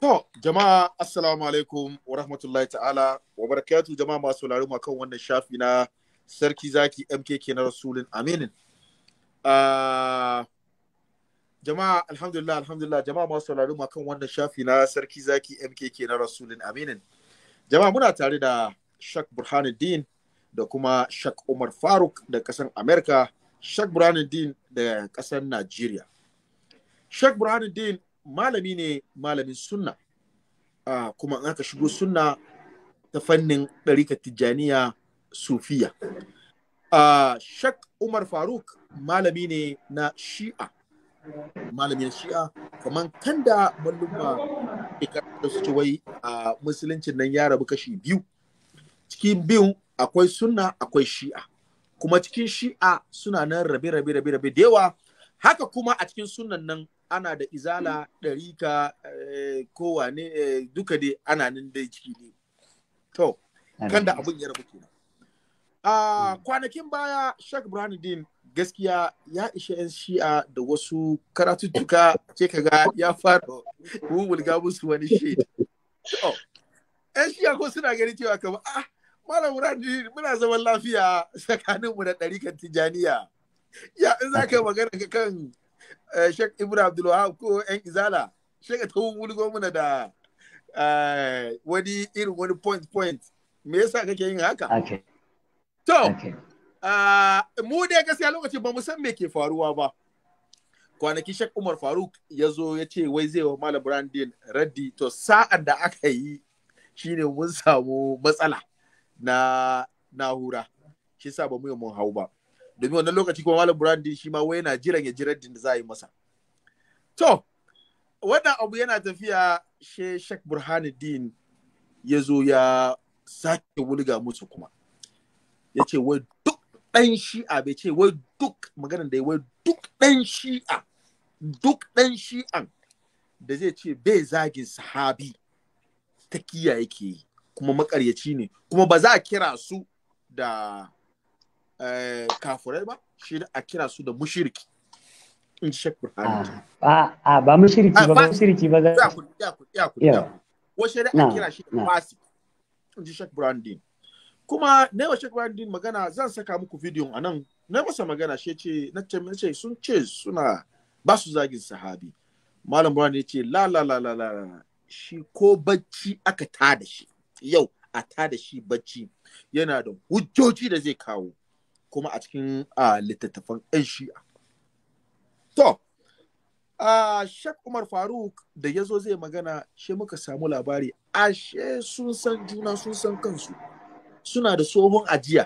To, jama'a assalamu alaikum wa rahmatullahi ta'ala wa barakatu jama'a masu mu kan wannan shafi na sarki zaki MKK na Rasulun Aminin. Uh, jama'a alhamdulillah alhamdulillah jama'a masu mu kan wannan shafi na sarki zaki MKK na Rasulun Aminin. Jama'a muna tare da Shak Burhanuddin da kuma Shak Umar Faruk da kasan Amerika, Shak Burhanuddin da kasan Najeriya. Shak Burhanuddin malami ne malamin sunna uh, kuma in aka shigo sunna ta fannin ɗarika tijjaniya sufiya uh, shak umar faruk malami ne na shi'a Malami na shi'a kamar kan da mallumma da su ci wai a musuluncin nan ya rabu kashi biyu cikin biyu akwai sunna akwai shi'a kuma cikin shi'a suna nan rabe rabe rabe rabe da yawa haka kuma a cikin sunan nan ana da izala ɗarika eh, kowane eh, duka dai ana nan dai ciki ne to kan da abin ya rabu ke hmm. kwanakin baya Sheikh burhanuddin gaskiya ya ishe 'yan shi'a da wasu karatuttuka ke kaga ya fara wulga musu wani To, ‘Yan shi'a ko suna gani cewa kama, ah, Malam Muradi muna zaman lafiya tsakaninmu da ɗarikan Tijjaniya. Ya in za ka magana ka kan Eh, Sheikh Ibrahim Abdulwahab ko ‘yan izala, Sheikh ta wulgo muna da eh, wani irin wani point point. Me yasa kake yin haka? To, eh, mu dai gaskiya lokaci ba mu san me ke faruwa ba. Kwanaki Sheikh Umar Faruk ya zo ya ce wai zai wa Malam Brandin raddi to sa'ar da aka yi shine mun samu matsala na na'ura. Shi sa ba mu yi mun hau ba. domin wannan lokaci kuma malam burandi shi ma wai yana jiran ya ji da za a yi masa to wannan abu yana tafiya she shek burhanuddin ya zo ya sake wulga musu kuma ya ce wai duk ɗan shi'a bai ce wai duk maganar da wai duk ɗan shi'a duk ɗan shi'an da zai ce bai zagin sahabi ta kiyaye ke yi kuma makaryaci ne kuma ba za a kira su da Eh, kafurai ba shi da a kira su da mushiriki in shek burhani a ah, ba ah, mushiriki ah, ba ba mushiriki ba za ya ku ya ko shi da a kira shi da fasi in ji shek burhani kuma na yawa shek burhani magana zan saka muku bidiyon a nan na masa magana shi ce na ce sun ce suna ba su zagin sahabi malam burhani ya ce la la la la la shi ko bacci aka tada shi yau a tada shi bacci yana da hujjoji da zai kawo kuma a cikin littattafan 'yan shi'a. To, Shek Umar Faruk da ya zo zai magana shi muka samu labari ashe sun san juna sun san kansu suna da tsohon ajiya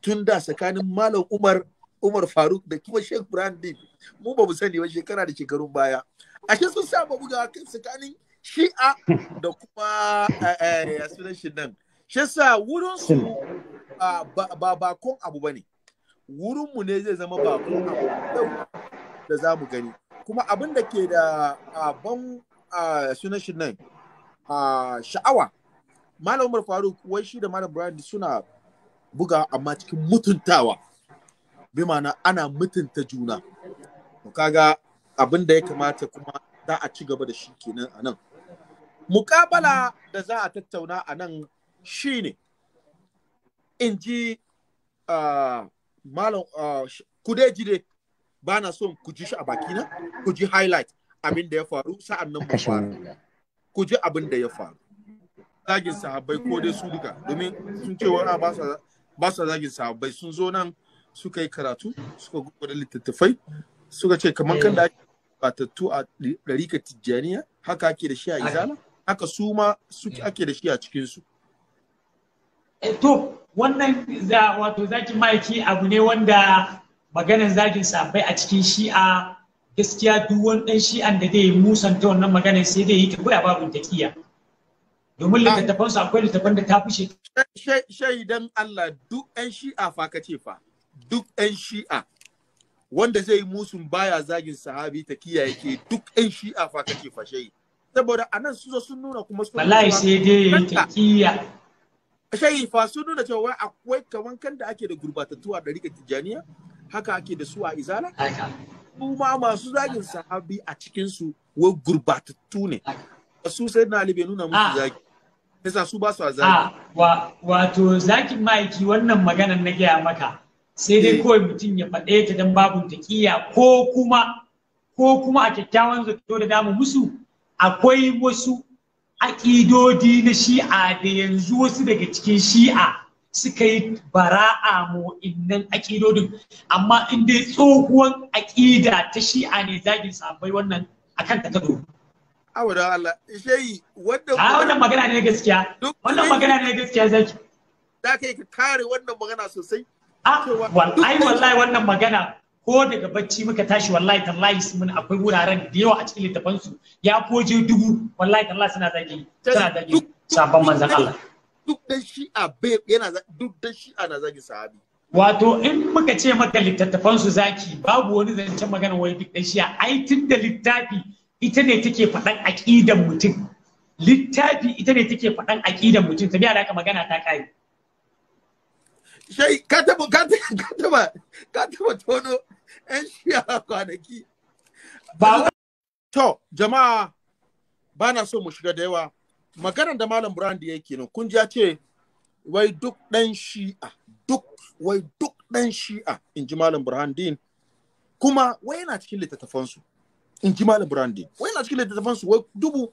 tun da tsakanin Malam Umar Umar Faruk da kuma Sheikh Brandin mu ba mu sani ba shekara da shekarun baya ashe sun sa saba buga kan tsakanin shi'a da kuma eh, eh, sunan shi nan shi sa wurin su ba bakon abu ba ne wurinmu ne zai zama bakon abu da za mu gani kuma abin da ke da ban sunan shi nan sha'awa malam umar faruk wai shi da malam brand suna buga amma cikin mutuntawa bi ma'ana ana mutunta juna kaga abin da ya kamata kuma za a ci gaba da shi kenan a nan mukabala da za a tattauna a nan shine ne in ji uh, malam uh, jide ba na son ku ji shi a bakina ku ji highlight abin da ya faru sa'an nan mu faru ku ji abin da ya faru zagin sahabbai ko dai su duka domin sun ce wani ah, ba sa zagin sahabbai sun zo nan suka yi karatu suka gudu littattafai suka ce kamar kan da eh. batattu a ɗarika tijjaniya haka ake da shi a izala haka su ma eh. ake da shi a cikinsu Eh, to wannan wato zakin ma'aiki abu ne wanda maganar zakin sabai a cikin shi'a gaskiya duk wani ɗan shi'an da zai musanta wannan maganar sai dai yi ta goya babu taƙiya domin littattafan su akwai littattafan da ta fi shaidan Allah duk ɗan shi'a fa ka ce fa duk ɗan shi'a wanda zai musun baya zagin sahabi ta kiyaye ke duk ɗan shi'a fa ka ce fa shai saboda anan su zo sun nuna kuma su wallahi sai dai taƙiya shayi fa sun nuna cewa akwai kaman kan da ake da gurbatattuwa da rike tijaniya haka ake da su a izala kuma masu zagin sahabi a cikin su wai gurbatattu ne su sai na ali nuna musu ah. zagi yasa su ba su a zagi ah, wato zakin ma'aiki wannan maganar na gaya maka sai dai eh. kawai mutum ya faɗe ta dan babu taƙiya ko kuma ko kuma a kyakkyawan zato da damu musu akwai wasu aƙidodi na shi'a da yanzu wasu daga cikin shi'a suka yi bara'a mu innan aƙidodin amma in dai tsohuwan aƙida ta shi'a ne zagin sabai wannan akan ta kado abu da Allah shehi wannan ah, wannan magana ne gaskiya wannan magana ne gaskiya zaki da kai ka kare wannan magana sosai ah, wallahi wallahi wannan magana ko daga bacci muka tashi wallahi tallahi mun akwai wuraren da yawa a cikin littafan su ya koje dubu wallahi tallahi suna zagi suna zagi sabon manzon Allah duk dan a bai yana duk dan shi'a na zagi sahabi wato in muka ce maka littattafan su zaki babu wani zancen magana wai duk dan A ai tun da littafi ita ne take faɗan aqidan mutum littafi ita ne take faɗan aqidan mutum ta biya da ka magana ta kai shai ka taba ka taba ka taba tono 'yan shiya kwanaki. Ba To, jama'a ba na so mu shiga da yawa. Maganar da Malam Brandi ya kenan, kun ji ya ce, wai duk ɗan shi'a, duk, wai duk ɗan shi'a, in ji Malam din Kuma, wai yana cikin littattafansu, in ji Malam din. Wai yana cikin littattafansu, wai dubu.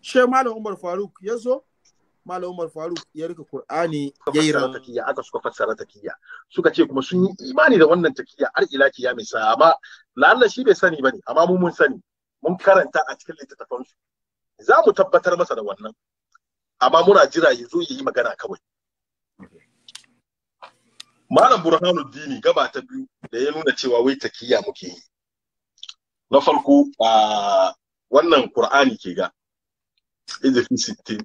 Shai Malam Umar Faruk ya zo, Malam Umar Faruk ya rika Qur'ani ya yi ran takiyya aka suka fassara takiyya suka ce kuma sun yi imani da wannan takiyya har ila mai sa amma lalla shi bai sani bane amma mu mun sani mun karanta a cikin littattafan su za mu tabbatar masa da wannan amma muna jira ya zo ya yi magana kawai Malam dini gaba ta biyu da ya nuna cewa wai takiyya muke yi na farko a wannan Qur'ani ke ga izifi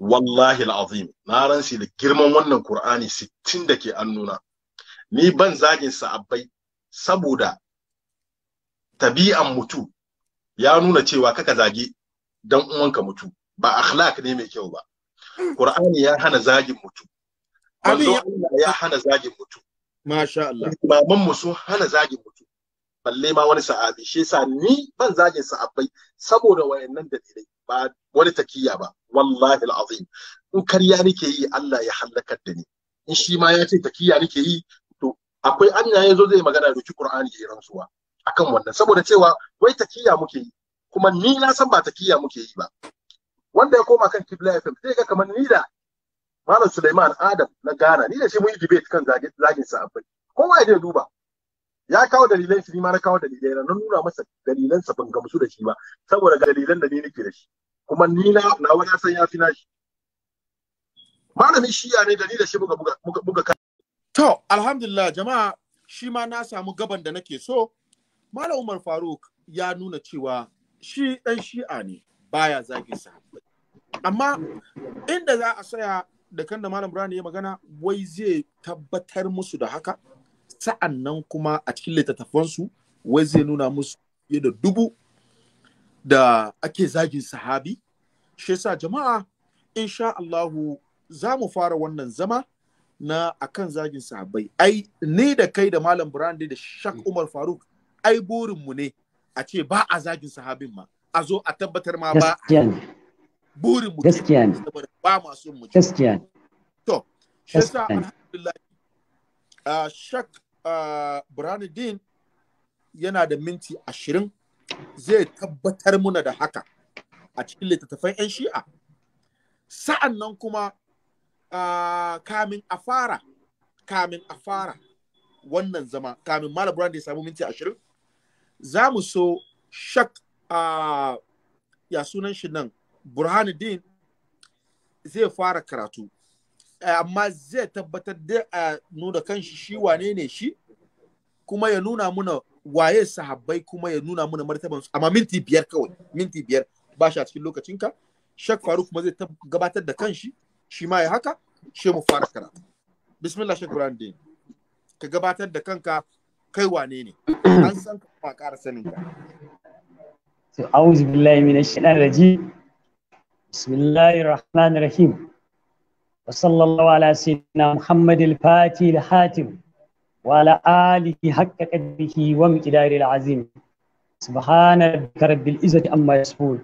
wallahi al'azim na ransi da girman wannan Qur'ani 60 da ke annuna ni ban zagin sa'abbai saboda tabi'an mutu ya nuna cewa kaka zagi dan uwanka mutu ba akhlaq ne mai kyau ba Qur'ani ya hana zagin mutu Allah ya hana zagin mutu masha Allah baban mu sun hana zagin mutu balle ma wani sa'abi shi yasa ni ban zagin sa'abbai saboda wayannan dalilai ba wani takiya ba wallahi alazim in karya nake yi Allah ya halakar da ni in shi ma ya ce takiya nake yi to akwai anya ya zo zai magana da ki Qur'ani ya rantsuwa akan wannan saboda cewa wai takiya muke yi kuma ni na san ba takiya muke yi ba wanda ya koma kan Kibla FM sai ga kamar ni da Malam Suleiman Adam na Ghana ni da shi mun yi debate kan zagin sa abai kowa ya duba ya kawo dalilan shi ni ma na kawo dalilai na nuna masa dalilan sa ban gamsu da shi ba saboda dalilan da ni nake da shi kuma ni na na na san ya fi nashi shi shiya ne da ni da shi buga buga ka to alhamdulillah jama'a shi ma na samu gaban da nake so malam Umar Faruk ya nuna cewa shi dan shi'a ne baya zagin sa amma inda za a saya da kan da malam Burani ya magana wai zai tabbatar musu da haka sa'an nan kuma a cikin littattafansu wai zai nuna musu yadda dubu da ake zagin sahabi shi sa jama'a insha Allahu za mu fara wannan zama na akan zagin sahabbai ai ni da kai da malam Brandy da Shak mm. Umar Faruk ai burin mu ne a ce ba a zagin sahabin ma a zo a tabbatar ma ba burin mu gaskiya ne ba masu mu gaskiya ne to shi sa alhamdulillah Shak uh, Brandy yana da minti ashirin zai tabbatar muna da haka a cikin littattafan 'yan shi'a sa'an nan kuma uh, kamin a fara kamin a fara wannan zama kamin malam brand ya samu minti ashirin za mu so shak uh, ya sunan shi nan burhanuddin zai fara karatu amma zai tabbatar da a nuna kanshi shi wane ne shi kuma ya nuna muna waye sahabbai kuma ya nuna muna martabansu amma minti biyar kawai minti biyar ba shi a cikin lokacinka shek faruk kuma zai gabatar da kanshi shi ma ya haka shi mu fara karatu bismillah shak brandin ka gabatar da kanka kai wane ne an san ka ba ƙara sanin ka to a'udhu billahi minash shaitanir rajim bismillahir rahmanir rahim wa sallallahu ala sayyidina muhammadil سيدنا محمد الفاتي الحاتم وعلى آله حق قدره ومقداره العظيم سبحان ربك rabbil العزة amma yasifun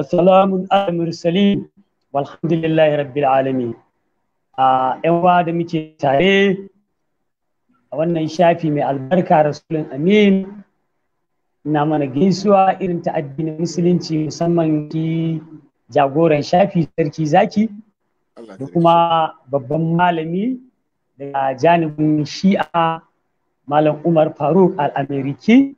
salamun al mursalin walhamdulillahi rabbil alamin a yawa da muke tare a wannan shafi mai albarka rasulun amin na mana gaisuwa irin ta addinin musulunci musamman ki jagoran shafi sarki zaki da kuma babban malami daga janibin shi'a malam umar faruk al amiriki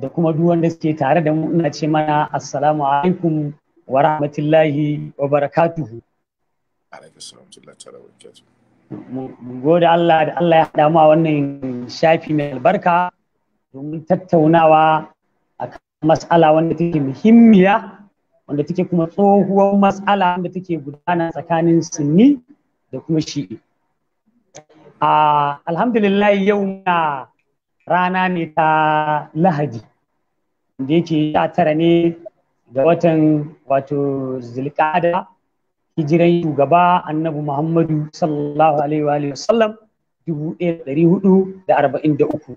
da kuma duk wanda suke tare da mu ina ce mana assalamu alaikum wa rahmatullahi wa barakatuhu mu gode Allah da Allah ya haɗa mu wannan shafi mai albarka domin tattaunawa a mas'ala wanda take muhimmiya wanda take kuma tsohuwar mas'ala wanda take gudana tsakanin sunni da kuma shi'i ah, alhamdulillah yau na rana ne ta lahadi da yake sha tara ne ga watan wato zulkada hijiran shugaba annabi muhammadu sallallahu alaihi wa sallam dubu ɗaya ɗari hudu da arba'in da uku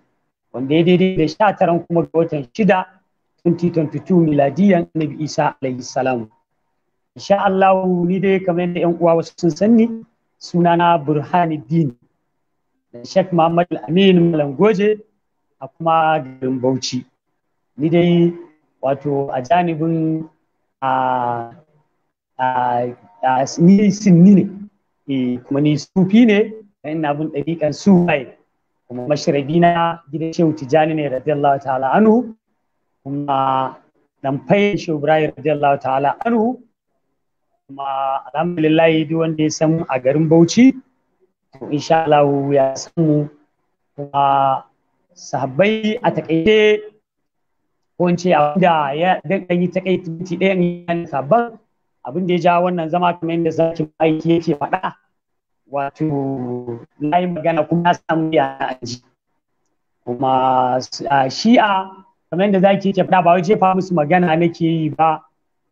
wanda ya daidai da sha taran kuma ga watan shida 2022 miladiyan annabi isa alaihi salam insha Allah ni dai kamar yadda yan uwa wasu sun sanni sunana burhanuddin da shek Muhammad amin Malangoje a kuma garin Bauchi ni dai wato a janibin a ni sinni ne eh, kuma ni sufi ne ina bin ɗariƙar sufai kuma mashirabi na gidan shehu tijani ne radiyallahu ta'ala anu. kuma dan fayin shehu ibrahim radiyallahu ta'ala anu. kuma alhamdulillah duk wanda ya san a garin bauchi to insha Allah ya san mu kuma sahabbai a takaice ko in ce da ya daga yi takaiti ɗayan yana sabon abin da ya ja wannan zama kamar yadda zaki aiki yake faɗa wato na yi magana kuma samu ya aji kuma a shi'a kamar yadda zaki yake faɗa ba wai jefa musu magana nake yi ba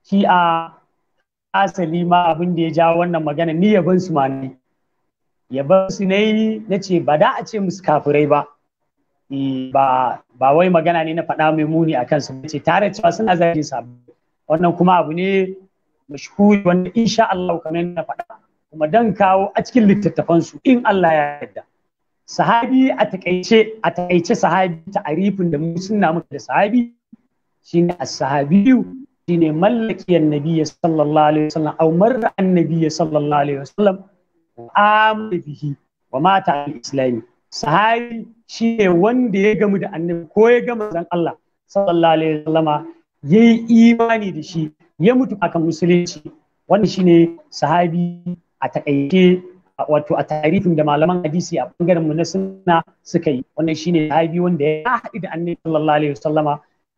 shi'a asali ma abin da ya ja wannan magana ni yaban su ma ne yaban su ne na ce ba da a ce musu kafirai ba e, ba ba wai magana ne na faɗa mai muni a kansu ce tare cewa suna zargin sa wannan kuma abu ne mashhuri wanda insha Allah kamar na faɗa kuma dan kawo a cikin littattafansu in Allah ya yarda sahabi a takaice a takaice sahabi ta'arifin da mu sunna muka da sahabi shine as-sahabiyu shine mallaki annabi sallallahu alaihi wasallam aw marra annabi sallallahu alaihi wasallam wa bihi wa mata al-islami sahabi ne wanda ya gamu da annabi ko ya gama zan Allah sallallahu alaihi ya yi imani da shi ya mutu akan musulunci wannan ne sahabi a takaice wato a tarihin da malaman hadisi a bangaren mu na suna suka yi wannan ne sahabi wanda ya haɗu da annabi sallallahu alaihi sallama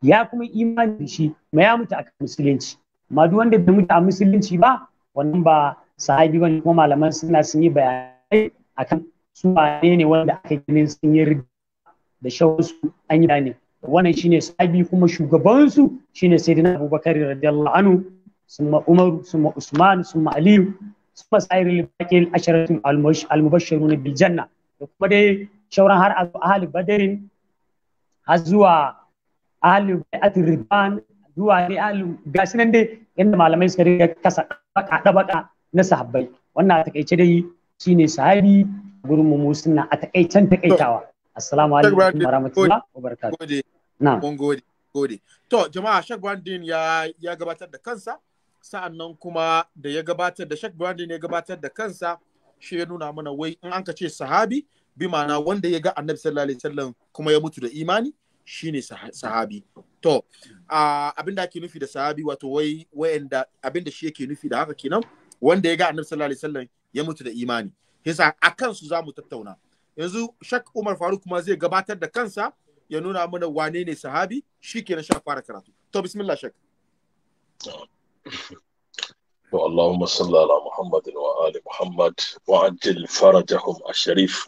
ya kuma imani da shi ma ya mutu akan musulunci amma duk wanda bai mutu a musulunci ba wannan ba sahabi bane kuma malaman suna sun yi bayanai akan su ne ne wanda aka ganin sun yi da shawarsu an yi ne wannan shine sabi kuma shugabansu shine sayyidina abubakar radiyallahu anhu summa umaru summa usman summa aliyu summa sairul baqil asharatul almubashshirun bil janna da kuma dai shauran har ahli badarin har zuwa ahli bai'at ridwan zuwa ne ahli gashi nan dai inda malamai suka riga kasa baka dabaka na sahabbai wannan a takaice dai shine sahabi gurin mu suna a takaicen takaitawa assalamu alaikum warahmatullahi wabarakatuh. Gode. mun gode gode to jama'a Sheikh Brandin ya ya gabatar da kansa sa'an nan kuma da ya gabatar da Sheikh Brandin ya gabatar da kansa shi ya nuna mana wai in an ka ce sahabi bi ma'ana wanda ya ga Annabi sallallahu alaihi wasallam kuma ya mutu da imani shine sahabi to abin da ake nufi da sahabi wato wai wayanda abin da shi yake nufi da haka kenan wanda ya ga Annabi sallallahu alaihi wasallam ya mutu da imani yasa a kansu za mu tattauna yanzu shak umar faruk ma zai gabatar da kansa ya nuna mana wane ne sahabi shi ke na sha fara karatu to bismillah shak to allahumma salli ala muhammad wa ali muhammad wa ajil farajahum asharif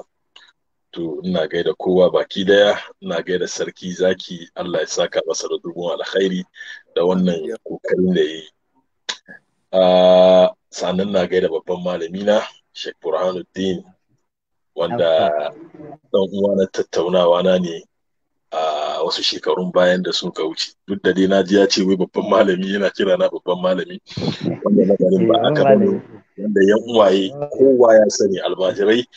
to ina gaida kowa baki daya ina gaida sarki zaki Allah ya saka masa da dubun alkhairi da wannan kokarin da yi ah, sannan na gaida babban malamina Sheikh Burhanuddin wanda ɗan uwa na tattaunawa na ne a wasu shekarun bayan da suka wuce duk da dai na ji ya ce wai babban malami yana kira na babban malami wanda na ganin ba aka bane wanda yan uwaye kowa ya sani almajirai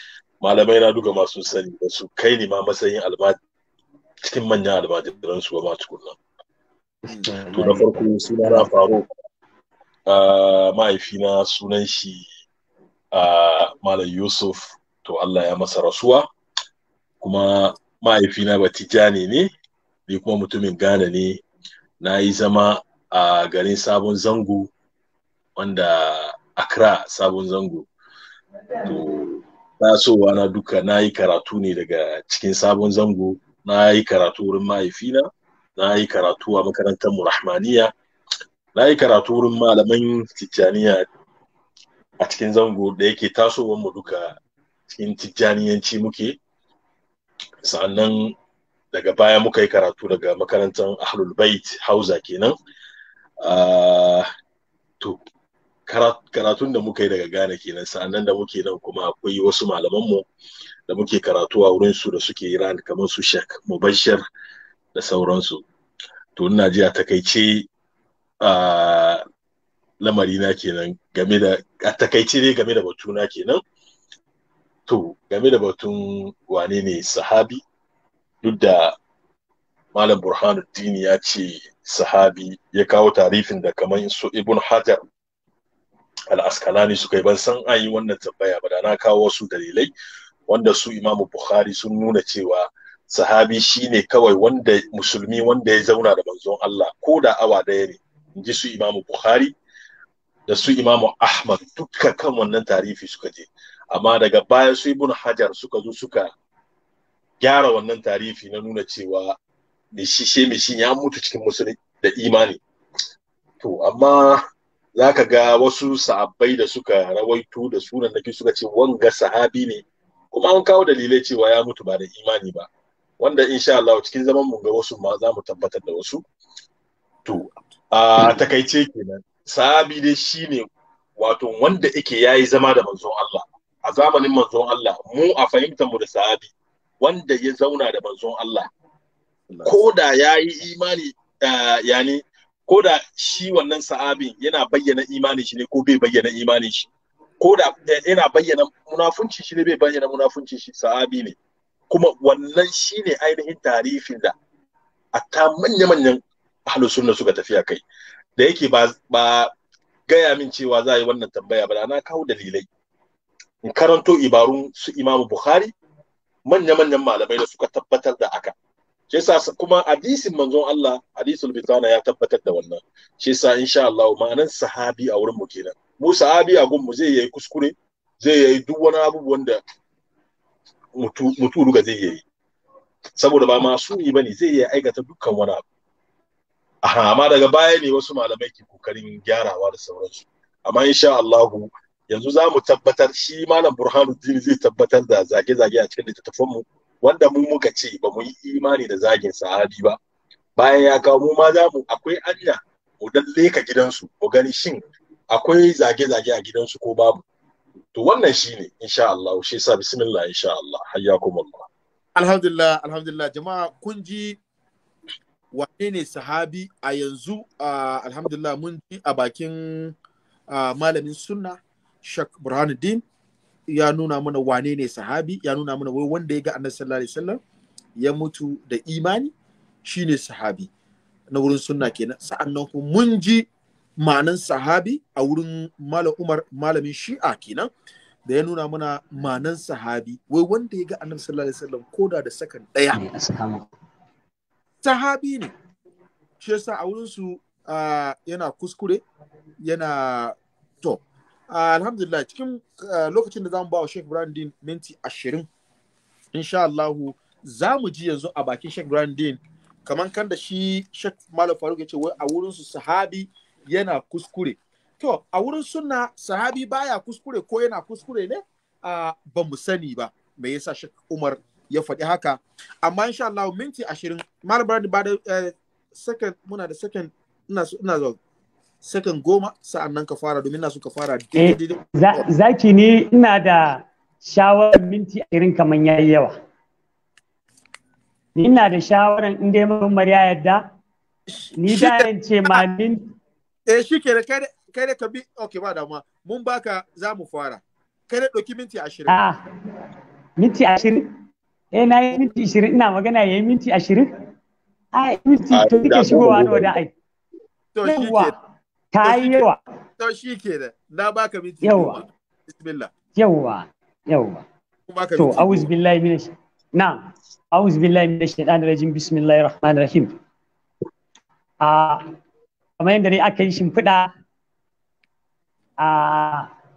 malamai na duka masu sani da su kai ne ma matsayin cikin manyan almajiran su ba ma nan to na farko suna na faro mahaifina sunan shi Malam Yusuf to Allah ya masa rasuwa kuma mahaifina Batijani ne ni kuma mutumin Ghana ne na yi zama a garin Sabon Zango wanda Accra Sabon Zango to tasowa na duka na yi karatu ne daga cikin Sabon Zango na yi karatu wurin mahaifina na yi karatu a makarantar Rahmaniya, na yi karatu wurin malaman Tijjaniya a cikin zango da yake tasowar mu duka cikin tijjaniyanci muke sa'annan daga baya muka yi karatu daga makarantar ahlul bait hausa kenan to karatun da muka yi daga Ghana kenan sa'annan da muke nan kuma akwai wasu malamanmu da muke karatu a wurin su da suke Iran kamar su shek Mubashir da sauransu to ina ji a takaice lamari na kenan game da a takaice ne game da batuna kenan to game da batun wane ne sahabi duk da malam burhanuddin ya ce sahabi ya kawo tarifin da kamar su ibn hajar al-askalani suka yi ban san an yi wannan tambaya ba da na kawo wasu dalilai wanda su imamu bukhari sun nuna cewa sahabi shine kawai wanda musulmi wanda ya zauna da manzon Allah ko da awa daya ne in ji su imamu bukhari da su imamu ahmad duka kan wannan tarifi suka je amma daga baya su ibn hajar suka zo suka gyara wannan tarifi na nuna cewa mai shishe ya mutu cikin musulmi da imani to amma za ka ga wasu sa'abbai da suka rawaito da sunan nake suka ce wanga sahabi ne kuma an kawo dalilai cewa ya mutu ba da imani ba wanda insha Allah cikin zaman mu ga wasu ma za mu tabbatar da wasu to a takaice kenan sahabi dai shine wato wanda yake yayi zama da manzon Allah a zamanin manzon Allah mu a fahimtar mu da sahabi wanda ya zauna da manzon Allah ko da yayi imani eh, yani ko da shi wannan sahabin yana bayyana imanin shi ne ko bai bayyana imanin shi ko da yana bayyana munafunci shi ne bai bayyana munafunci shi sahabi ne kuma wannan shi ne ainihin tarifin da a ta manya-manyan ahlus sunna suka tafi a kai da yake ba ba gaya min cewa za a yi wannan tambaya ba na kawo dalilai in karanto ibarun su imamu bukhari manya-manyan malamai da suka tabbatar da aka shi yasa kuma hadisin manzon Allah hadisul bitana ya tabbatar da wannan shi yasa insha Allah ma'anan sahabi a wurin mu kenan mu sahabi a gun mu zai yayi kuskure zai yayi duk wani abubuwan da mutu mutu zai yayi saboda ba masu yi bane zai yayi aikata dukkan wani abu amma daga baya ne wasu malamai ke kokarin gyarawa da sauransu amma insha Allah yanzu za mu tabbatar shi malam burhanuddin zai tabbatar da zage-zage a cikin littattafan mu wanda mu muka ce ba mu yi imani da zagin sahabi ba bayan ya kawo mu ma za mu akwai anya mu dalle leka gidansu mu gani shin akwai zage-zage a gidansu ko babu to wannan shine insha Allah shi sa bismillah insha Allah hayyakumullah alhamdulillah alhamdulillah jama'a kun ji wane ne sahabi a yanzu alhamdulillah mun ji a bakin malamin sunna shak burhanuddin ya nuna mana wane ne sahabi ya nuna mana wai wanda ya ga annabi sallallahu alaihi ya mutu da imani shine sahabi na wurin sunna kenan sa'annan kuma mun ji ma'anan sahabi a wurin umar malamin shi'a kenan da ya nuna mana ma'anan sahabi wai wanda ya ga annabi sallallahu alaihi wasallam koda da sakan daya sahabi ne shi yasa a wurinsu uh, yana kuskure yana to alhamdulillah cikin lokacin da zamu ba wa Sheikh Brandin minti ashirin insha Allahu za mu ji yanzu a bakin Sheikh Brandin kamar kan da shi Sheikh Malam Faruk ya ce wai a wurinsu sahabi yana kuskure to a wurin sunna sahabi baya kuskure ko yana kuskure ne a ba mu sani ba me yasa Sheikh Umar ya faɗi haka amma insha Allah minti ashirin malam da ba da eh, second muna da second ina ina zo second goma sa'an nan ka fara domin na so ka fara eh, zaki ne ina da shawarar minti ashirin kamar yayi yawa ni ina da shawarar in dai mun ya yadda ni da yin ce ma min eh ke da kai kai da ka bi okay ba damuwa mun baka za mu fara kai da ɗauki minti ashirin ah, minti ashirin eh na yi minti ishirin ina magana ya yi minti ashirin ah, a minti to kike ah, shigowa na da ai ke ta yi yawa to shi ke da na baka minti yawa bismillah yawa yawa to a'udhu billahi minash na'am a'udhu billahi minash shaitanir rajim bismillahir rahmanir rahim a ah, kamar yadda ne aka yi shimfiɗa a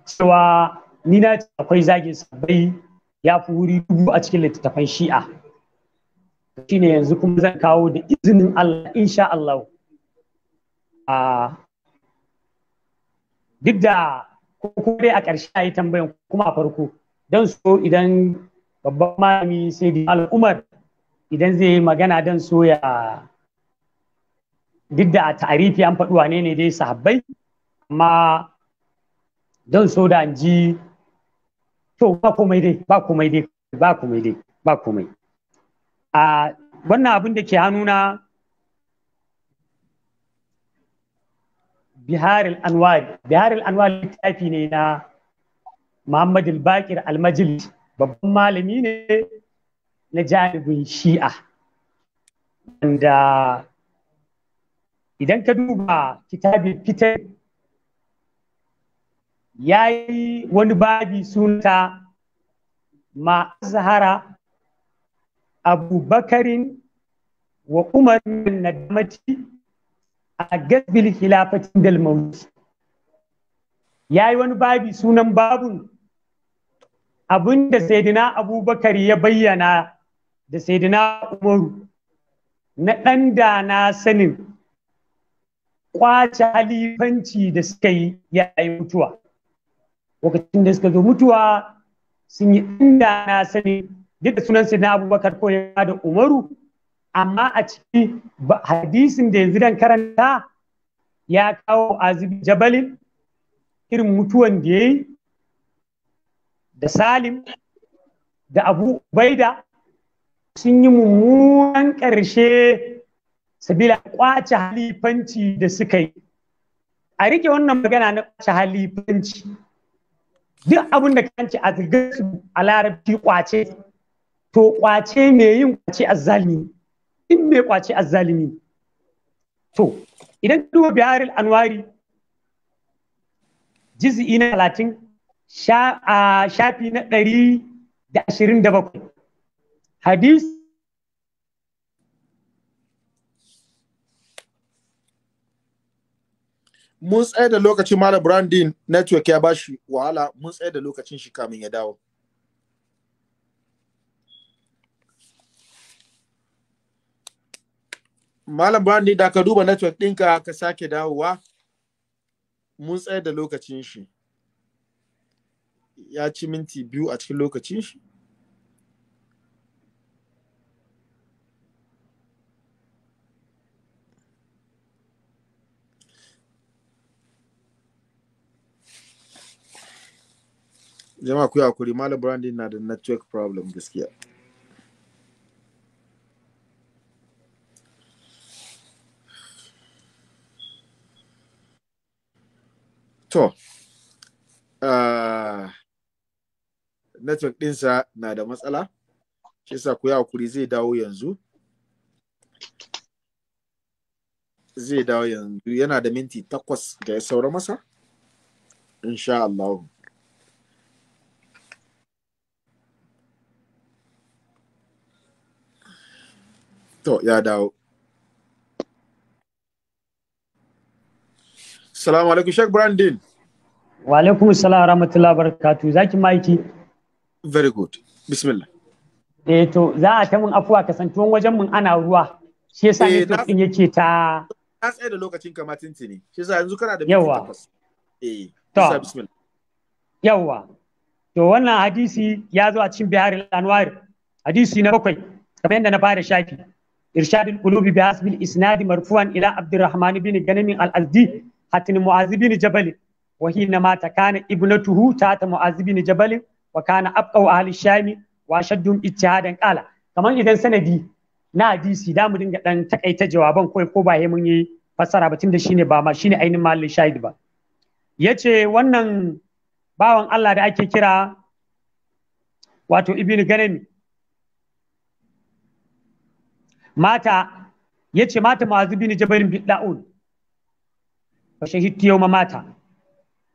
cewa ni na akwai zagin sabai ya fi wuri dubu a cikin littattafan shi'a shine yanzu kuma zan kawo da izinin Allah insha Allah a duk da ko dai a ƙarshe a yi tambayan kuma a farko don so idan babban malami sai da al'umar idan zai yi magana don so ya duk da a ta'arifi an faɗuwa ne ne dai sahabbai amma don so da an ji to ba komai dai ba komai dai ba komai dai ba komai a wannan abin da ke hannuna bihar al-anwar bihar al-anwar littafi ne na Muhammad al-Bakir al babban malami ne na janibin Shi'a wanda idan ka duba kitabin fitar ya yi wani babi sunta ma zahara abubakarin wa umar nadamati a gasbil khilafatin dalmauti ya yi wani babi sunan babun abinda saidina abubakar ya bayyana da saidina umaru na ɗan da na sanin kwace halifanci da suka yi ya yi mutuwa lokacin da suka zo mutuwa sun yi inda na sani duk da sunan na abubakar ko yana da umaru amma a ciki hadisin da yanzu dan karanta ya kawo azib jabalin irin mutuwan da ya yi da salim da abu baida sun yi mummunan ƙarshe sabila kwace halifanci da suka yi a rike wannan magana na kwace halifanci duk abin da kanci a zirgin a larabci kwace to kwace me yin kwace azzalimi in me kwace azzalimi to idan duba biharil anwari jiz'i na talatin a shafi na ɗari da ashirin da bakwai hadisi mun tsaye da lokacin mara branding network ya bashi wahala mun tsaye da lokacin shi kamin ya dawo Malam Brandy da ka duba network ɗinka ka sake dawowa mun tsaye da lokacin shi ya ci minti biyu a cikin lokacin shi jama'a ku yi hakuri malam branding na da network problem gaskiya to uh, network ɗinsa na da matsala shi sa ku yi hakuri zai dawo yanzu zai dawo yanzu yana da minti takwas ga ya saura masa insha Allah To, ya dawo. Salamu alaikum, Sheikh Brandin. Wa alaikum salam rahmatullahi barakatu. Zaki maiki? Very good. Bismillah. Eh to, za a ta mun afuwa kasantuwan wajen mun ana ruwa. Shi yasa ne to kin yake ta Na tsaye da lokacin ka matinti ne. Shi yasa yanzu kana da Yawa. Eh. To. Bismillah. Yawa. To wannan hadisi ya zo a cikin Bihar al-Anwar. Hadisi na bakwai. Kamar yadda na fara shafi. إرشاد القلوب بحسب الإسناد مرفوعا إلى عبد الرحمن بن غنم الأزدي حتى معاذ بن جبل وحينما كان ابنته تات معاذ بن جبل وكان أبقى أهل الشام وأشدهم اجتهادا قال كمان إذا سندي na hadisi da mu dinga dan takaita jawaban kai ko ba mun yi fassara ba tunda shine ba ma shine ainihin mahallin shahid ba yace wannan bawan Allah da ake kira wato ibnu ganami mata ya ce mata mu'azu bin jabal bin da'un fa shahidtu yawma mata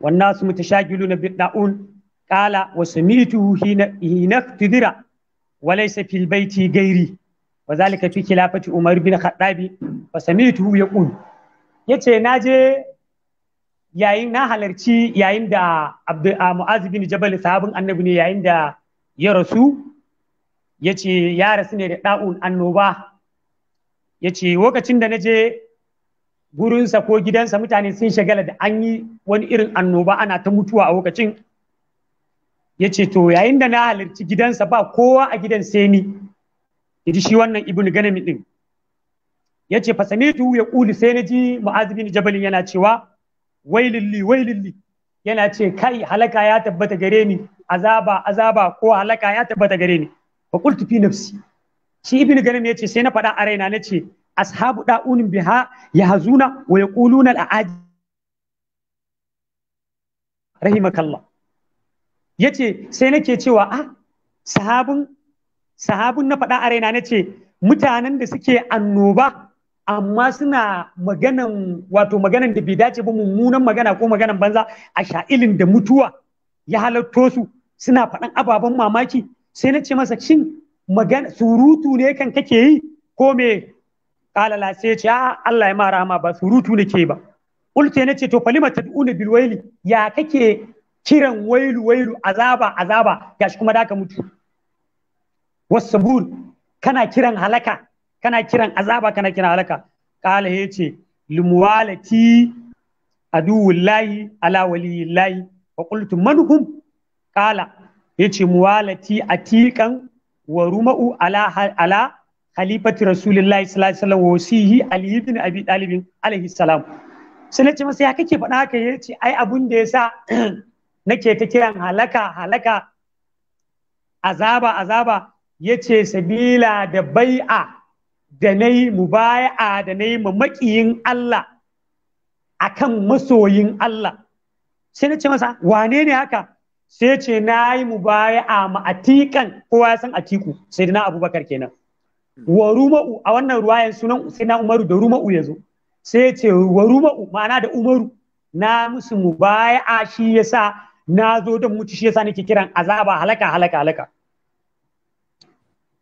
wan nasu mutashagiluna bin da'un qala wa samituhu hina hina tidira wa laysa fil baiti gairi wa zalika fi khilafati umar bin khattabi fa Samitu yaqul yace naje yayin na halarci yayin da Mu'az bin Jabal sahabin annabi ne yayin da ya rasu ya ce ya rasu ne da ɗa'un annoba ya ce lokacin da na je gurinsa ko gidansa mutane sun shagala da an yi wani irin annoba ana ta mutuwa a lokacin ya ce to yayin da na halarci gidansa ba kowa a gidan sai ni ji shi wannan ibnu ganami din ya ce fasamitu ya kuli sai na ji mu'az jabalin yana cewa waililli wailili yana ce kai halaka ya tabbata gare ni azaba azaba ko halaka ya tabbata gare ni fa qultu fi nafsi shi ibnu ganim yace sai na faɗa a raina ce ashabu da'unin biha hazuna wa ƙuluna al'aj rahimakallah yace sai nake cewa a ah, sahabun na faɗa a raina ce mutanen da suke annoba amma suna maganan wato maganan da bai dace ba mummunan magana ko maganan banza a sha'ilin da mutuwa ya halatto su suna faɗan ababen mamaki sai na ce masa shin magana surutu ne kan kake yi ko me kalala sai ce a Allah ya ma rahama ba surutu ne ke ba ulte ne ce to falima tad'una bil waili ya kake kiran wailu wailu azaba azaba gashi kuma da ka mutu wasabur kana kiran halaka kana kiran azaba kana kiran halaka kala ya ce limuwalati aduwullahi ala waliyillahi wa qultu manhum hum kala ya ce muwalati atikan wa ruma'u ala halifatu khalifati rasulillahi sallallahu alaihi wasallam wasihi ali ibn abi talib alaihi salam sai nace masa ya kake faɗa haka yace ai abun da yasa nake ta kiran halaka halaka azaba azaba yace sabila da bai'a da nayi mubaya'a da nayi mamakiyin Allah akan masoyin Allah sai nace masa wane ne haka sai ce na yi mu baya a ma'atikan kowa ya san atiku sai na abubakar kenan wa ruma'u a wannan ruwayan sunan sai na umaru da ruma'u ya zo sai ce wa ruma'u ma'ana da umaru na musu mu baya a shi ya sa na zo don mutu shi sa nake kiran azaba halaka halaka halaka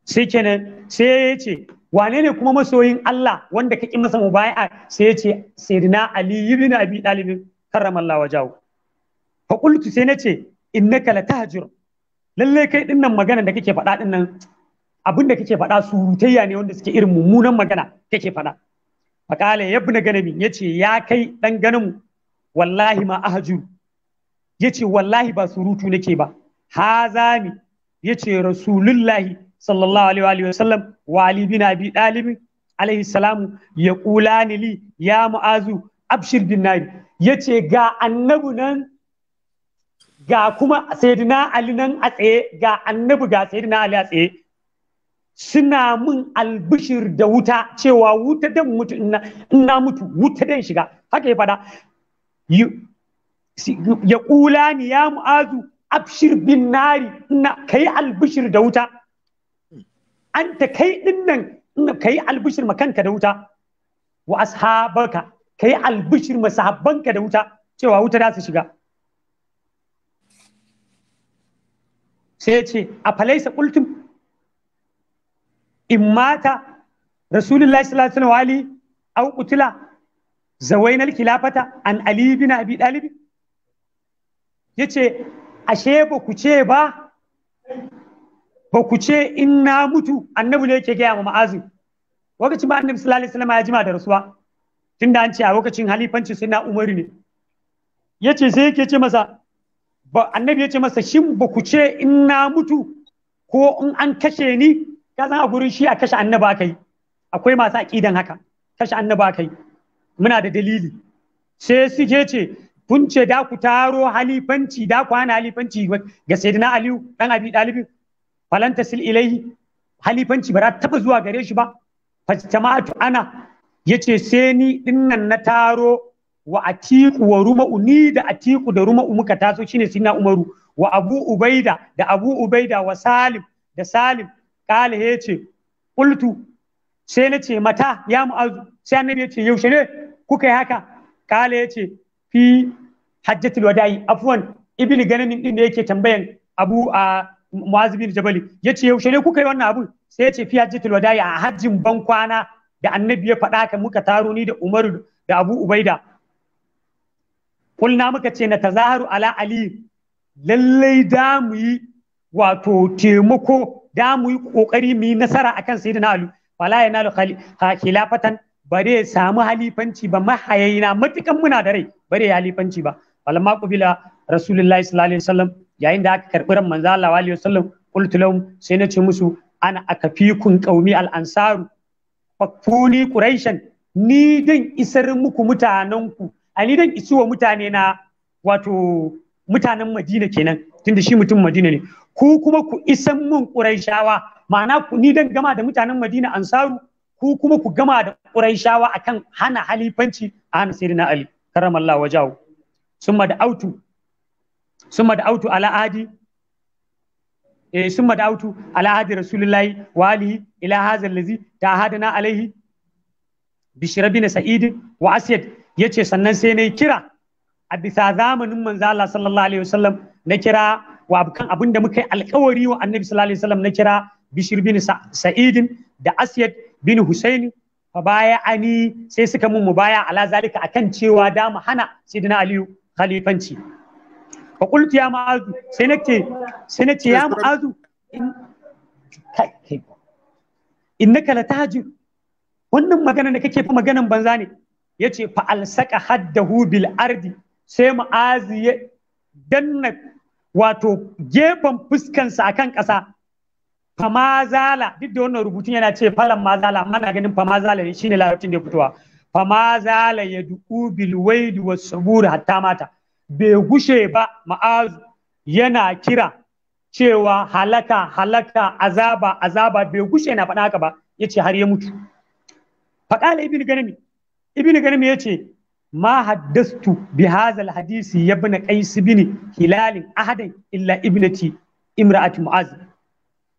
sai kenan sai ce wane ne kuma masoyin Allah wanda ka kake masa baya sai ya ce sayyidina Ali ibn Abi Talib karramallahu wajahu fa qultu sai nace innaka latahjur lalle kai dinnan magana da kake faɗa dinnan abin da kake faɗa surutayya ne wanda suke irin mummunan magana kake faɗa faqala yabna ganami yace ya kai dan ganin wallahi ma ahjur yace wallahi ba surutu nake ba hazami yace rasulullahi sallallahu alaihi wa sallam wa ali bin abi dalib alaihi salam ya qulani li ya mu'azu abshir bin nari yace ga annabu nan ga kuma sayyidina ali nan a tsaye ga annabi ga sayyidina ali a tsaye suna mun albishir da wuta cewa wuta dan mutu ina, mutu wuta dan shiga haka ya fada ya kula ni ya mu'azu abshir bin nari na kai albishir da wuta an kai din nan kai albishir makanka da wuta wa ashabaka kai albishir masahabbanka da wuta cewa wuta za su shiga sai ce a falaisa qultum in mata rasulullahi sallallahu alaihi wa au qutila zawainal khilafata an ali bin abi dalib yace ashe ba ku ce ba ba ku ce in na mutu annabi ne yake gaya mu ma'azin. lokacin ba annabi sallallahu alaihi wasallam ya jima da rasuwa tunda an ce a lokacin halifanci sai na umaru ne yace sai yake ce masa ba annabi ya ce masa shin ba ku ce in na mutu ko in an kashe ni ka san a gurin shi a kashe annaba kai akwai masu aqidan haka kashe annaba kai muna da dalili sai su je ce kun ce da ku taro halifanci da ku hana halifanci ga sayyidina aliyu dan abi dalibi falanta sil ilaihi halifanci ba za ta taba zuwa gare shi ba jama'atu ana yace sai ni dinnan na taro wa atiku wa ruma'u ni da atiku da ruma'u muka taso shine sina umaru wa abu ubaida da abu ubaida wa salim da salim kale ya ce qultu sai na ce mata ya mu'azu sai annabi ya ce yaushe ne kuka yi haka kale ya ce fi hajjatul wada'i afwan ibn ganamin din da yake tambayan abu a mu'azu bin jabali yace yaushe ne kuka yi wannan abun sai ce fi hajjatul wada'i a hajjin bankwana da annabi ya faɗa ka muka taro ni da umaru da abu ubaida kulna muka ce na tazaharu ala ali lallai da mu yi wato taimako da mu yi kokari mu yi nasara akan sayyidina ali wala yanalu khilafatan bare ya samu halifanci ba mahayayina matukan muna da rai bare ya halifanci ba falamma qubila rasulullahi sallallahu alaihi wasallam yayin da aka karbi ran manzo Allah alaihi wasallam qultu lahum sai na ce musu ana akafikun qaumi al ansaru fakfuni quraishan ni din isar muku mutanenku ali dan isuwa mutane na wato mutanen madina kenan tunda shi mutum madina ne ku kuma ku isan mun Quraishawa ma'ana ku ni dan gama da mutanen madina ansaru ku kuma ku gama da Quraishawa akan hana halifanci a hana Sayyidina ali karamallahu wajahu summa da autu summa da autu ala adi eh summa da autu ala adi rasulullahi wa alihi ila hadha allazi ta alaihi bishra sa'id wa asyad ya ce sannan sai na yi kira a bisa zamanin manzo Allah sallallahu alaihi wasallam na kira wa kan abin da muka yi alkawari wa annabi sallallahu alaihi wasallam na kira bishir bin sa'idin da asyad bin husaini fa baya ani sai suka mun mubaya ala zalika akan cewa da mu hana sidina aliyu khalifanci fa qultu ya ma'azu sai nake sai nake ya ma'azu innaka latahjir wannan magana da kake fa maganan banza ne yace fa saka haddahu bil ardi sai mu'azi ya danna wato gefen fuskansa kan ƙasa famazala zala duk da wannan rubutun yana ce falan mazala amma na ganin fa zala ne shine larabcin da ya fitowa famazala ya du'u bil waidi was sabura hatta mata bai gushe ba ma'azu yana kira cewa halaka halaka azaba azaba bai gushe na faɗa haka ba yace har ya mutu faɗa ibn ganami ibn ganim ya ce ma haddastu bi hadhal hadisi ya bin qais bin hilal ahadin illa ibnati imra'ati mu'az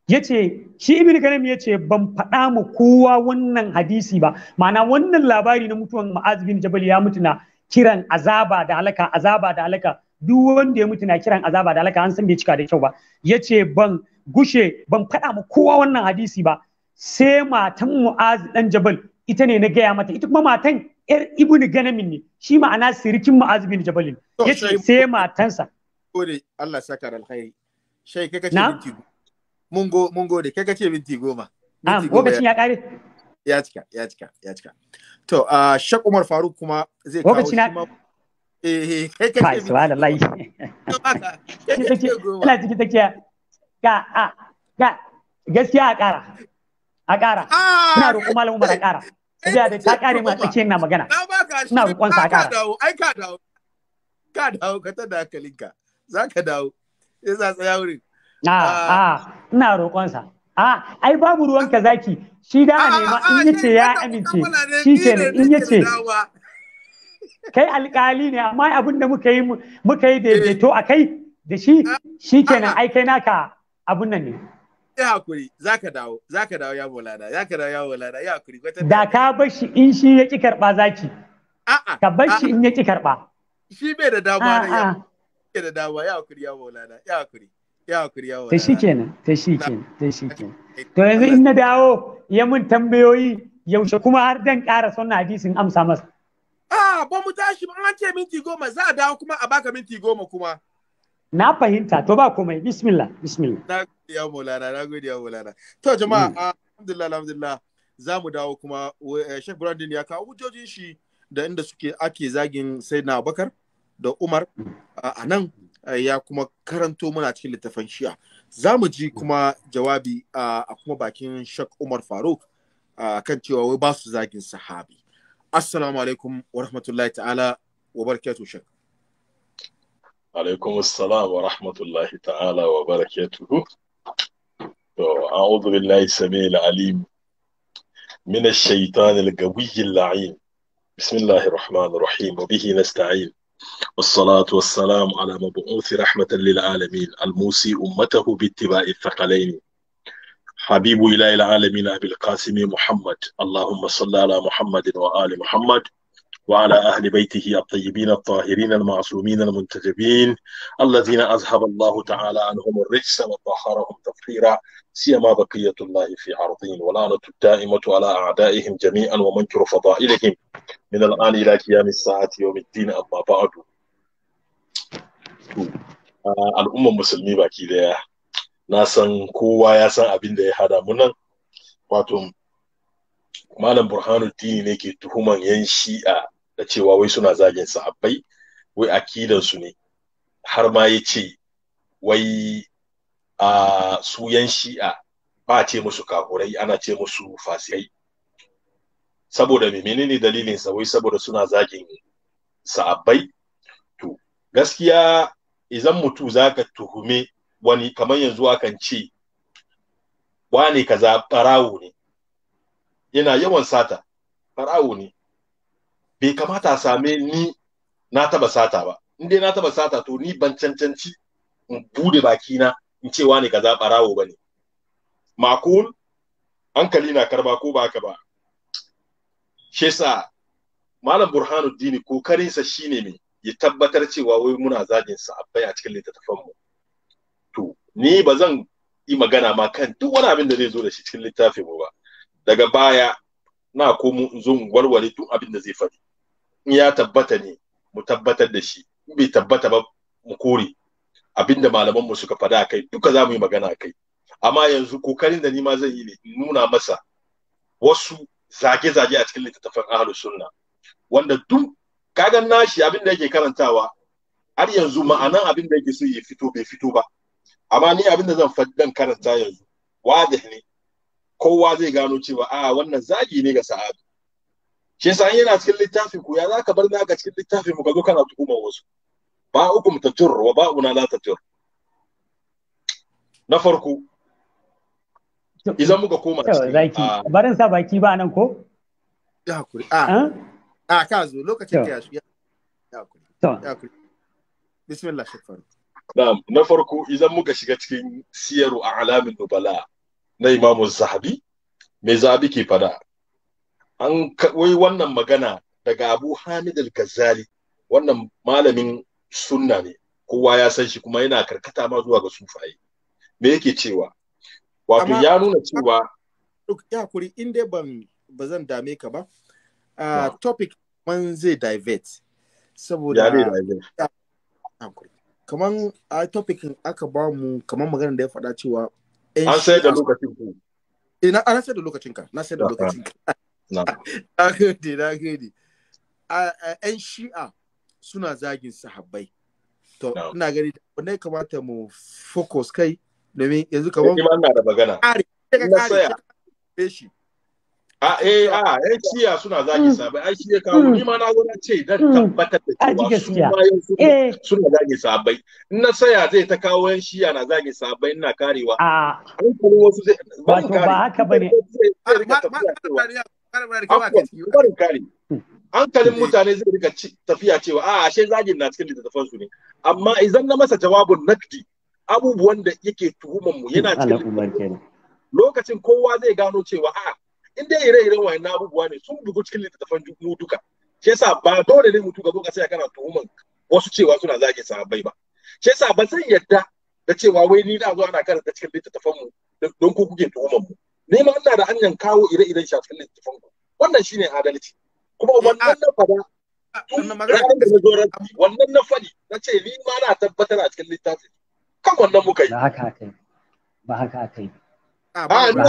yace shi ibn ganim yace ban faɗa mu kowa wannan hadisi ba ma'ana wannan labari na mutuwan mu'az bin jabal ya mutu na kiran azaba da halaka azaba da halaka duk wanda ya mutu na kiran azaba da halaka an san bai cika da kyau ba yace ban gushe ban faɗa mu kowa wannan hadisi ba sai matan mu'az dan jabal ita ne na gaya mata ita kuma matan yar ibn ganamin ne shi ma'ana sirikin ma'az bin jabalin yace sai matansa gode Allah saka alkhairi shai kai kace minti mun go mun gode kai kace minti goma ah lokacin ya kare ya cika ya cika ya cika to a ah, shak Umar Faruk kuma zai kawo shi ma eh, eh kai kace subhanallah ina ciki take ga a ga gaskiya a kara a ƙara ah! ina roƙo malam Umar a ƙara eh, tafiya da ta eh, ƙare ma tsakiyar na magana ina roƙon sa a ƙara ai ka dawo ka dawo ka tada hankalinka za ka dawo sai za tsaya wurin a a ah. ina roƙon sa a ai babu ruwan ka zaki shi da ah, ne ma in yace ya amince shi ke ne in yace kai alƙali ne amma abin da muka yi muka yi eh. daidaito a kai da shi shi kenan ai kai naka abun nan ne ya ya ya ya hakuri da ka bar in shi ya ki karba ka bar in ya ki karba shi bai da ya ta to yanzu in na dawo ya mun tambayoyi yaushe kuma har dan ƙara son hadisin amsa masa a ah, ba mu tashi ba an ce minti goma za a dawo kuma a baka minti goma kuma Na fahimta, to ba komai, bismillah, bismillah. Na gode ya mulana, na gode ya mulana. To jama'a, mm. alhamdulillah, alhamdulillah, za mu dawo kuma eh, Sheikh Brandon ya kawo hujjojin shi da inda suke ake zagin sai na Abakar da Umar mm. a nan eh, ya kuma karanto muna cikin littafan shiya. Za mu ji mm. kuma jawabi a kuma bakin Sheikh Umar Faruk kan cewa wai ba su zagin sahabi. Assalamu alaikum wa rahmatullahi ta'ala wa barakatuh Sheikh. عليكم السلام ورحمة الله تعالى وبركاته أعوذ بالله السميع العليم من الشيطان القوي اللعين بسم الله الرحمن الرحيم وبه نستعين والصلاة والسلام على مبعوث رحمة للعالمين الموسي أمته باتباع الثقلين حبيب إله العالمين أبي القاسم محمد اللهم صل على محمد وآل محمد وعلى أهل بيته الطيبين الطاهرين المعصومين المنتجبين الذين أذهب الله تعالى عنهم الرجس وطهرهم تطهيرا سيما بقية الله في عرضين ولعنة الدائمة على أعدائهم جميعا ومنكر فضائلهم من الآن إلى قيام الساعة يوم الدين أما بعد الأمم المسلمة باكي daya na san kowa ya san abin da ya hada mu nan wato malam da cewa wai suna zagin sahabbai wai akidan su ne har ma ya ce wai a su yan shi'a ba ce musu kafurai ana ce musu fasikai saboda menene dalilin sa wai saboda suna zagin sa'abbai to gaskiya idan mutu zaka tuhume wani kamar yanzu akan ce wane kaza ɓarawo ne yana yawan sata Ɓarawo ne bai kamata a same ni na taba sata ba in dai na taba sata to ni ban cancanci in bude baki na in ce wani kaza barawo bane makul hankali na karba ko ba ka ba shi sa malam burhanuddin kokarin sa shine mai ya tabbatar cewa wai muna zagin bai a cikin littattafan mu to ni ba zan yi magana ma kan duk wani abin da zai zo da shi cikin littafin mu ba daga baya na komo in zo in warware duk abin da zai faɗi in ya tabbata ne mu tabbatar da shi bai tabbata ba mu kore abinda malaman mu suka faɗa kai duka za mu yi magana kai amma yanzu kokarin da ni ma zan yi ne nuna masa wasu zage-zage a cikin littattafan ahlu sunna wanda duk kagan nashi abin yake karantawa har yanzu ma'anan abin da yake so ya fito bai fito ba amma ni abin da zan faddan karanta yanzu wadih ne kowa zai gano cewa a wannan zagi ne ga sa'adu shi yasa yana cikin littafi ko ya za ka bar naka cikin littafi mu zo kana tukuma wasu ba ukum tatur wa ba una la tatur na farko idan muka koma zaki ah. barin sa baki ba nan ko ya hakuri a ah. a ah, ka zo lokacin da ya ya hakuri ya hakuri bismillah shukran na'am na farko idan muka shiga cikin siyaru a alamin nubala na imamu zahabi mai zabi ke fada an wai wannan magana daga Abu Hamid al-Ghazali wannan malamin sunna ne kowa ya san shi kuma yana karkata ma zuwa ga sufaye me yake cewa wato ya nuna cewa ya kuri in dai ban ba zan dame ka ba uh, topic man zai divert saboda kaman a topikin aka ba mu kaman magana da ya faɗa cewa an sai da lokacin ku ina eh, an sai da lokacin ka na sai da lokacin ka Na gode, na gode. ‘Yan shi'a suna zagin sahabbai. To, ina gani wanda ya kamata mu focus kai domin yanzu kamar. Ima ina da magana. Ina Beshi. A eh a ‘yan shi'a suna zagin hmm. sahabbai. Ai shi ya kawo hmm. ni ma na zo ce dan hmm. tabbatar da cewa su ma eh. suna zagin sahabbai. Ina na zai ta kawo ‘yan shi'a na zagin sahabbai ina karewa. A. Wato ba haka bane. barin kare hankalin mutane zai rika tafiya cewa a ah, ashe zagin na cikin littattafan su ne amma idan na masa jawabin nakdi abubuwan da yake tuhuman mu yana cikin lokacin kowa zai gano cewa a ah, in dai ire-iren wayannan abubuwa ne sun bugu cikin littattafan mu duka shi yasa ba dole ne mutu gaba sai kana tuhuman wasu cewa suna zage sahabbai ba shi yasa ba zan yadda da cewa wai ni na zo ana karanta cikin littattafan mu don ko kuke tuhuman mu ne ma ina da hanyar kawo ire-iren shi a cikin littafin ku wannan shine adalci kuma wannan na fada wannan na fadi na ce ni ma na tabbatar a cikin littafin kan wannan muka yi ba haka akai ba haka akai ba ni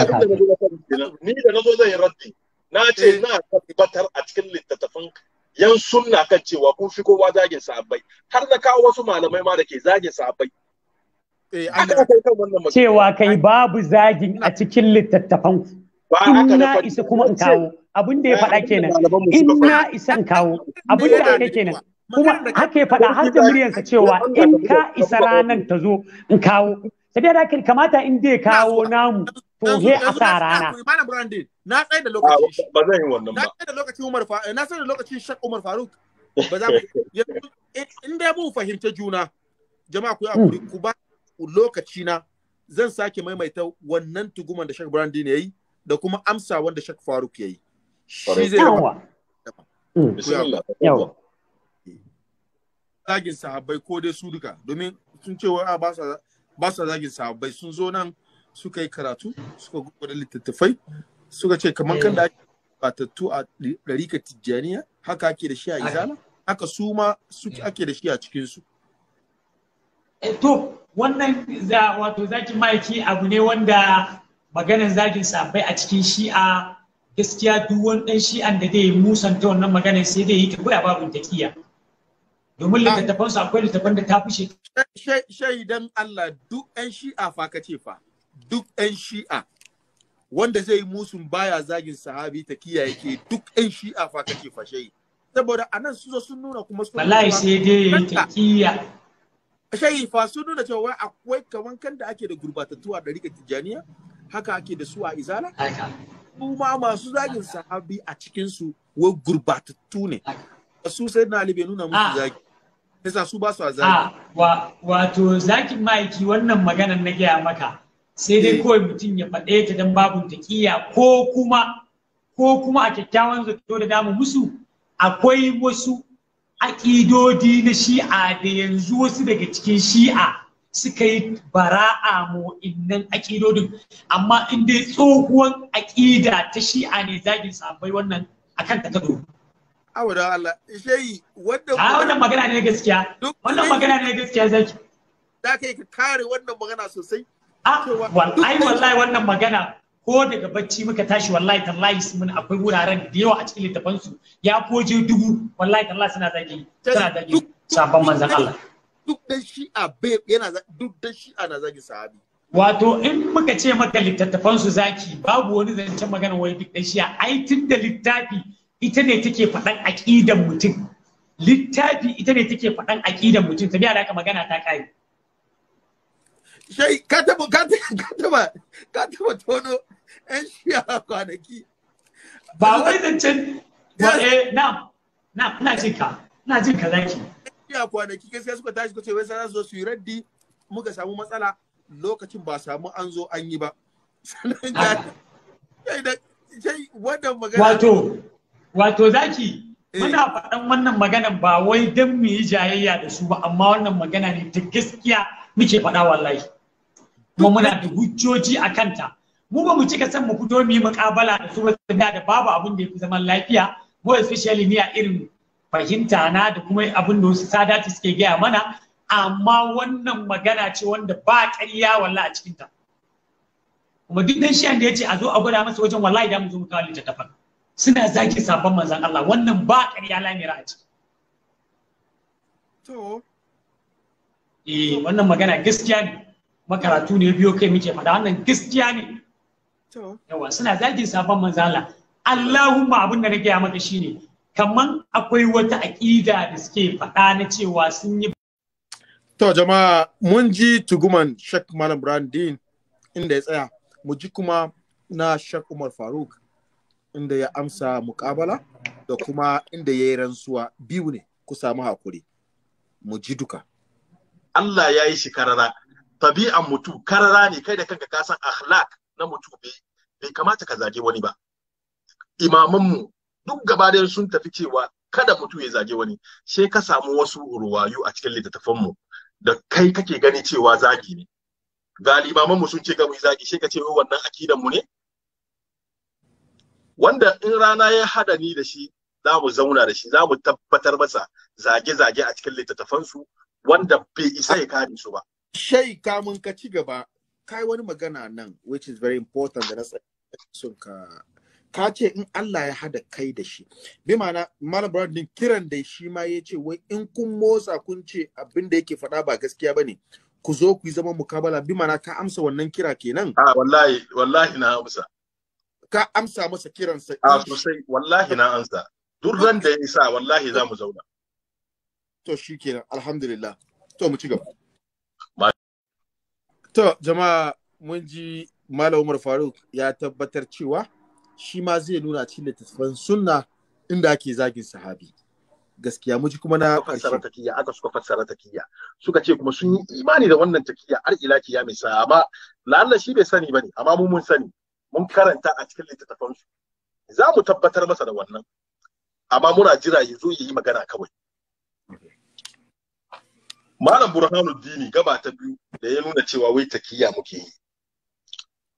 da ni da nazo zan yi raddi na ce eh. na tabbatar a cikin littattafan yan sunna kan cewa kun fi kowa zagin sahabbai har na kawo wasu malamai ma da ke zagin sahabbai Eh, cewa kai babu zagin a cikin littattafan in na isa kuma in kawo abin da ya eh, faɗa kenan in na isa in kawo abin da aka kenan kuma haka ya faɗa har da muryarsa cewa in ka isa ranar ta zo in kawo sabiya da haka kamata in dai kawo namu to he a sa rana na tsaye da lokaci ba zan yi wannan ba na tsaye da lokacin Umar Faruk eh, na tsaye da Shak Umar Faruk ba za mu in dai mu fahimta juna jama'a ku yi hmm. ku ba lokacina zan sake maimaita wannan tuguman da Sheikh Brandin yayi da kuma amsa wanda Sheikh Faruk yayi shi zai yawa mm. zagin sahabbai ko dai su duka domin sun ce wa ba sa zagin sahabbai sun zo nan suka yi karatu suka gudu littattafai suka ce kamar kan da eh. ake batattu a ɗarika tijjaniya haka ake da shi a izala haka su ma suke eh. ake da shi a cikinsu. Eh, to wannan wato zakin ma'aiki abu ne wanda maganar zagin sabai a cikin shi'a gaskiya duk wani dan shi'an da zai musanta wannan maganar sai dai yi tafiya babu takiya domin ah. littattafan su akwai littattafan da ta fushe shaidan Allah duk ɗan shi'a fa kace fa duk ɗan shi'a wanda zai musun baya zagin sahabi ta kiyaye ke duk ɗan shi'a fa fa fashe saboda anan su zo sun nuna kuma su wallahi sai dai takiya shayi fa sun nuna cewa wai akwai kaman kan da ake da gurbatattu a ɗarika tijjaniya haka ake da su a izala kuma masu zagin sahabi a cikin su wai gurbatattu ne su sai na nuna musu ah. zagi su ba su a zagi ah, wato zakin ma'aiki wannan maganar na gaya maka sai dai eh. kawai mutum ya faɗe ta dan babu taƙiya ko kuma ko kuma a kyakkyawan zato da damu musu akwai wasu aƙidodi na shi'a da yanzu wasu daga cikin shi'a suka yi bara'a mu innan aƙidodin amma in dai tsohuwan aƙida ta shi'a ne zagin sabai wannan akan ta gado awo da Allah shehi wanda a wannan magana ne gaskiya wannan magana ne gaskiya zaki za yi ka kare wannan magana sosai ah, a wallahi wallahi wannan magana ko daga bacci muka tashi wallahi tallahi mun akwai wuraren da yawa a cikin littafan su ya koje dubu wallahi tallahi suna zagi suna zagi sabon manzon Allah duk da shi'a babe yana duk dan shi'a na zagi sahabi wato in muka ce maka littattafan su zaki babu wani zancen magana wai duk shi a. ai tun da littafi ita ne take faɗan aqidan mutum littafi ita ne take faɗan aqidan mutum tabiya da aka magana ta kai shai ka taba ka taba ka taba tono 'yan shiya kwanaki. Ba wai zancen ba eh na na na jin ka na jin ka zaki. Shiya kwanaki gaskiya suka tashi kace wai sai zo su yi raddi muka samu matsala lokacin ba samu an zo an yi ba. Sannan ya Wato wato zaki eh. Muna faɗan wannan maganan ba wai don mu yi jayayya da su ba, amma wannan magana ne ta gaskiya muke faɗa wallahi. Kuma muna da hujjoji a kanta. mu ba mu cika san mu fito mu yi mukabala da su ba da babu abin da ya fi zaman lafiya mu especially ni a irin fahimta na da kuma abin da wasu sadati suke gaya mana amma wannan magana ce wanda ba ƙarya walla a cikinta kuma duk dan shiyan da ya ce a zo a gwada masa wajen wallahi da mu zo mu kawo littattafan suna zaki sabon manzon Allah wannan ba ƙarya lamira a ciki to eh wannan magana gaskiya ne makaratu ne biyo kai muke faɗa wannan gaskiya ne yawa suna zagin sabon manzala Allahumma abin da nake ya maka shine kaman akwai wata aƙida da suke faɗa na cewa sun yi to jama'a mun ji tuguman Sheikh Malam Brandin inda ya tsaya mu ji kuma na Sheikh Umar Faruk inda ya amsa muƙabala da kuma inda ya yi rantsuwa biyu ne ku samu hakuri mu ji duka Allah ya yi shi karara tabi'an mutu karara ne kai da kanka ka san akhlaq na mutum bai kamata ka zage wani ba imamanmu duk gaba ɗaya sun tafi cewa kada mutum ya zage wani sai ka samu wasu ruwayu a cikin littattafanmu da kai kake gani cewa zagi ne ga limamanmu sun ce ga mu zagi sai ka ce wannan akidan mu ne wanda in rana ya hada ni da shi za mu zauna da shi za mu tabbatar masa zage-zage a cikin littattafansu wanda bai isa ya kare su ba. Shai kamun ka ci gaba kai wani magana nan which is very important da na son ka ka ce in Allah ya hada kai da shi bi ma'ana malam Bradley kiran da shi ma ya ce wai in kun motsa kun ce abin da yake faɗa ba gaskiya ba ne. ku zo ku yi zaman mukabala bi ma'ana ka amsa wannan kira kenan a ah, wallahi wallahi na amsa ka amsa masa kiransa a ah, sosai wallahi na amsa duk ran da ya isa wallahi za mu zauna to shikenan alhamdulillah to mu ci gaba To, jama'a mun ji Malam Umar Faruk ya tabbatar cewa shi ma zai nuna cikin littattafan sunna inda ake zagin sahabi. Gaskiya mu ji kuma na fassara takiyya aka suka fassara takiyya suka ce kuma sun yi imani da wannan takiyya har ila ya mai sa amma lalla shi bai sani bane amma mu mun sani mun karanta a cikin littattafan su za mu tabbatar masa da wannan amma muna jira ya zo yi magana kawai Malam Burhanu Dini gaba ta biyu da ya nuna cewa wai takiya muke yi.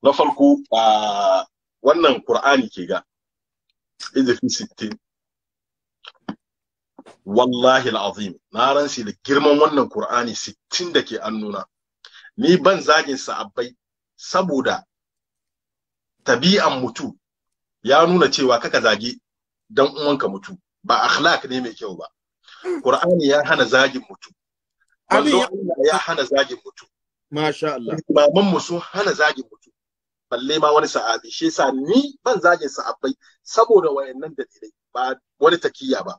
Na farko a wannan Qur'ani ke ga Izifi sittin. Wallahi al'azim na ransi da girman wannan Kur'ani sittin da ke an nuna. Ni ban zagin sa'abbai saboda tabi'an mutu ya nuna cewa kaka zagi dan uwanka mutu ba akhlaq ne mai kyau ba. Kur'ani ya hana zagin mutu. Manzon Allah ya hana zagin mutu. Masha Allah. Imaman mu sun hana zagin mutu. Balle ma wani sa'abi shi yasa ni ban zagin sa'abai saboda wayannan dalilai ba wani takiya ba.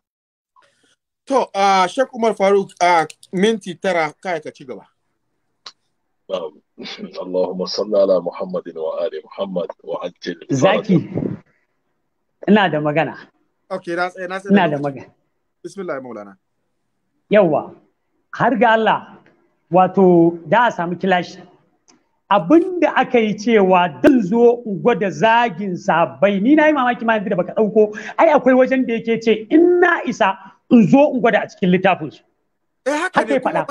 To, a uh, Sheikh Umar Faruk a uh, minti tara kai ka ci gaba. Allahumma salli ala Muhammadin wa ali Muhammad wa Zaki. Ina da magana. Okay, na na Ina da magana. Bismillah Maulana. Yawwa. har ga Allah wato da a samu kilashi abinda aka yi cewa dan zo ugo da zagin sabai ni na yi mamaki ma yanzu da baka ɗauko ai akwai wajen da yake ce in na isa in zo in gwada a cikin littafin su eh, haka ya faɗa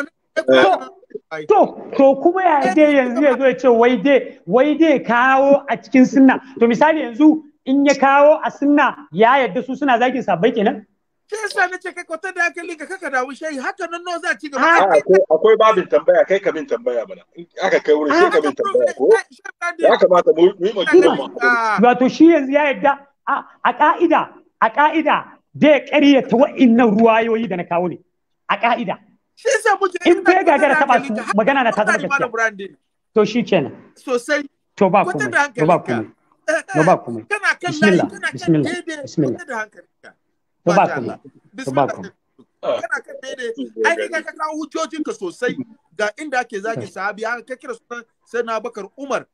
to to kuma ya dai yanzu ya zo ya ce wai dai wai dai kawo a cikin sunna to misali yanzu in ya kawo a sunna ya yadda su suna zagin sabai kenan Shi yasa na ce ka ta da hankali ka kaka dawo shayi haka nan no za ci gaba. Akwai babin tambaya kai ka min tambaya bana. Aka kai wurin sai ka min tambaya ko. Ya kamata mu yi ma juna ah. Wato shi yanzu ya yadda a ka'ida a ka'ida zai ƙaryata wa'innan ruwayoyi da na kawo ne a ka'ida. Shi yasa muke in kai gagara taba su magana na ta zama gaskiya. To shi kenan. Sosai. To ba komai. To ba komai. Eh, eh, to ba komai. Kana kan layi kana kan daidai. Bismillah. Bismillah. tabakulla tabakulla ah. kana kan daidai ai kai ka kawo hujjojin ka sosai ga inda ake zagi eh. sahabi haka ka kira sunan sayyidina Bakar Umar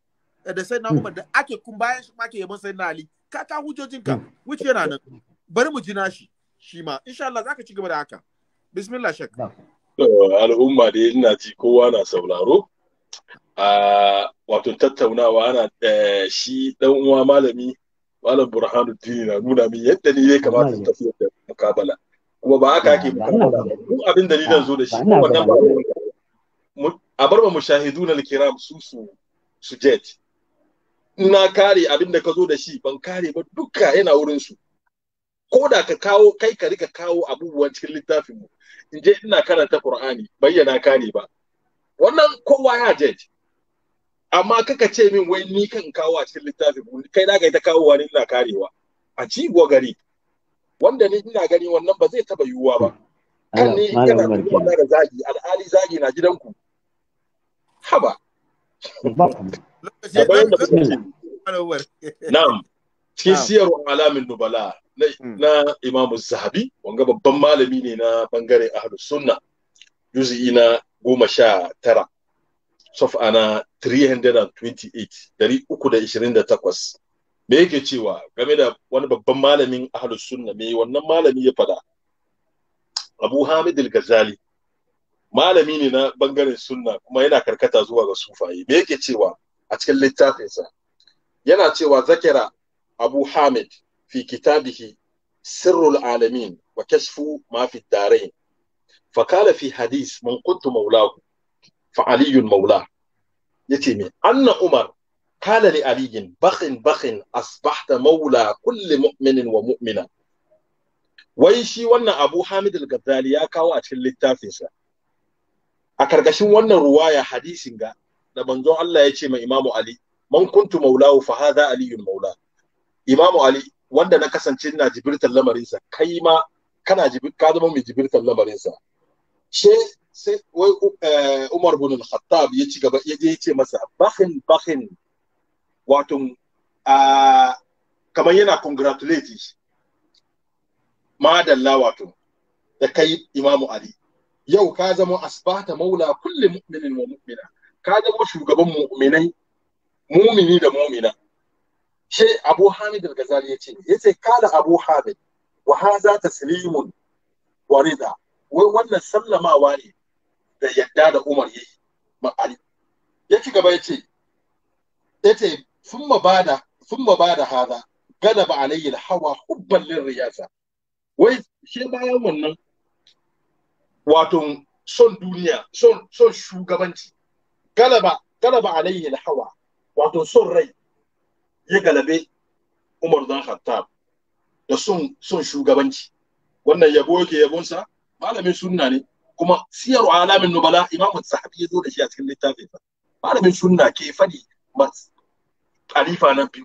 eh, da sayyidina hmm. Umar da ake kun bayan shi ma ke yaban sayyidina Ali ka kawo hujjojin ka hmm. which yana nan bari mu ji nashi shi ma insha Allah zaka ci gaba da haka bismillah shek al'umma da ina ji kowa na sauraro a ah, wato tattaunawa ana eh, shi dan uwa malami malam burhanuddin na nuna min yadda ni ya kamata in tafi da mukabala kuma ba haka ake mukabala ba duk abin da ni zo da shi kuma wannan ba a bar ma mushahidun al-kiram su su su jet na kare abin da ka zo da shi ban kare ba duka yana wurin su ko da ka kawo kai ka rika kawo abubuwan cikin littafin mu in je ina karanta qur'ani bayyana kare ba wannan kowa ya jet amma kaka ce min wai ni kan kawo a cikin littafi kai da ga ta kawowa ni ina karewa a cigo gari wanda ni ina gani wannan ba zai taba yiwuwa ba kan ni kana da da zagi al'ali zagi na gidanku haba na'am cikin siyarwar alamin nubala hmm. na imamu zahabi wanga babban malami ne na bangare ahlus sunna juzi'i na goma sha tara safa na 328 me yake cewa game da wani babban malamin ahlus sunna me wannan malami ya fada Abu Hamid al-Ghazali malami ne na bangaren sunna kuma yana karkata zuwa ga sufaye me yake cewa a cikin littafinsa yana cewa zakira Abu Hamid fi kitabihi sirrul alamin wa kashfu ma fi darain fa kala fi hadis man kuntu maulahu fa aliyun maula ce me anna umar kala li aliyin bakin bakhin asbahta maula kulli mu'minin wa mu'mina wai shi wannan abu hamid al ya kawo a cikin littafinsa a karkashin wannan ruwaya hadisin ga da manzon Allah ya ce ma imamu ali man kuntu maulahu fa hadha aliyun maula imamu ali wanda na kasance ina jibirtar lamarinsa kai ma kana ka zama mai jibirtar lamarinsa she sai wai eh, Umar bin Khattab ya ci gaba ya ce masa bahin bahin wato kamar yana congratulate madalla wato da kai Imamu Ali yau ka zama asbata maula kulli mu'minin wa mu'mina ka zama shugaban mu'minai mumini da mumina she Abu Hamid al-Ghazali yace yace kala Abu Hamid wa hadha taslimun wa wai wannan sallamawa ne da yadda da Umar yayi ma'ali ya ci gaba ce yace thumma bada thumma bada hada galaba alayhi al-hawa hubban lirriyasa wai shi bayan wannan wato son duniya son son shugabanci galaba galaba alayhi alhawa hawa wato son rai ya galabe Umar dan Khattab da son son shugabanci wannan yabo yake yabonsa malamin sunna ne kuma siyar alamin nubala imamu sahabi ya zo da shi a cikin littafin sa malamin sunna ke fadi khalifa na biyu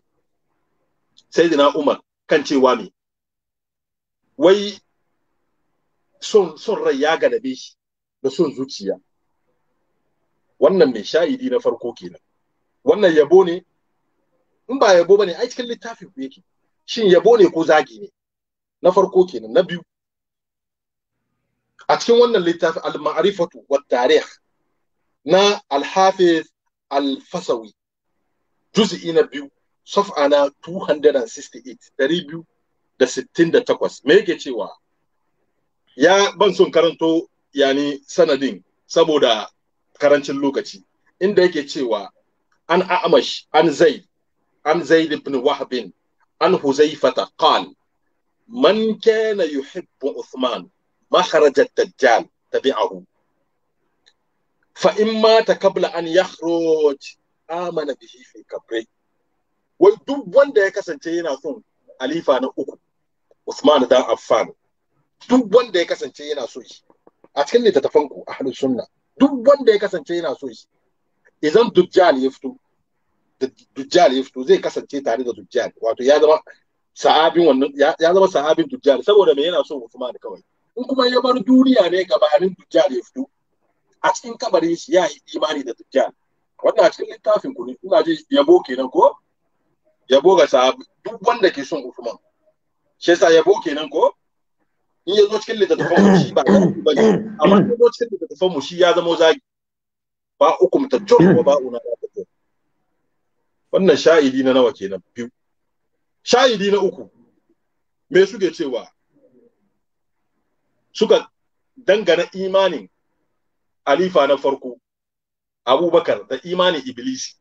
sayyidina umar kan cewa me wai son son rai ya galabe shi da son zuciya wannan mai sha'idi na farko kenan wannan yabo ne in ba yabo bane ai cikin littafin ku yake shin yabo ne ko zagi ne na farko kenan na biyu a cikin wannan littafi al-ma'rifatu wa tarikh na al-hafiz al-fasawi juz'i na biyu saf'a na 268 268 me yake cewa ya ban son karanto yani sanadin saboda karancin lokaci inda yake cewa an amash an zai an zai ibn wahb an huzaifata qal man kana yuhibbu uthman مخرج الدجال تبعه فإن مات قبل أن يخرج آمن به في قبره wai duk wanda ya kasance yana son alifa na uku Usman dan Affan duk wanda ya kasance yana so shi a cikin littattafan ku ahlus sunna duk wanda ya kasance yana so shi dujjal ya fito zai kasance tare da dujjal wato ya zama sahabin wannan ya zama sahabin dujjal saboda me yana so Usman kawai in kuma ya bar duniya ne gabanin dujjal ya fito a cikin kabarin shi ya yi imani da dujjal wannan a cikin littafin ku ne ina ji yabo kenan ko yabo ga sahabi duk wanda ke son Usman shi yasa yabo kenan ko in ya zo cikin littattafan mu shi ba ba ne amma in ya zo cikin littattafan mu shi ya zama zagi ba hukumta jor wa ba una da wannan sha'idi na nawa kenan biyu sha'idi na uku me suke cewa suka dangana imanin alifa na farko abubakar da imanin iblisi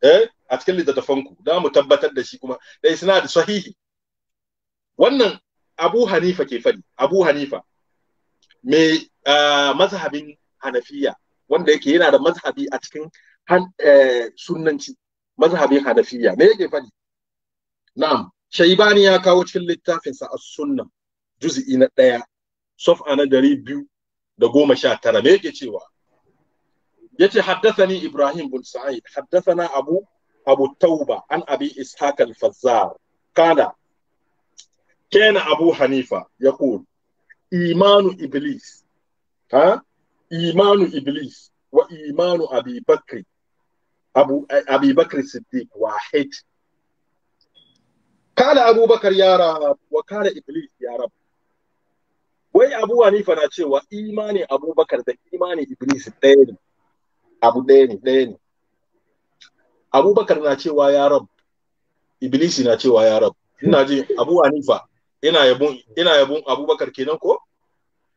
eh a cikin littattafanku da mu tabbatar da shi kuma da isnad sahihi wannan abu hanifa ke faɗi abu hanifa mai ah, mazhabin hanafiya wanda yake yana da mazhabi a cikin eh, sunanci mazhabin hanafiya me yake faɗi na'am shaibani ya kawo cikin littafinsa as-sunna juz'i na ɗaya saf'a na dari biyu da goma sha tara me yake cewa yace haddathani ibrahim bin sa'id haddathana abu tauba an abi ishaq al-fazzar kana kana abu hanifa yaqul imanu iblis ha imanu iblis wa imanu abi bakri abu قال أبو بكر يا رب وقال إبليس يا رب wai abu hanifa na cewa imanin abubakar da imanin iblis ɗaya ne abu ɗaya ne ɗaya ne abubakar na cewa ya rab iblis na cewa ya rab ina ji abu fa ina yabon ina yabon abubakar kenan ko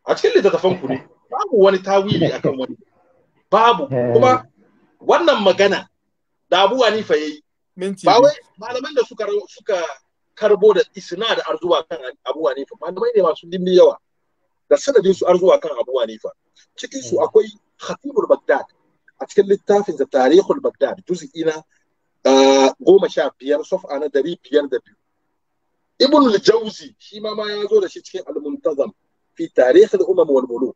a cikin littattafan ku ne babu wani tawili akan wani babu kuma wannan magana da abu fa yayi ba wai malaman da suka suka karbo da isna da arzuwa kan abu fa malamai ne masu dimbi yawa da sanadin su arzuwa zuwa kan Abu Hanifa cikin su hmm. akwai Khatibul Baghdad a cikin littafin da Tarihul Baghdad juz'i na ah, goma sha biyar saf'a na dari biyar da biyu Ibn al-Jawzi shi ma ma ya zo da shi cikin Al-Muntazam fi Tarikh al-Umam wal Muluk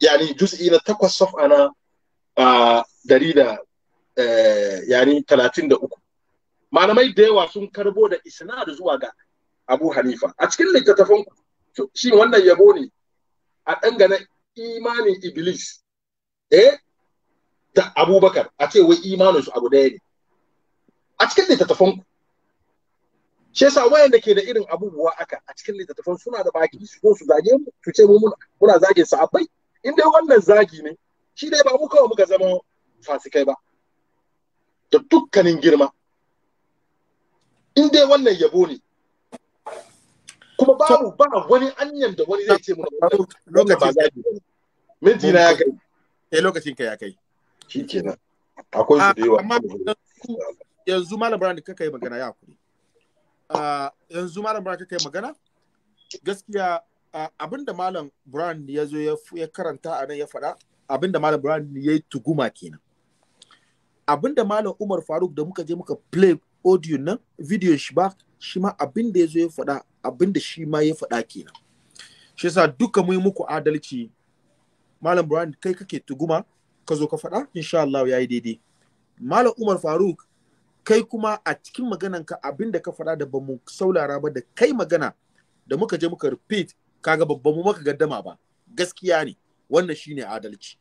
yani juz'i na takwas saf'a na dari ah, da eh, yani talatin da uku malamai da yawa sun karbo da isnad zuwa ga Abu Hanifa a cikin littafin. ku shi wannan yabo ne a dangane imanin iblis eh da abubakar a ce wai imaninsu abu daya ne a cikin littattafan ku shi yasa wayanda ke da irin abubuwa aka a cikin littattafan suna da baki su ko su zage mu su ce mu muna zagin abai in dai wannan zagi ne shi dai ba mu kawai muka zama fasikai ba da dukkanin girma in dai wannan yabo ne kuma babu ba wani anyan da wani zai ce mu lokacin ba minti na ya kai eh lokacin ka ya kai shikenan akwai su ah, da yawa yanzu malam Brown da kaka yi magana ya hakuri ah, yanzu malam Brown ka kai magana gaskiya ah, abinda malam Brown ya zo ya karanta a nan ya faɗa abinda malam Brown ya yi tuguma kenan abinda malam Umar Faruk da muka je muka play audio nan video shi ba shi ma abin da ya zo ya faɗa abin da shi ma ya faɗa kenan shi yasa duka mu yi muku adalci malam Brian kai kake tuguma ka zo ka faɗa insha Allah yayi daidai malam Umar Faruk kai kuma a cikin maganan ka abin da ka faɗa da bamu saulara ba da kai magana da muka je muka repeat kaga babban mu maka gaddama ba gaskiya ne wannan shine adalci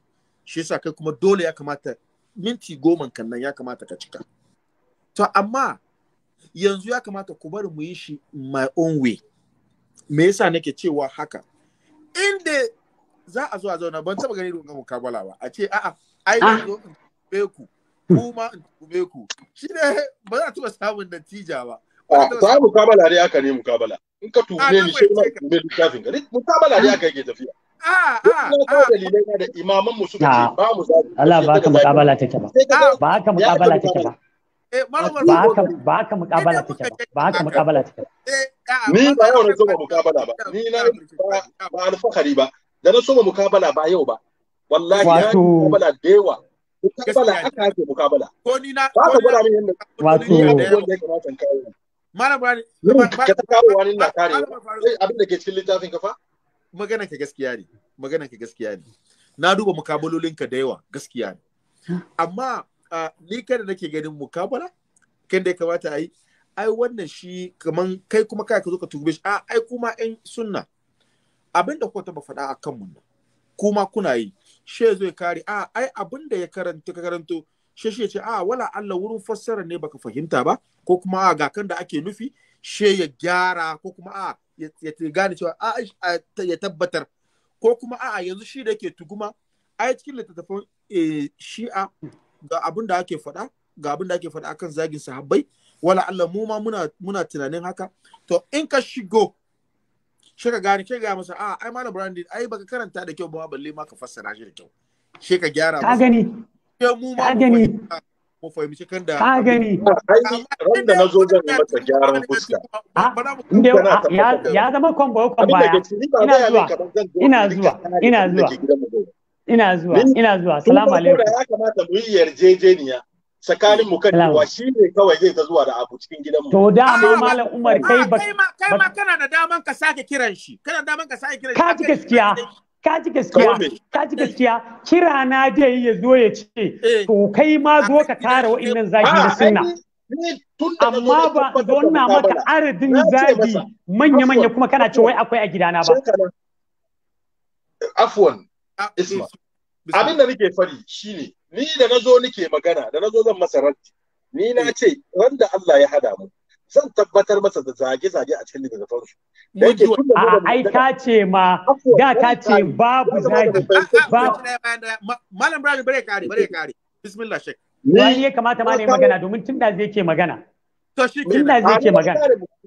shi yasa kai kuma dole ya kamata minti goma kan nan ya kamata ka cika to amma yanzu ya kamata ku bari mu yi shi my own way me yasa nake cewa haka inda za a zo a zauna ban taba gani ga bala ba a ce a'a ai da ah. zo in tube ku kuma in tube ku shi ne ba za a taba samun natija ba ah, ta kabala dai aka ne mukabala in ka tube ah, ni shi ma tube littafin ka mukabala dai aka yake tafiya da imaman mu suka ce ba mu Allah ba ka mukabala take ba ba ka mukabala take ba Eh, eh, ba haka mukabala take ba ba haka mukabala take ni ba yau na soma mukabala ba ni na ba alfahari ba da na soma mukabala ba yau ba wallahi ya na mukabala da yawa mukabala aka ake mukabala ko ni na ba ka gwada min yanda wato wanda ya kamata in kawo mana ba ka ta kawo wani na kare abin da ke cikin littafin ka fa magana ka gaskiya ne magana ka gaskiya ne na duba mukabalolinka da yawa gaskiya ne amma a ni kada nake ganin mukabala kan da ya kamata a yi ai wannan shi kaman kai kuma kai ka zo ka tube shi a ai kuma yan sunna abin da kuka taba faɗa a kanmu nan kuma kuna yi she zo ya kare a ai abin da ya karanta ka karanto she shi ya ce a wala Allah wurin fassara ne baka fahimta ba ko kuma a ga kan da ake nufi she ya gyara ko kuma a ya gane cewa a ya tabbatar ko kuma a yanzu shi da yake tuguma ai cikin littattafan eh, shi'a ga abin da ake faɗa ga abin da ake faɗa akan zagin sahabbai wala Allah mu ma muna muna tunanin haka to in ka shigo shi ka gane shi ga masa a ah, ai malam brandin ai baka karanta da kyau ba balle ma ka fassara shi da kyau shi ka gyara ka gani mu ma ka gani mu fahimci kan da ka gani ran da nazo zan yi masa gyaran fuska ya zama kombo kombo ina zuwa ina zuwa ina zuwa ina zuwa ina zuwa salamu alaikum ya kamata mu yi yarjejeniya tsakanin mu kan cewa shi ne kawai zai ta zuwa da abu cikin mu to dama malam umar kai ba kai ma kana da daman ka sake kiran shi kana da daman ka sake kiran shi ka ji gaskiya ka ji gaskiya ka ji gaskiya kira na dai ya zo ya ce eh. to kai ma zo ka tara wa'annan zagi na sunna amma ba don na maka aradin zagi manya-manya kuma kana ce wai akwai a gidana ba. Afwan, ah, Isma, eh, abin da nake fari shine ni da nazo nake magana da nazo zan masa ranti ni na eh. ce wanda Allah ya hada mu zan tabbatar masa da zage-zage a cikin littattafan su. Ai ka ce ma da ka ce babu zagi. Malam Brani bare kare bare kare. Bismillah shek. Wani ya kamata ma ne magana domin tun da zai ke magana. To shi zai ke magana.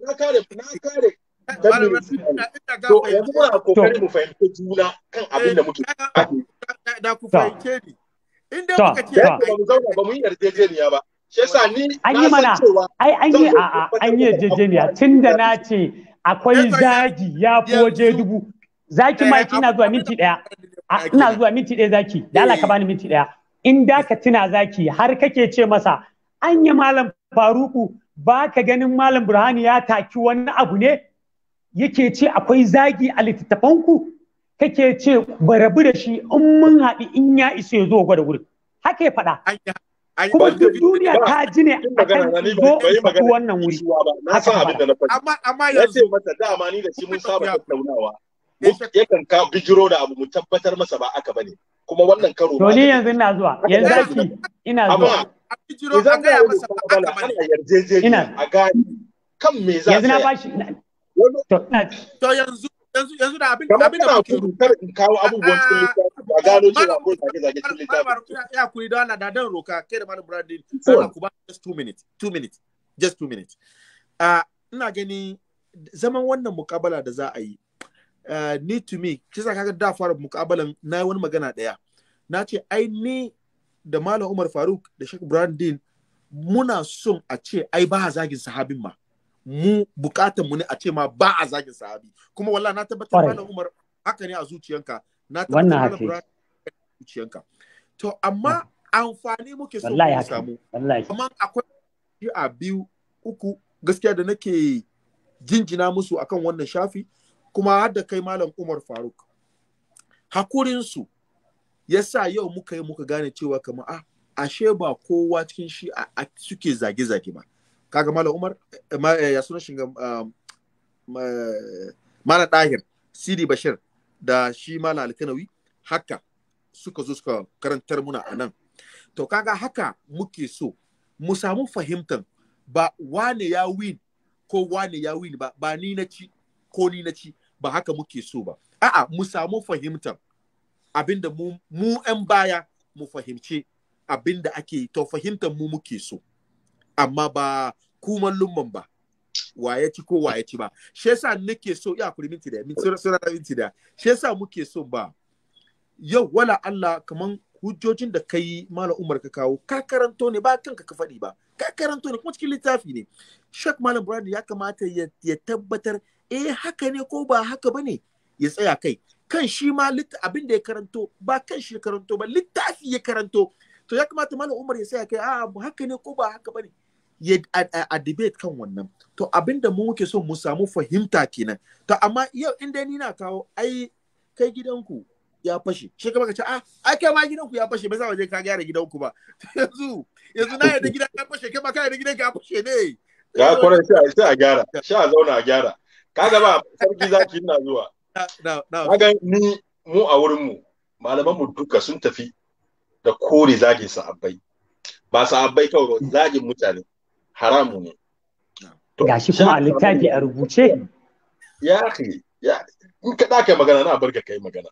Na kare na kare To yanzu muna mu juna kan abin da muke. an yi tunda na ce akwai zagi ya waje dubu. Zaki eh, ma eh, ina zuwa minti daya. Ina zuwa minti daya zaki. Da Allah ka bani minti daya. In da ka tuna zaki har kake ce masa anya malam Faruku ba ka ganin malam Burhani ya taki wani abu ne yake ce akwai zagi a littattafanku kake ce barabu da shi in mun haɗi in ya iso ya zo gwada wurin haka ya faɗa kuma duk duniya ta ji ne a kan zo su wannan wuri na san abin da na faɗi amma amma ce mata dama ni da shi mun saba tattaunawa yakan ka bijiro da abu mu tabbatar masa ba aka bane kuma wannan karo to ni yanzu ina zuwa yanzu zaki ina zuwa amma bijiro an ga masa ba aka bane ina a gani kan me za yanzu na bashi To yanzu yanzu abin da kar kawo abubuwan ah, a ah, gano cewa ko zage zage cikin Ya da dan roka kai da Malam Allah ku ba just 2 just 2 minutes. Ah, ina gani zaman wannan mukabala da za a yi ni to me kisa kaga da fara mukabalan na wani magana daya na ce ai ni da Malam Umar Faruk da Sheikh Brandin muna son a ce ai ba zagin sahabin ma mu bukatan mu ne a ce ma ba a zagin sahabi kuma wala na tabbatar malam Umar haka ne a zuciyanka na tabbatar a zuciyanka to amma ah. amfani muke so mu samu amma akwai a biyu uku gaskiya da nake jinjina musu akan wannan shafi kuma har da kai malam Umar Faruk hakurinsu ya sa yau muka yi muka gane cewa kamar a ah, ashe ba kowa cikin shi a suke zage-zage ba kaga malam umar eh, eh, ya suna shiga ah, malam dahir sidi bashir da shi malam alkanawi haka suka zo suka karantar muna a nan to kaga haka muke so mu samu fahimtar ba wane ya win ko wane ya win ba ba ni na ci ko ni na ci ba haka muke so ba a'a mu samu fahimtar abinda mu 'yan baya mu fahimce abinda ake yi to fahimtar mu muke so amma ba kuman lumman ba wa ya ci ko wa ya ci ba shi yasa nake so ya kuri minti da minti sura minti da shi yasa muke so ba yau wala Allah kaman hujjojin da kai malam Umar ka kawo ka karanto ne ba kanka ka faɗi ba ka karanto ne kuma cikin littafi ne shek malam Brad ya kamata ya, tabbatar eh haka ne ko ba haka bane ya tsaya kai kan shi ma abin da ya karanto ba kan shi ya karanto ba littafi ya karanto to ya kamata malam Umar ya tsaya kai a haka ne ko ba haka bane ya a debate kan wannan to abinda mu muke so mu samu fahimta kenan to amma yau inda ni na kawo ai kai gidanku ya fashe shi kuma ka ce a, ah, ai kai ma gidanku ya fashe ba za waje ka gyara gidanku ba yanzu yanzu na yadda gidan ya fashe kai ma ka yadda gidan ka fashe ne ga kwarar sai a gyara sha zauna a gyara kaga ba sarki zaki ina zuwa kaga ni mu a wurin mu malaman mu duka sun tafi da kore zagin abbai ba abbai kawai zagin mutane haramu ne Ga shi kuma a littafi a rubuce ya ke, ya in ka ɗaka magana na barka kai magana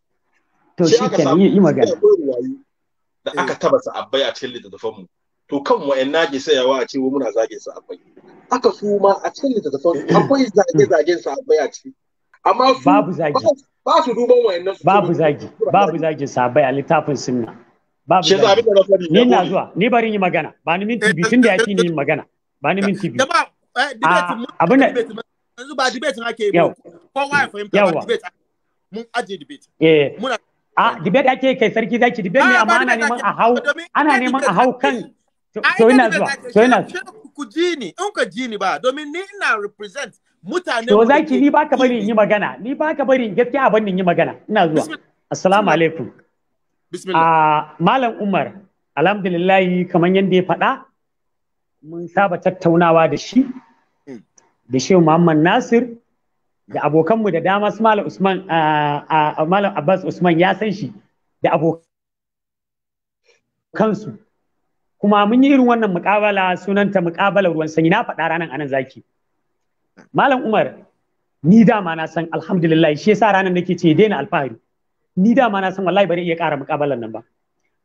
to shi kenan yi magana da eh. aka taba sa'abbai a cikin littattafan mu to kan wa'yan nage sayawa a cewa muna zage sa abai aka su ma a cikin littattafan akwai zage zagen sa abai a ciki amma su babu zage ba su duban wa'annan su babu zage babu zage sa abai a littafin sunna babu zage ni na zuwa ni bari yi magana ba ni minti bitin da ya fi ni yin magana ba ni minti biyu. Eh, ah, yanzu ba debate ake yi ko ya fahimta ba debate mun aje debate. Eh. Muna a ah, debate ake kai sarki zaki debate ne ah, amma ana neman a hau ana neman a hau kan to ina zuwa to ina ku ji ni in ka ji ni ba domin ni ina represent mutane to zaki ni baka bari in yi magana ni baka bari in gaskiya abin in yi magana ina zuwa assalamu alaikum bismillah malam umar alhamdulillah kamar yadda ya faɗa mun saba tattaunawa da shi mm. da shehu muhammad nasir da abokanmu da dama su malam usman malam abbas usman ya san shi da abokansu kuma mun yi irin wannan mukabala sunanta mukabala ruwan sanyi na faɗa ranar anan zaki malam umar ni dama na san alhamdulillah shi yasa ranar nake ce daina alfahari ni dama na san wallahi bari iya ƙara mukabalar nan ba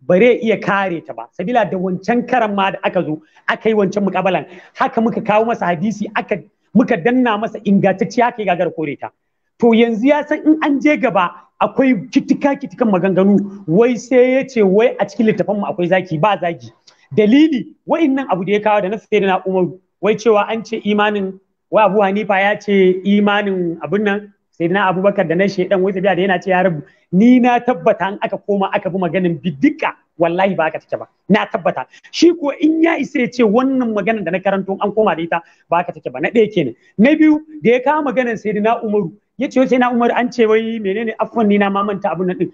bare iya kare ta ba sabila da wancan karan ma da aka zo aka yi wancan mukabalan haka muka kawo masa hadisi aka muka danna masa ingantacciya haka ya gagara kore ta to yanzu ya san in an je gaba akwai kitika kitikan maganganu wai sai ya ce wai a cikin mu akwai zaki ba zaki dalili wa'innan abu da ya kawo da na na Umaru, wai cewa an ce imanin wa Abu Hanifa ya ce imanin abin nan sai na abubakar da na shaidan wai tabiya da yana ce ya rabu ni na tabbata an aka koma aka bi maganin bidika wallahi ba aka take ba na tabbata shi ko in ya isa ya ce wannan maganar da na karanto an koma da ita ba aka take ba na ɗaya kenan na biyu da ya kawo maganar sai umaru ya ce sai na umaru an ce wai menene afwan ni na mamanta abun nan din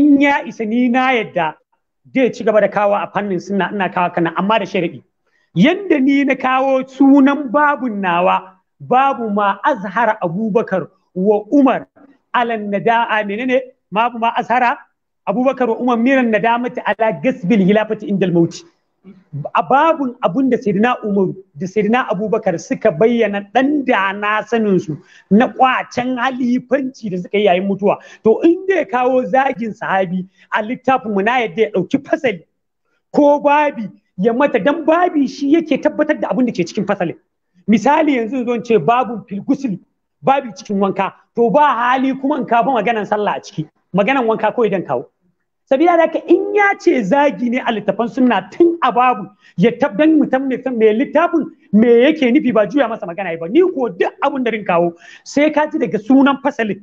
in ya isa ni na yadda zai ci gaba da kawo a fannin suna ina kawo kana amma da shari'i yanda ni na kawo sunan babun nawa babu ma azhar abubakar wa umar alan nada'a menene ma ma asara? abubakar wa umar miran nadamati ala gasbil hilafati indal mauti babun abun da sayyidina umar da sayyidina abubakar suka bayyana dan da na sanin su na kwacen halifanci da suka yi yayin mutuwa to inda ya kawo zagin sahabi a littafin mu na yadda ya dauki fasali ko babi ya mata dan babi shi yake tabbatar da abun da ke cikin fasalin misali yanzu zan ce babun filgusul babi cikin wanka to ba hali kuma in ka maganan sallah a ciki maganan wanka ko idan kawo Sabida da ka in ya ce zagi ne a littafan sunna tun a babu ya tabdan mutum mai mai littafin me yake nufi ba juya masa magana ba ni ko duk abun da rin kawo sai ka ji daga sunan fasalin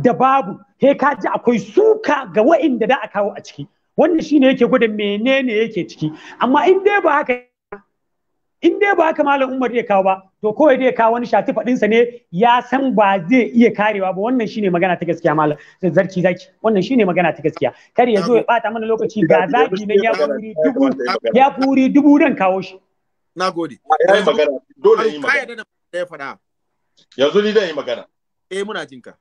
da babu he ka ji akwai suka ga wa'inda da a kawo a ciki wannan shine yake gwada menene yake ciki amma in dai ba haka in dai ba haka malam umar ya kawo ba to kawai dai kawo wani shafi faɗinsa ne ya san ba zai iya karewa ba wannan shine magana ta gaskiya malam zarki zaki wannan shine magana ta gaskiya kar ya zo ya bata mana lokaci ga zaki ne ya furi dubu ya furi dubu dan kawo shi nagode ai magana dole yi magana ya faɗa yanzu ni dan yi magana eh muna jinka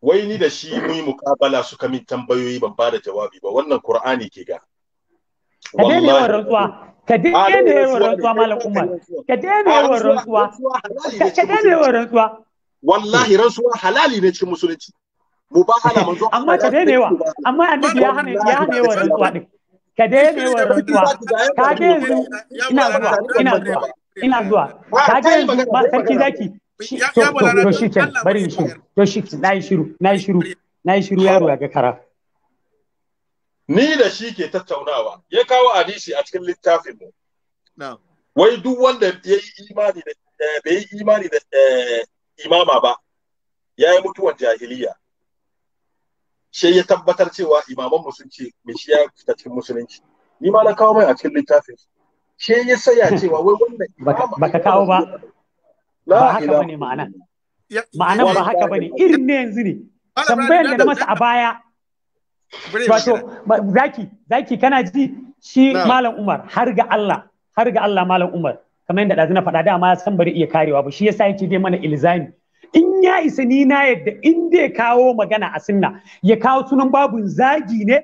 wai ni da shi mu yi mukabala suka min tambayoyi ban bada jawabi ba wannan qur'ani ke ga wallahi ka daina yawan rantsuwa malam umar ka daina yawan rantsuwa ka daina yawan rantsuwa wallahi rantsuwa halali ne cikin musulunci Mu ba mubahala manzo amma ka daina yawa amma annabi ya hana ya hana yawan rantsuwa din ka daina yawan rantsuwa ka ga yanzu ina zuwa ina zuwa ina zuwa ka ga yanzu sarki zaki to to shi bari shi to shi na yi shiru na yi shiru na yi shiru yaro ya ga kara ni da shi ke tattaunawa ya kawo hadisi a cikin littafin mu wai duk wanda ya yi imani da eh, bai yi imani da eh, imama ba ya yi mutuwan jahiliya sai ya tabbatar cewa imaman mu sun ce me shi ya fita cikin musulunci ni ma na kawo mai a cikin littafin sai ya saya cewa wai wannan baka kawo ba ba haka bane ma'ana ma'ana ba haka bane irin ne yanzu ne tambayar da na masa a baya wato zaki zaki kana ji shi malam umar har ga Allah har ga Allah malam umar kamar yadda ɗazu na faɗa dama san bari iya karewa ba shi ya yake dai mana ilzami in ya isa ni na yadda in dai kawo magana a sunna ya kawo sunan babun zagi ne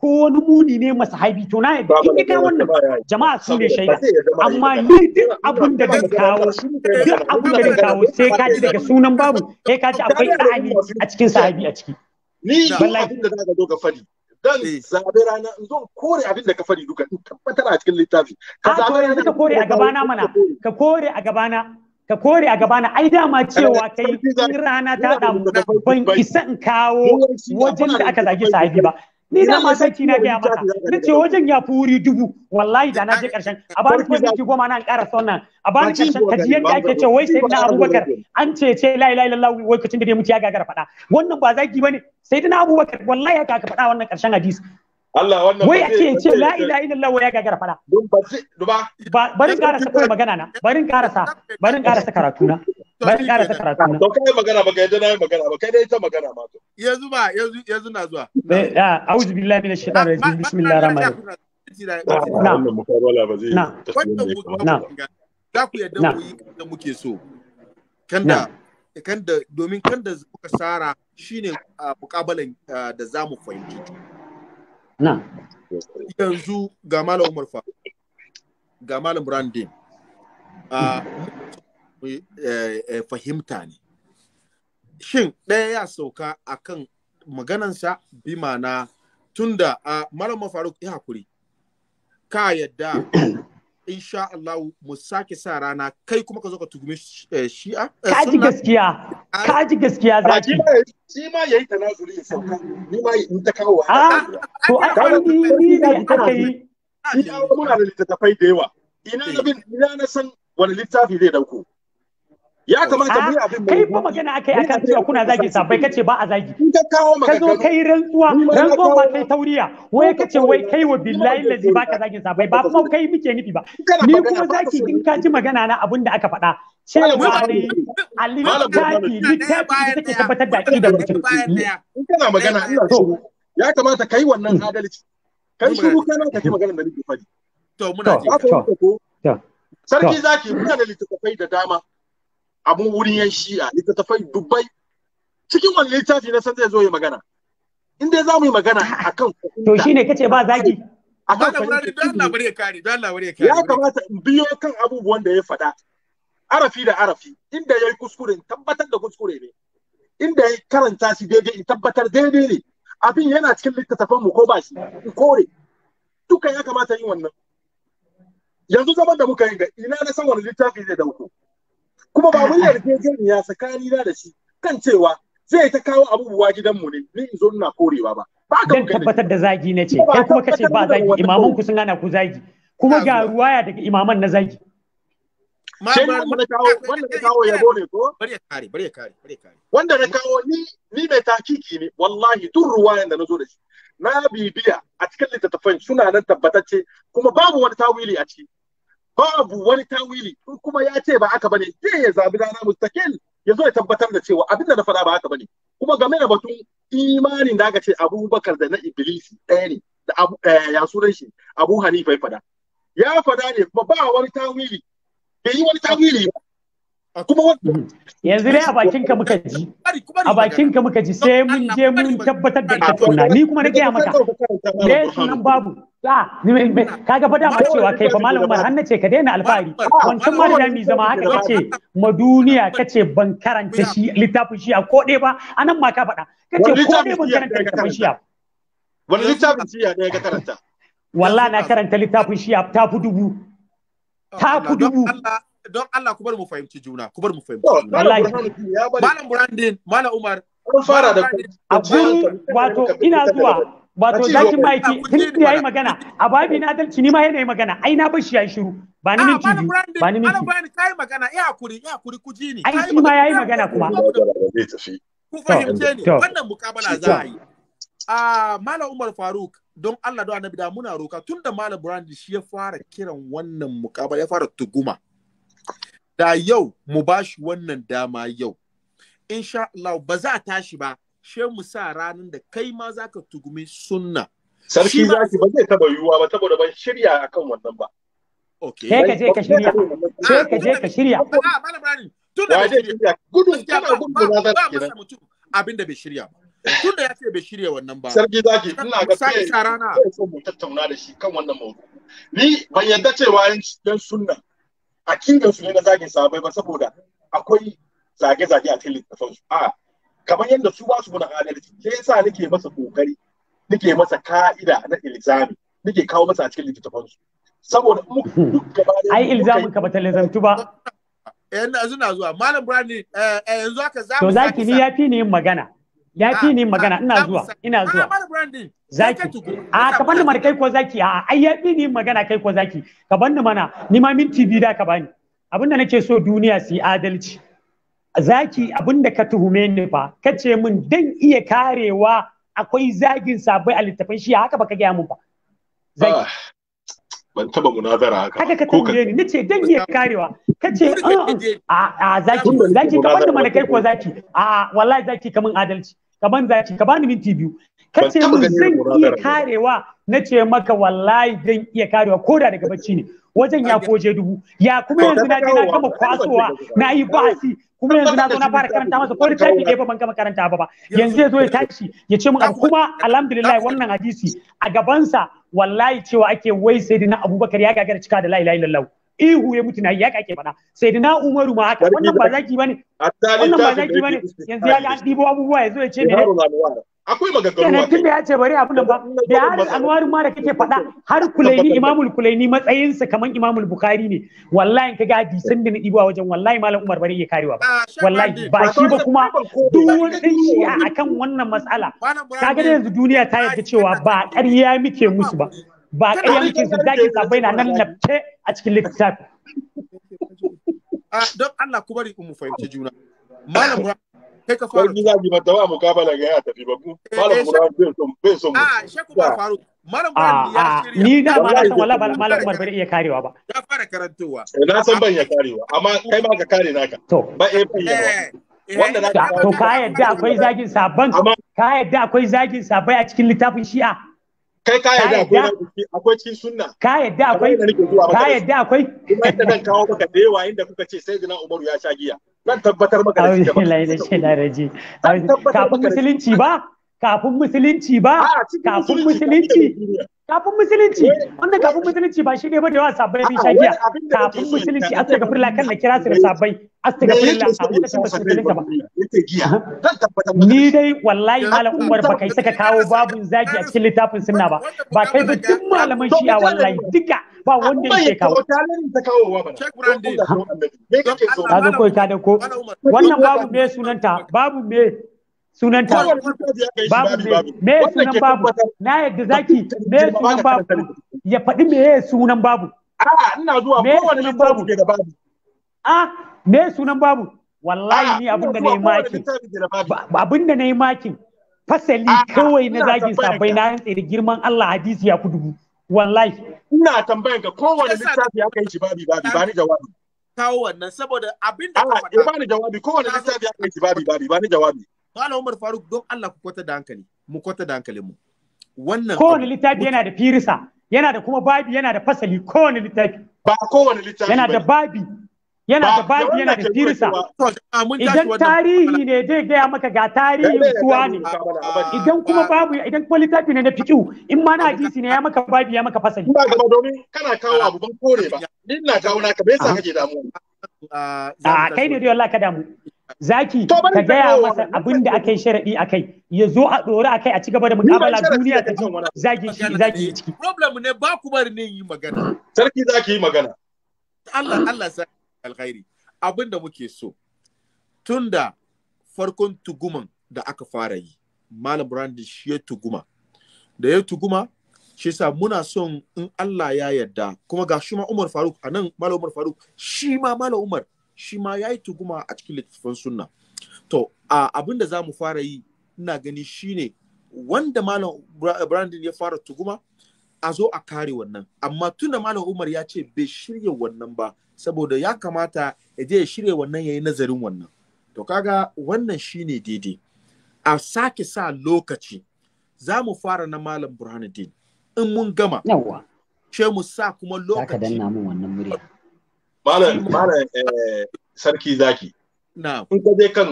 ko wani muni ne masa haibi to na yadda in ya wannan jama'a su ne shaida amma ni duk abun da zan kawo duk abin da zan kawo sai ka daga sunan babu sai ka akwai ɗani a cikin sahabi a ciki ni duk abin da zaka zo ka fadi dan eh. zabe rana in zo kore abin da ka fadi duka in tabbatar a cikin littafi ka zabe rana ka kore a gabana mana ka kore a gabana ka kore a gabana ai dama cewa kai in rana ta damu ban isa in kawo wajen da aka zagi sahibi ba ni da ma sai kina ga maka na ce wajen ya furi wuri dubu wallahi da na je karshen a bani kuma minti goma na ƙara sonan a bani karshen ka ji yadda ake ce wai sai na abubakar an ce ce la ilaha illallah wai kacin da dai mutu ya gagara faɗa wannan ba zaki bane sai na abubakar wallahi haka ka faɗa wannan karshen hadisi Allah wannan wai a ce ce la ilaha illallah wai ya gagara fada ba barin karasa kai magana na barin karasa barin karasa karatu na barin karasa karatu na to kai magana ba kai da nayi magana ba kai dai ita magana ma to yanzu ba yanzu yanzu na zuwa eh a'udhu billahi minash shaitanir rajim bismillahir rahmanir rahim ah, na mukabala ba zai na za ku yadda ku yi da muke so kanda kanda domin kanda kuka sara shine ah, mukabalan ah, da zamu fahimci yanzu ga malam umar fa ga malam brandin a ah, eh, eh, fahimta ne shin ɗaya ya sauka a kan maganansa bi mana tunda a ah, malam faruk ya hakuri ka yadda insha Allah mu sake sa rana kai kuma ka zo ka tugumi eh, shi'a eh, ah. ka ji gaskiya ka ji gaskiya zaki shi ma yayi tanazuri ya sauka ni ma in ta kawo a ah, ah, to yi ni ne shi yi muna da littattafai da yawa ina eh. na bin ina na san wani littafi zai dauko ya kamata mu yi ah, abin kai ba magana akai akan cewa kuna zagi sabai kace ba a zagi in ka kawo magana kazo kai rantsuwa rantsuwa ba kai tauriya wai kace wai kai wa billahi lazi baka zagin sabai ba kuma kai muke nufi ba ni kuma zaki in ka ji magana na abin da aka faɗa cewa ne a littafi littafi da take tabbatar da aqidar mutum in kana magana ina so ya kamata mm. mm. kai wannan adalci kai shiru kana ka ji magana da nake faɗi to muna ji to sarki zaki muna da littattafai da dama abun wurin yan shi'a littattafai dubbai cikin wani littafi na san zai zo yi magana in dai za mu yi magana a kan to ne kace ba zagi akan ya kamata in biyo kan abubuwan da ya faɗa arafi da arafi inda ya yi kuskure in tabbatar da kuskure ne inda ya karanta shi daidai in tabbatar daidai ne abin yana cikin littattafan mu ko ba shi in kore duka ya kamata yin wannan yanzu zaman da muka yi ga ina na san wani littafi zai dauko kuma ba mun yarjejeniya tsakani na da shi kan cewa zai ta kawo abubuwa gidanmu ne ni in zo ina korewa ba ba ka tabbatar da zagi na ce kai kuma kace ba zagi imaman ku sun gana ku zagi kuma ga ruwaya daga imaman na zagi wanda na kawo ko bari ya kare bari ya kare bari ya kare wanda na kawo ni ni mai takiki ne wallahi duk ruwayan da na zo da shi na bibiya a cikin littattafan suna nan tabbatacce kuma babu wani tawili a ciki babu wani tawili in kuma ya ce ba haka bane sai ya zabi rana mustaqil ya zo ya tabbatar da cewa abinda na faɗa ba haka bane kuma game da batun imanin da aka ce Abubakar da na Iblis ɗaya ne da abu eh, ya sunan shi Abu Hanifa ya faɗa ya faɗa ne ba wani tawili bai yi wani tawili ba kuma mhm. yanzu dai a bakin ka muka ji a bakin ka muka ji sai mun je mun tabbatar da ita kuna ni kuma na gaya maka ne sunan babu a kaga fa ma cewa kai fa malam Umar hannace ka daina alfahari wancan malami zama haka kace ma duniya kace ban karanta shi littafin shi a kode ba anan ma ka fada kace kode ban karanta littafin shi a wani littafin shi ya ka karanta wallahi na karanta littafin shi a tafi dubu oh, tafi dubu don Allah ku bar mu fahimci juna ku bar mu fahimci malam Brandon malam Umar kun fara da abun wato ina zuwa wato zaki maiki tun yayi magana a babi na adalci ni ma yana yi magana ai na bashi yayi shiru ba ni ah, minti biyu ba ni minti malam Brandon kai magana ya hakuri ya hakuri ku ji ni ai shi ma yayi magana kuma ku fahimce ni wannan mukabala za a yi a ah, malam Umar Faruk don Allah don annabi da muna roka tun da malam Brandon shi ya fara kiran wannan mukabala ya fara tuguma da yau mu ba shi wannan dama yau insha Allah ba za a tashi ba she mu sa ranar da kai ma za ka tugumi sunna sarki zaki ba zai taba yiwuwa ba saboda ban shirya akan wannan ba Okay. Sai ka je ka shirya. Sai ka je ka ah, shirya. Malam Rani, tun da shirya. Gudun kana gudun ba za ka abin da bai shirya ba. Tun da ya ce bai shirya wannan ba. Sarki zaki ina ga sai rana. Sai mu tattauna da shi kan wannan maudu. Ni ban yadda cewa yan sunna akidan su ne na zagin sabai ba saboda akwai zage-zage a cikin littafin su a kamar yadda su ba su muna adalci sai yasa nake masa kokari nake masa ka'ida na ilzami nake kawo masa a cikin littafin su saboda mu hmm. ai ilzamin ka bata lazantu ba eh, yanzu na zuwa malam brani eh, eh, yanzu aka zamu zaki ni yafi ne yin magana ya fi ni ah, magana ina zuwa ina ah, zuwa zaki a ah, ka bani mana kai ko zaki a ai ya ni magana kai ko zaki ka bani mana ni ma minti biyu da ka bani abinda nake so duniya su yi adalci zaki abinda ka tuhume ni fa ka ce min dan iya karewa akwai zagin sabai a littafin shi haka baka gaya mun ba zaki ban taba munazara haka haka ka tambaye ni nace dan iya karewa kace a a zaki zaki ka bani mana kai ko zaki a wallahi zaki kaman adalci ka ban zaki ka bani minti biyu ka ce mun zan iya karewa na ce maka wallahi zan iya karewa ko da daga bacci ne wajen ya koje dubu ya kuma yanzu na je na gama kwasowa na yi basi kuma yanzu na zo na fara karanta masa ko da ɗaya ba ban gama karanta ba ba yanzu ya zo ya tashi ya ce mun kuma alhamdulillah wannan hadisi a gabansa wallahi cewa ake wai sai na abubakar ya gagara cika da la ilaha illallah ihu ya mutu na ya kake faɗa sai da na umaru ma haka wannan ba zaki bane wannan ba zaki bane yanzu ya ga an ɗibo abubuwa yanzu ya ce ne akwai maganganu ne da ya ce bari abu nan ba da har anwaru ma da kake faɗa har kulaini imamul kulaini matsayinsa kaman imamul bukhari ne wallahi kaga hadisan da na ɗibo a wajen wallahi malam umar bari ya karewa ba ah, wallahi ba shi ba kuma duk wani shi akan wannan matsala kaga da yanzu duniya ta yarda cewa ba ƙarya muke musu ba ba ƙayyancin su na nan a cikin littafi. ka Ni da ma eh, eh, ah, ah, na san Malam bai iya karewa ba. Eh, na san ban ya karewa, amma kai ma ka kare naka. To. Ba Wanda na ka yadda akwai zagin sabon ka a cikin littafin Shi'a. kai ka yadda akwai akwai sunna ka yadda akwai ka yadda akwai kuma zan kawo maka da yawa inda kuka ce sai zina umaru ya sha giya zan tabbatar maka da shi kafin musulunci ba kafin musulunci ba kafin musulunci kafin musulunci eh. wanda kafin musulunci ba shine ba da yawa sabbai bi shagiya ah, kafin musulunci astaghfirullah kan na kira su da eh. sabbai astaghfirullah a lokacin da musulunta ba ni dai wallahi malam umar ba kai saka kawo babun zagi a cikin littafin sunna ba ba kai ba duk malaman shi'a wallahi duka ba wanda yake kawo ka da ko wannan babu me sunanta babu me ta babu me sunan babu na yadda zaki me sunan babu ya faɗi me sunan babu a'a ina zuwa kowanne babu da babu a me sunan babu wallahi ni abin da nayi maki abin da nayi maki fasali kawai na zagin sabai na yin da girman Allah hadisi ya ku dubu wallahi ina tambayan ka wani littafi ya kai shi babi babi ba ni jawabi kawo wannan saboda abin da ka faɗa ba ni jawabi kowanne littafi ya kai shi babi babi ba ni jawabi Kala Umar Faruk don Allah ku kwata da hankali, mu kwata da hankalin mu. Wannan kowane littafi yana da firisa, yana da kuma babi, yana da fasali kowane littafi. Ba kowane littafi yana da babi, yana da babi, yana da firisa. Idan tarihi ne zai gaya maka ga tarihin kuwa ne. Idan kuma babu, idan kuma littafi ne na fikiu, in ma na hadisi ne ya maka babi, ya maka fasali. Ina gaba domin kana kawo abu ban kore ba. Ni ina kawo naka, me yasa kake damu. A ah, ah, kai ne dai wallahi ka damu. zaki ka gaya masa abin da aka yi sharaɗi a kai ya zo a ɗori a kai a cigaba da mukabala duniya ta ji zaki shi zaki yi ciki. Problem ne ba ku bari ne yi magana. Sarki zaki yi magana. Allah Allah sa alkhairi abin da muke so tun da farkon tuguman da aka fara yi Malam Brandi shi ya tuguma da ya tuguma shi sa muna son in Allah ya yarda kuma ga shi ma Umar Faruk a nan Malam Umar Faruk shi ma Malam Umar shi ma ya yi tuguma a cikin littattafan sunna to abin da za mu fara yi ina gani shine wanda malam brandon ya fara tuguma a zo a kare wannan amma tunda malam umar ya ce bai shirya wannan ba saboda ya kamata ya je ya shirya wannan ya yi nazarin wannan to kaga wannan shine daidai a sake sa lokaci za mu fara na malam burhanuddin in mun gama Yawa. ce mu sa kuma lokaci malam malam eh, sarki zaki in ka je kan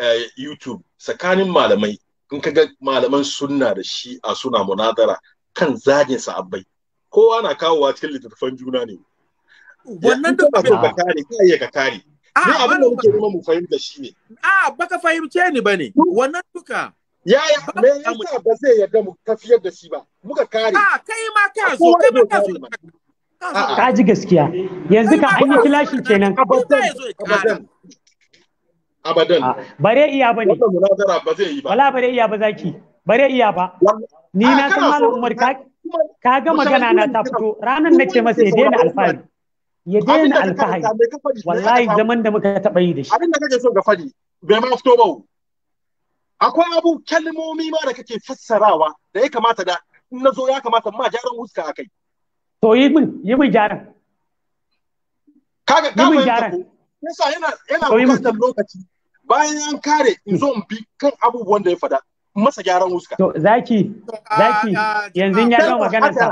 eh, YouTube tsakanin malamai in ka ga malaman sunna da shi a suna munadara kan zagin sahabbai kowa na kawowa cikin littattafan juna ne wannan da ba ka kare ka iya ka kare ah, ni abin da muke neman mu fahimta shi ne a ah, baka fahimce ni bane wannan duka ya ya me yasa ba zai yarda mu tafiyar da shi ba muka kare a ah, kai ma ka zo kai ma ka zo Ka ji gaskiya. Yanzu ka an yi kilashin kenan. Abadan. Abadan. Bare iya ba ne. Wala bare iya ba zaki. Bare iya ba. Ni na san Malam Umar ka ga magana na ta fito ranar nake masa ya daina alfahari. Ya daina alfahari. Wallahi zaman da muka taɓa yi da shi. Abin da kake so ga fadi bai ma fito ba. Akwai abu kalmomi ma da kake fassarawa da ya kamata da na zo ya kamata ma jaran huska a kai. to yi min yi min gyaran kaga kaga min gyaran yasa yana yana bukatar lokaci bayan an kare in zo in bi kan abubuwan da ya fada masa gyaran huska to zaki zaki ah, yanzu ah, ya ga magana sa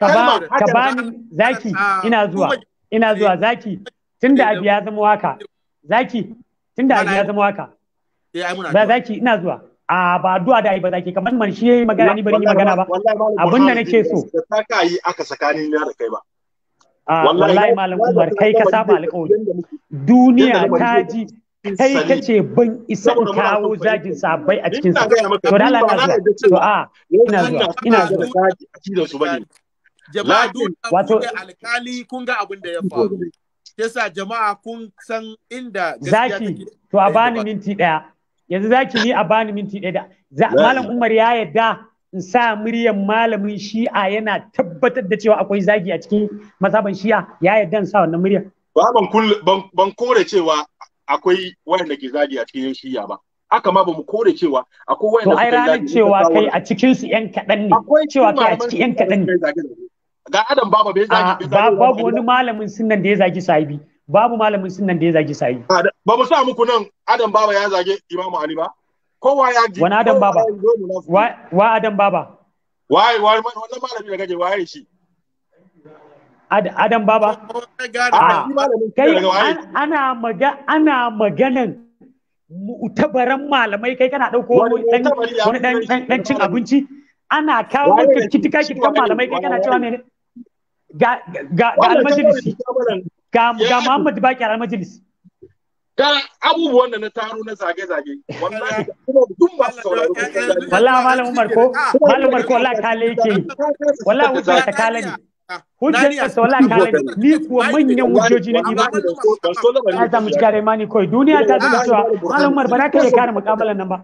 ka ba ka ba ni zaki ah, ina zuwa ina zuwa zaki tunda abi ya zama waka zaki tunda abi ya zama waka eh, ba zaki ina zuwa a ba addu'a da ai ba zaki kamar man shi yayi magana ni bari yi magana ba abin da nake so ta ka yi aka tsakanin na da kai ba wallahi malam Umar kai ka saba alƙawari duniya ta ji kai ka ce ban isa in kawo zagin sabai a cikin sa to da Allah ya zuwa to a ina zuwa ina zuwa a cikin su bane jama'a wato alkali kun ga abin da ya faru yasa jama'a kun san inda gaskiya take to a bani minti daya yanzu za ki ni a bani minti ɗaya da malam umar ya yadda in sa muryan malamin shi'a yana tabbatar da cewa akwai zagi a cikin mazhaban shi'a ya yadda in sa wannan muryan ba ban kore cewa akwai wayanda ke zagi a cikin shi'a ba haka ma ba mu kore cewa akwai wayanda suka zagi cewa kai a cikin su yan kaɗan ne akwai cewa kai a cikin yan kaɗan ne ga adam baba bai zagi babu wani malamin sunan da ya zagi sahibi babu malamin sunan da ya zagi sa'i ba mu sa muku nan adam baba ya zage imamu ali ba kowa ya ji wani adam baba wa adam baba Wai wai wannan malami da kake waye shi adam baba ah, kai ana maga ana maganan mu'tabaran malamai kai kana dauko wani dan dan cin abinci ana kawo maka kitika malamai kai kana cewa ne ga ga ga almajirisi ga ga Muhammad Baki a majalis ga abubuwan da na taro na zage-zage wallahi duk ba su sauraro wallahi malam Umar ko malam Umar ko Allah kale yake wallahi hujja ta kale ne hujjar ta sola kale ne ni kuwa manyan hujjoji na imani ka zamu shiga da imani koi. duniya ta zama cewa malam Umar ba za ka iya kare mukabalan nan ba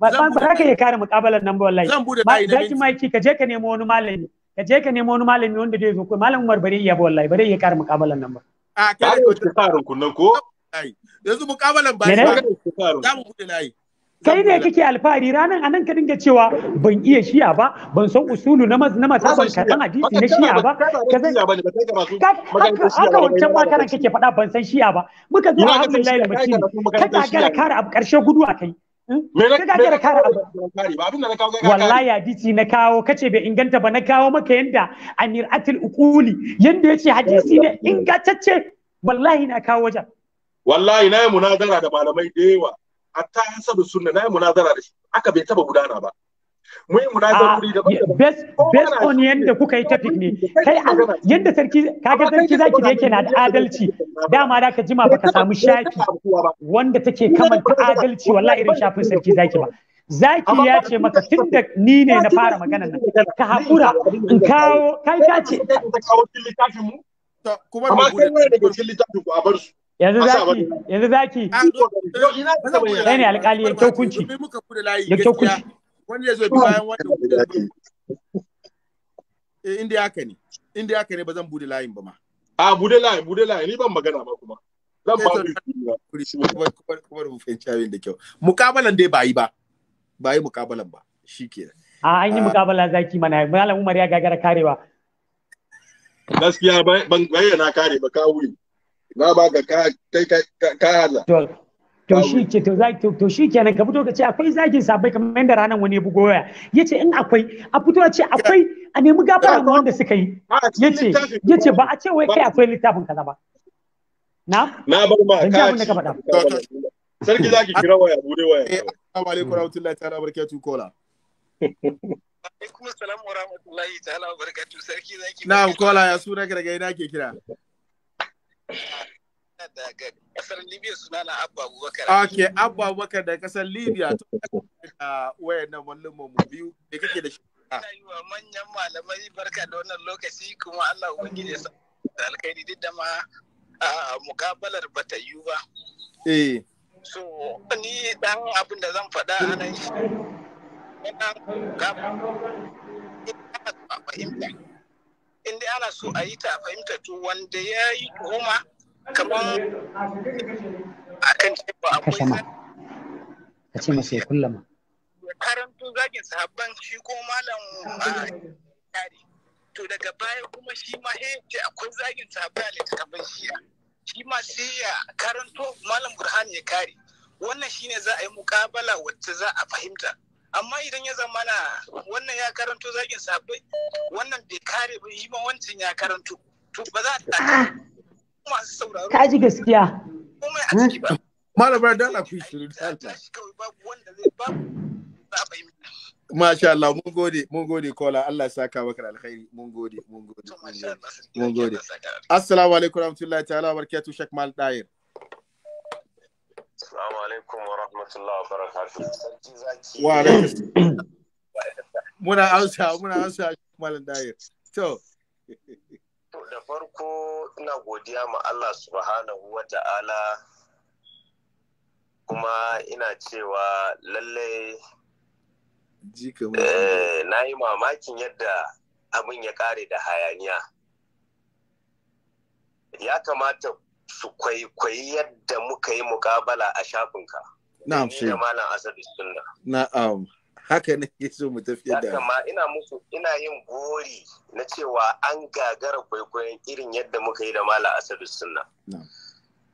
ba za ka iya kare mukabalan nan ba wallahi ba da ki ka je ka nemo wani malami ka je ka nemo wani malami wanda zai zo ko malam Umar bare iya ba wallahi bare iya kar mukabalan nan ba a kai ko tafarin kun nan ko yanzu mukabalan ba za mu bude layi kai ne kake alfahari ranan anan ka dinga cewa ban iya shiya ba ban san usulu na na ban karban hadisi na shiya ba haka wancan ma karan kake faɗa ban san shiya ba muka zo alhamdulillah da mutum ka gagara kare abu karshe gudu a kai Hmm? Me na Wallahi hadisi na kawo kace bai inganta ba na kawo maka yanda Amir Atil Uquli yanda yace hadisi ne ingantacce wallahi na kawo wajen. Wallahi na yi munazara da malamai da yawa hatta hasabu sunna na yi munazara da shi aka bai taba gudana ba. mun yi munazar kuɗi daban based on yadda kuka yi tafik ne kai yadda sarki kaga sarki zaki da yake na da adalci dama da ka jima baka samu shafi wanda take kamanta adalci wallahi irin shafin sarki zaki ba zaki ya ce maka tun da ni ne na fara magana nan ka haƙura in kawo kai ka ce amma kai wani daga cikin littafin ku a bar su yanzu zaki yanzu zaki sai ne alƙali ya kyaukunci ya kyaukunci wani ya zo bi bayan wanda in eh, inda haka ne inda haka ne ba zan bude layin ba ma a bude layin bude layin ni ban magana ba kuma zan ba eh, ku mu fahimci abin da kyau mukabalan dai ba mukabalan ba shikenan a an yi ah. mukabala zaki mana malam Umar ya gagara karewa gaskiya ban bayyana kare ba na ba ka ka to shi ke to zaki to shi kenan ka fito ka ce akwai zagin sabai kamar yadda ranar wani bugo waya yace in akwai a fito ce akwai a nemi gafara ga wanda suka yi yace yace ba a ce wai kai akwai littafin kaza ba na na bar ma ka ji sarki zaki kira waya bude waya eh, assalamu alaikum warahmatullahi ta'ala barakatuh kola alaikum assalam warahmatullahi ta'ala barakatuh sarki zaki na'am kola ya suna ka daga ina ke kira daga kasar Libya suna na Abba Abubakar. Ok, Abba Abubakar da kasar Libya to a wayar nan mallumma mu biyu da kake da shi. Ina yi wa manyan malamai barka da wannan lokaci kuma Allah ubangiji ya sa alkhairi duk da ma mukabalar ba ta yiwu ba. Eh. So ni dan abin da zan faɗa a nan shi. Wannan a fahimta. In ana so a yi ta fahimta to wanda ya yi tuhuma kamar ce masa ya zagin sahabban shi ko malam ah, to daga baya kuma shi ma he akwai zagin sahabban a littattafan shiya shi ma sai ya karanto malam burhan ya kare wannan shine za a yi mukabala wacce za a fahimta amma idan ya zamana wannan ya karanto zagin sahabbai wannan bai kare ba shi ma wancan ya karanto to ba za a ah, masu sauraro ka gaskiya komai a ciki ba malamar dala ku shiru dala Masha Allah, mun gode, mun gode kola, Allah saka maka da alkhairi, mun gode, mun gode, mun gode. Assalamu alaikum warahmatullahi ta'ala barkatu Sheikh Mal Dair. Assalamu alaikum warahmatullahi wabarakatuh. Sarki zaki. Wa alaikum. Muna amsa, muna amsa Sheikh Mal Dair. To. To da farko ina godiya ma Allah subhanahu wa ta'ala kuma ina cewa lallai eh, na yi mamakin yadda abin ya kare da hayaniya. Ya kamata su kwaikwayi yadda muka yi mukabala a shafinka. Na'am, shi. Na'am. haka ne ke so mu tafiya da kama ina musu ina yin gori na cewa an gagara kwaikwayon irin yadda muka yi da malam asadu sunna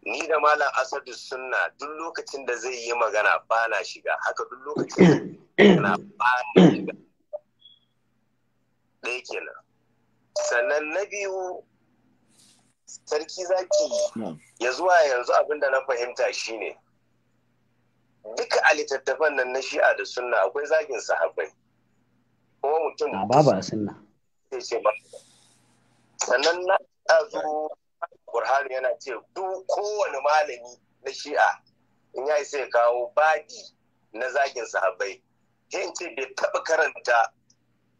ni da malam asadu sunna duk lokacin da zai yi magana ba na shiga haka duk lokacin da magana ba na shiga ɗaya kenan sannan na biyu sarki zaki ya zuwa yanzu abin da na fahimta shine duka a littattafan nan na shi'a da sunna akwai zagin sahabbai kuma mutum na ba sunna sannan na zo burhanu yana ce duk kowane malami na shi'a in ya sai kawo badi na zagin sahabbai in ce bai taba karanta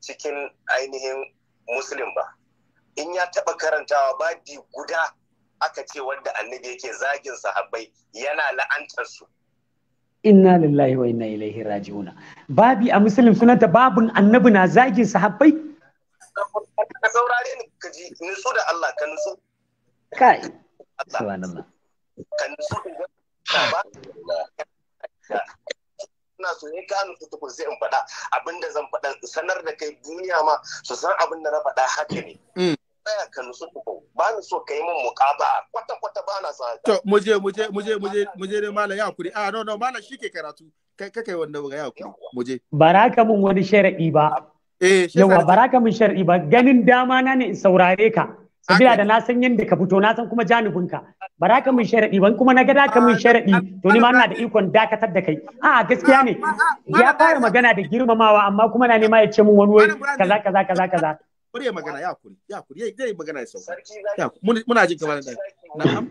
cikin ainihin muslim ba in ya taba karantawa badi guda aka ce wanda annabi yake zagin sahabbai yana la'antar su inna lillahi wa inna ilaihi raji'una babi a muslim sunanta babun annabi na zagin sahabbai ka saurare ni ka ji nutsu da Allah ka nutsu kai subhanallah ka nutsu ina so ne ka nutsu tukun sai in faɗa abinda zan faɗa sanar da kai duniya ma su san abinda na faɗa haka ne mm. tsaya ka ku ba ni so ka yi min mukaba kwata kwata ba na sa to mu je mu je mu je mu je ne ya kuri ah, no no karatu kai kai wanda ga ya kuri mu je baraka mun wani sharadi ba eh yawa baraka mun sharadi ba ganin dama na ne in saurare ka sabiya da na san yadda ka fito na san kuma janibin ka ba ka min sharadi ban kuma na ga ka min sharadi to ni ma ina da ikon dakatar da kai a gaskiya ne ya fara magana da girmamawa amma kuma na nema ya ce min wani kaza kaza kaza kaza bari ya magana ya kuri ya kuri zai magana ya sauka muna jin kamar da na'am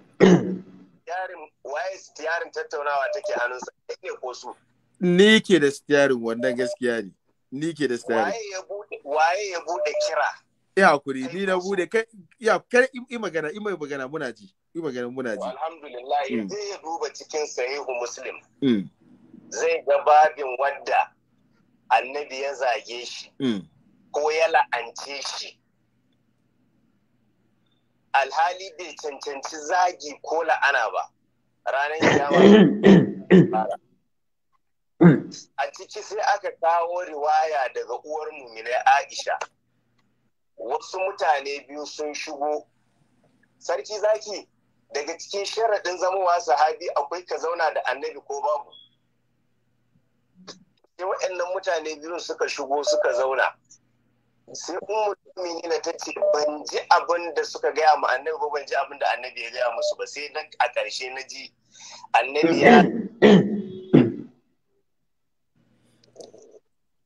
yarin waye yarin tattaunawa take hannunsa kai ne ko su ni ke da stiyarin wannan gaskiya ne ni ke da stiyarin waye ya bude waye ya bude kira ya hakuri ni na bude kai ya kar i magana i mai magana muna ji i magana muna ji alhamdulillah mm. zai ya duba cikin sahihu muslim mm. zai ga babin wadda annabi ya zage shi mm. ko ya la'ance shi alhali bai cancanci zagi ko la'ana ba ranar kiyama a ciki sai aka kawo riwaya daga uwar muminai aisha wasu mutane biyu sun shigo sarki zaki daga cikin sharaɗin zamowa sahabi akwai ka zauna da annabi ko babu sai waɗannan mutane biyu suka shigo suka zauna sai ummu mu'minina ta ce ban ji abin da suka gaya ma annabi ba ban ji abin da annabi ya gaya musu ba sai a ƙarshe na ji annabi ya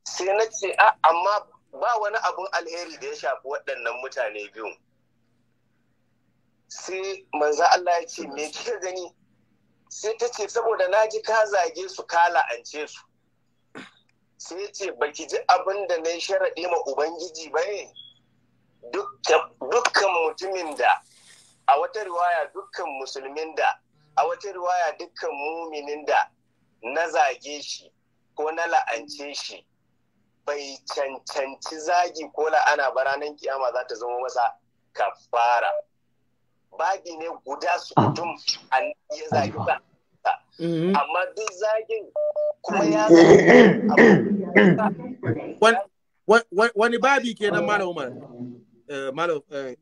sai na ce amma ba wani abun alheri da ya shafi waɗannan mutane biyu sai manzo Allah ya ce me kika gani sai ta ce saboda na ji ka zage su kala, an ce su sai ce baki ji abin da na yi sharaɗi ma ubangiji ba ne dukkan mutumin da a wata riwaya dukkan musulmin da a wata riwaya dukkan muminin da na zage shi ko na la'ance shi bai cancanci zagi ko la'ana ba ranar kiyama za ta zama masa kafara babi ne guda su ah. mutum ya zagi ba Mm-hmm. amma duk zagin kuma ya wani babi nan malam Umar eh, malam eh,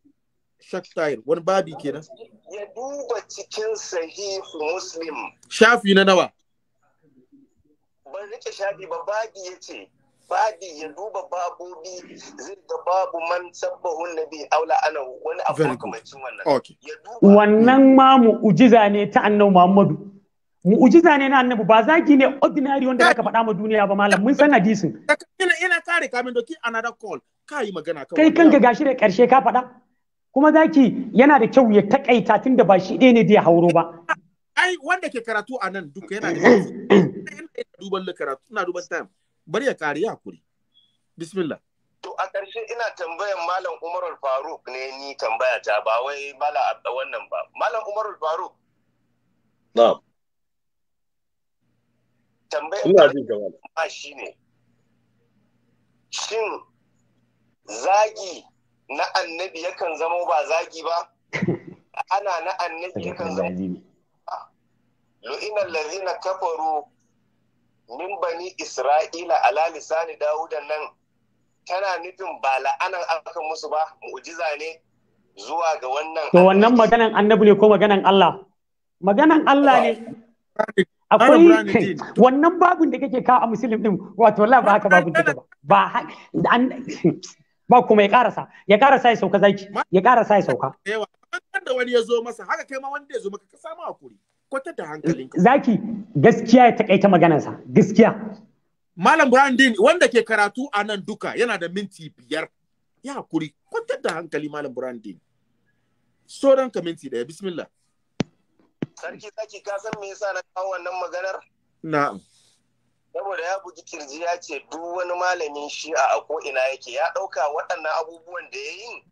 Shaktair wani babi nan ya duba cikin sahihu Muslim shafi na nawa ban rike shafi ba babi ce babi ya duba babobi zai da babu man sabbahun nabi aula ana wani abu cin wannan wannan ma ujiza ne ta annabi Muhammadu mu'ujiza ne na annabi ba zagi ne ordinary wanda zaka faɗa ma duniya ba malam mun san hadisin ina ina kare kamin doki another call kai magana kawai kai kanka gashi da karshe ka faɗa kuma zaki yana da kyau ya takaita tunda ba shi ɗaya ne da ya hauro ba ai wanda ke karatu a nan duka yana da duban karatu ina duban time bari ya kare ya hakuri bismillah to a ƙarshe ina tambayan malam Umar Faruk ne ni tambaya ta ba wai malam wannan ba malam Umar Faruk na'am tambayar shi ne shin zagi na annabi yakan zama ba zagi ba ana na annabi yakan zama lu'ina lazina kafaru min bani isra'ila ala lisani dawuda nan tana nufin ba la'anar aka musu ba mu'jiza ne zuwa ga wannan to wannan maganan annabi ne ko maganan Allah maganan Allah ne akwai wannan babin da kake kawo a musulun din wato wallahi ba haka babin take ba ba ba kuma ya karasa ya karasa ya sauka zaki ya karasa ya sauka da wani ya zo masa haka kai ma wanda ya zo maka ka samu hakuri kwata da hankalinka zaki gaskiya ya takaita maganarsa gaskiya Malam Brandin wanda ke karatu a nan duka yana da minti biyar ya hakuri kwata da hankali Malam Brandin sauran ka minti daya bismillah sarki zaki ka san me yasa na kawo wannan maganar na'am saboda ya bugi kirji ya ce duk wani malamin shi'a a ko ina yake ya ɗauka waɗannan abubuwan da ya yi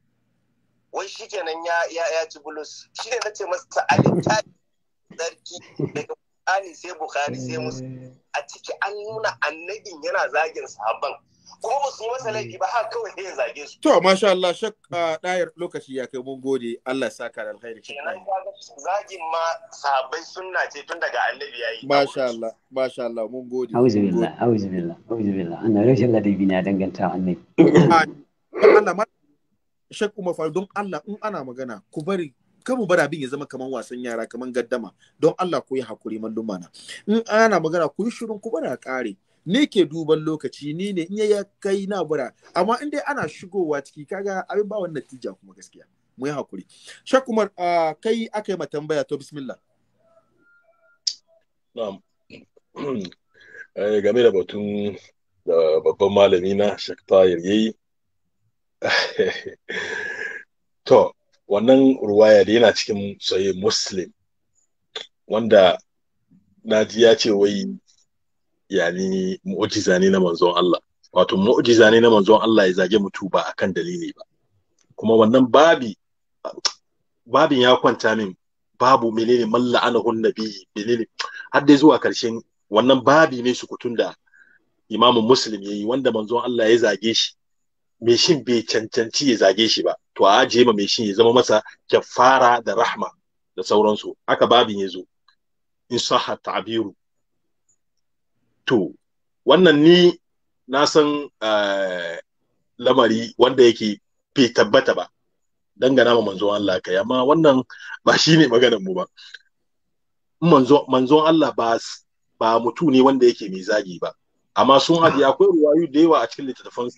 wai shi kenan ya ci bulus shi ne na ce masa a sarki daga Bukhari sai Bukhari sai musu eh. a ciki an nuna annabin yana zagin sahabban kuma ba su masa laifi ba har kawai yin zage su. To masha Allah shak ɗayar lokaci ya kai mun gode Allah ya saka da alkhairi. Kenan zagin ma sabai sunna ce tun daga annabi yayi. Masha Allah masha Allah mun gode. Auzu billah auzu billah auzu billah ana rashin ladabi na danganta annabi. Allah ma shak Umar Faruk don Allah in ana magana ku bari kan mu bara bin ya zama kaman wasan yara kaman gaddama don Allah ku yi hakuri mallumana in ana magana ku yi shirin ku bara kare ni ke duban lokaci ni ne in ya kai na bura amma in dai ana shigowa ciki kaga abin ba wannan natija kuma gaskiya mu yi hakuri shakumar kai aka yi ma tambaya to bismillah na'am eh, game da batun da babban malami na shaktayir yayi to wannan ruwaya da yana cikin sahih muslim wanda naji ji ya ce wai yani mu'jiza ne na manzon Allah wato mu'jiza ne na manzon Allah ya zage mutu ba akan dalili ba kuma wannan babi babin ya kwanta min babu menene malla malla'anahun nabi menene har da zuwa karshen wannan babi ne sukutun da imamu muslim yayi wanda manzon Allah ya zage shi mai shin bai cancanci ya zage shi ba to a ajiye ma mai shin ya zama masa kafara da rahma da sauransu haka babin ya zo in saha ta'biru to wannan ni na san uh, lamari wanda yake bai tabbata ba dangana ma manzon Allah kai amma wannan ba ne maganar mu ba manzon Allah ba ba mutu ne wanda yake mai zagi ba amma sun aji akwai ruwayu da yawa a cikin littattafan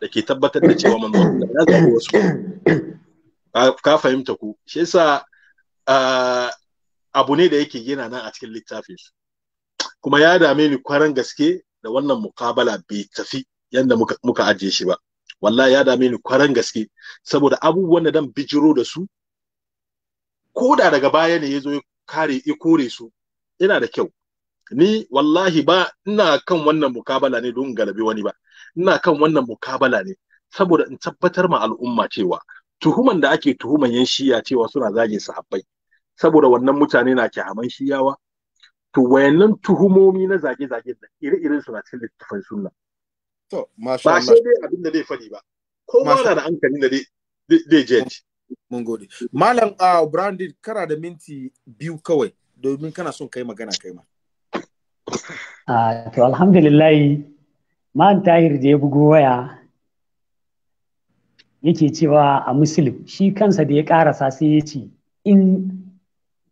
da ke tabbatar da cewa manzon Allah ya zagi wasu ka fahimta ku shi yasa eh, abu ne da yake yana nan a cikin littafin su kuma ya dame ni kwaran gaske da wannan mukabala bai tafi yadda muka, ajiye shi ba wallahi ya dame ni kwaran gaske saboda abubuwan da dan bijiro da su ko da daga baya ne ya zo ya kare ya kore su ina da kyau ni wallahi ba ina kan wannan mukabala ne don galabi wani ba ina kan wannan mukabala ne saboda in tabbatar ma al'umma cewa tuhuman da ake tuhuman yan shiya cewa suna zage sahabbai saboda wannan mutane na kyaman shiyawa to wayannan tuhumomi na zage-zage da ire-iren su na cikin littattafan sunna to masha Allah ba shi dai abin da zai fadi ba kowa na da hankali da zai je mun gode malam uh, ah, branded kana da minti biyu kawai domin kana son kai magana kai ma uh, to alhamdulillah man tahir da ya bugo waya yake cewa a musulun shi kansa da ya karasa sai ya ce in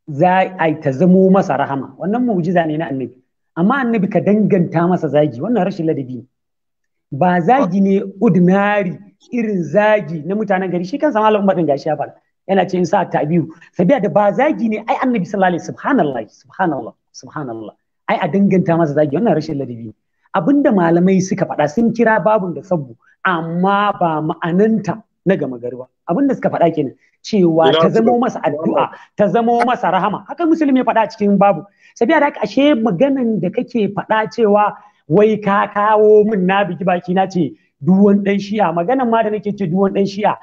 za a ta zamo masa rahama wannan mu'jiza ne na annabi amma annabi ka danganta masa zagi wannan rashin ladabi ba zagi ne udinari irin zagi na mutanen gari shi kansa malamin umar gashi ya fara yana ce in sa tabiu sabiya da ba zagi ne ai annabi sallallahu alaihi subhanallah subhanallah subhanallah ai a danganta masa zagi wannan rashin ladabi abinda malamai suka faɗa sun kira babun da sabbu amma ba ma'ananta na gama gari ba abinda suka faɗa kenan cewa ta zamo masa addu'a ta zama masa rahama haka musulmi ya faɗa cikin babu sabiya da ashe maganan da kake faɗa cewa wai ka kawo min na biki baki na ce duwan dan shi'a maganan ma da nake ce duwan dan shi'a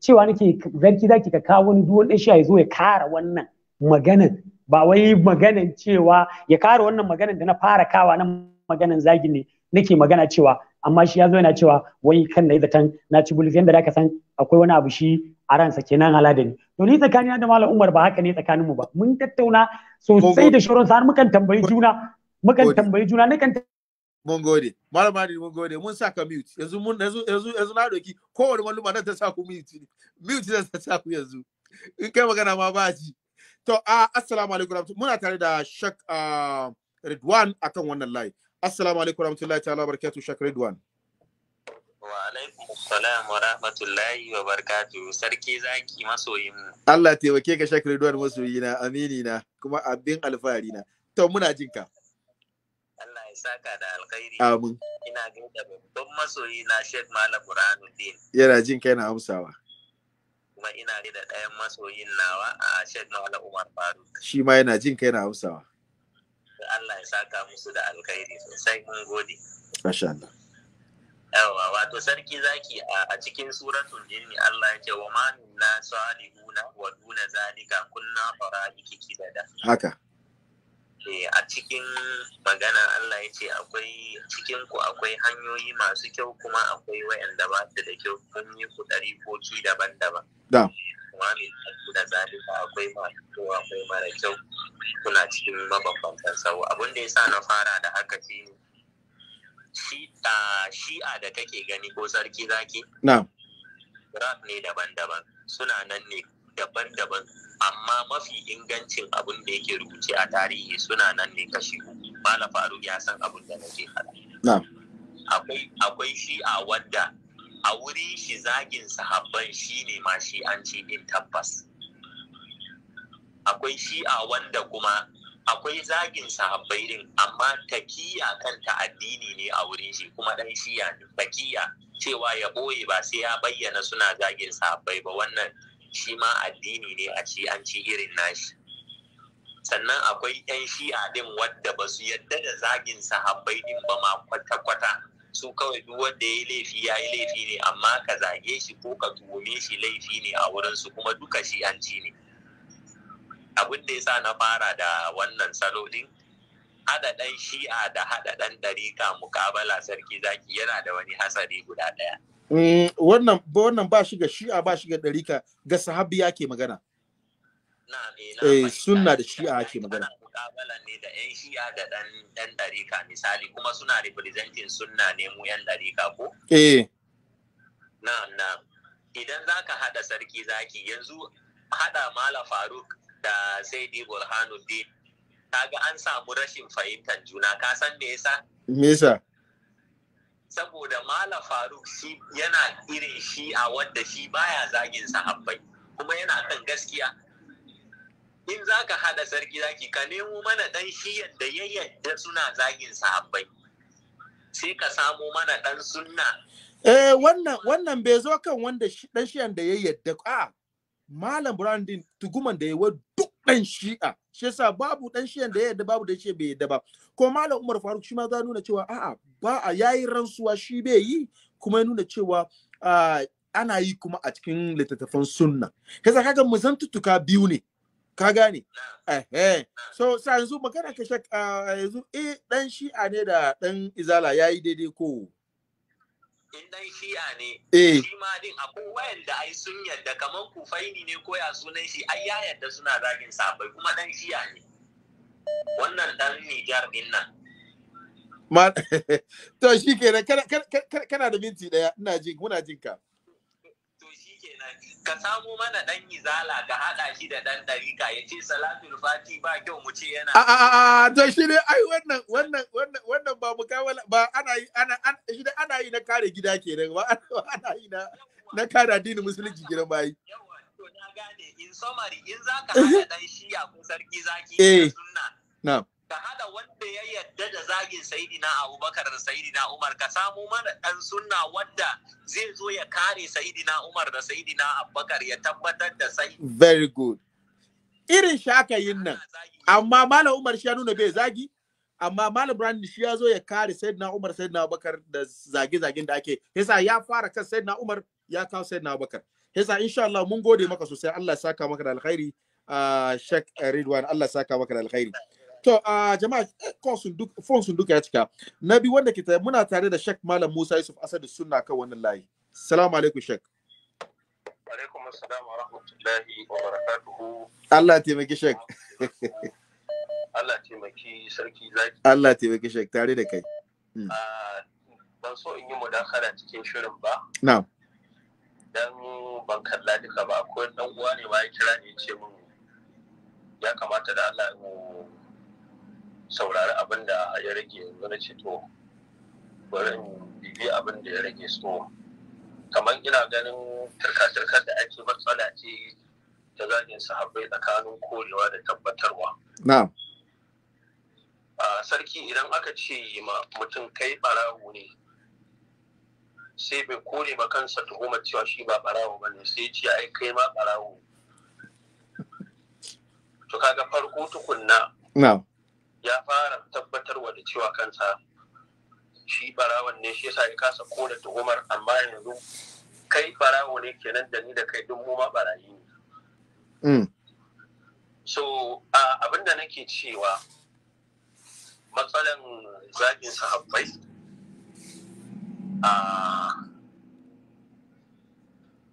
cewa nake zarki zaki ka kawo wani duwan dan shi'a ya zo ya kara wannan maganan ba wai maganan cewa ya kara wannan maganan da na fara kawa nan maganan zagi ne nake magana cewa amma shi ya zo yana cewa wai kan na yi zaton na ci bulu, yanda da ka san akwai wani abu shi a ransa kenan hala da ni to ni tsakanina da malam Umar ba haka ne tsakanin mu ba mun tattauna sosai da shoron har mukan tambayi juna mukan tambayi juna kan mun gode malam Adil mun gode mun saka mute yanzu mun yanzu yanzu yanzu na doki kowane malluma nan ta sa ku mute mute zan sa ku yanzu in kai magana ma ba ji to a assalamu alaikum muna tare da shak ah, Ridwan akan wannan live assalamu alaikum warahmatullahi ta'ala barakatuh shak Ridwan Wa alaikum salam wa rahmatullahi wa barkatu sarki zaki masoyin Allah taimake ka sha duwar masoyi na amini na kuma abin alfahari na. To muna jin ka. Allah ya saka da alkhairi. Amin. Ina gaida babban masoyi na Sheikh Malam Burhanuddin. Yana jin kai na amsawa. Kuma ina gaida ɗayan masoyin nawa a Sheikh Malam Umar Faruk. Shi ma yana jin kai na amsawa. Allah ya saka musu da alkhairi sosai mun gode. Masha Allah. yawa wato sarki zaki a cikin suratun jini Allah ya ce wa ma minna salihuna wa duna zalika kunna fara'iki kidada haka eh, a cikin magana Allah ya ce akwai cikin ku akwai hanyoyi masu kyau kuma akwai wayanda ba su da kyau kun yi ku dari ci daban-daban da wa da zalika akwai masu kyau akwai mara kyau kuna cikin mabambantan sau abin da yasa na fara da haka shine shi'a da kake gani ko sarki zaki rap ne daban-daban suna nan ne daban-daban amma mafi ingancin abin da yake rubuce a tarihi suna nan ne kashi shigo, mala faru ya san abin da nake faɗa akwai shi'a wadda a wuri shi zagin sahabban shi ne ma shi'anci ɗin tabbas akwai shi'a wanda kuma akwai zagin sahabbai din amma takiya kanta addini ne a wurin shi kuma dan shiya ne takiya cewa ya boye ba sai ya bayyana suna zagin sahabbai ba wannan shi ma addini ne a ci an ci irin nashi sannan akwai 'yan shiya din wadda ba su yadda da zagin sahabbai din ba ma kwata-kwata su kawai duk wanda ya laifi ya yi laifi ne amma ka zage shi ko ka tuhume shi laifi ne a wurinsu kuma duka shi an ci ne. abin da sa na fara da wannan salo din haɗa ɗan shi'a da haɗa ɗan ɗarika mukabala sarki zaki yana da wani hasari guda ɗaya. Eh, wannan wannan ba shi ga shi'a ba shi ga ɗarika ga sahabi ke magana. Eh, eh sunna da shi'a ake magana. Mukabala ne da ƴan shi'a da ɗan ɗan ɗarika misali kuma suna representing suna ne mu ƴan ɗarika ko? Eh. Na'am Idan zaka haɗa sarki zaki yanzu haɗa Mala Faruk da Zaidi Burhanuddin ga an samu rashin fahimtar juna ka san me yasa me yasa saboda Malam Faruk shi yana irin shi a wanda shi baya zagin sahabbai kuma yana kan gaskiya in za ka haɗa sarki zaki ka nemo mana ɗan shi yadda ya yadda suna zagin sahabbai sai ka samu mana ɗan sunna eh wannan wannan bai zo kan wanda dan shi yadda ya yadda a malam brandin tuguman da ya dan shi'a shi yasa babu dan shi'an da ya yadda babu da shi bai yadda ba ko malam Umar Faruk shi ma za nuna cewa a'a ba a yayi rantsuwa shi bai yi kuma ya nuna cewa ana yi kuma a cikin littattafan sunna kaza kaga mu tuttuka biyu ne ka gane eh eh so sa yanzu magana ka shak yanzu eh dan shi'a ne da dan izala yayi daidai ko in dan shi'a ne eh. shi ma din akwai wayanda ai sun yadda kaman kufaini ne ko ya sunan shi ai ya yadda suna zagin sabai kuma dan shi'a ne wannan dan Nijar din nan to shi kenan kana da minti ɗaya, ina jin muna jin ka kenan ka samu mana dan izala ka hada shi da dan dariƙa ya ce salatul fati ba kyau mu ce yana a a a to shi ne ai wannan wannan wannan wannan ba mukawala ba ana yi ana shi ne ana yi na kare gida kenan ba ana yi na na kare addinin musulunci gidan bayi na gane in summary in zaka hada dan shiya ko sarki zaki da eh. sunna na'am ka hada wanda ya yadda da zagin na abubakar da na umar ka samu mana dan sunna wanda zai zo ya kare na umar da na abubakar ya tabbatar da sai very good irin shi aka yin nan amma malam umar shi ya nuna bai zagi amma malam brandon shi ya zo ya kare na umar na abubakar da zage zagin da ake yasa ya fara kan na umar ya kawo na abubakar yasa insha Allah mun gode maka sosai Allah ya saka maka da alkhairi ah, Sheikh Ridwan Allah ya saka maka da alkhairi To a jama'a fon sun duka ya cika. Na bi wanda ke tare muna tare da Sheikh Malam Musa Yusuf Asadu Sunna kan wannan layi. Salamu alaikum Sheikh. Alaikum assalam wa rahmatullahi wa barakatuhu. Allah taimaki Sheikh. Allah taimaki sarki zaki. Allah taimaki Sheikh tare da kai. Hmm. Ban so in yi mudakara cikin shirin ba. Na'am. Dan ban kalla duka ba akwai dan uwa ne ma ya kira ne ya ce mun ya kamata da Allah in saurari abin da ya rage yanzu na ce to bari in bibi abin da ya rage so kamar ina ganin turka-turkar da ake matsala ce ta zagin sahabbai tsakanin korewa da tabbatarwa na'am a sarki idan aka ce yi ma mutum kai barawo ne sai bai kore ba kansa tuhumar cewa shi ba barawo ba ne sai ce ai kai ma barawo to kaga farko tukunna ya fara tabbatarwa da cewa kansa shi barawan ne shi yasa ya kasa kona tuhumar amma yanzu kai barawo ne kenan da ni da kai duk mu ma barayi ne mm. so abin da nake cewa matsalan zagin sahabbai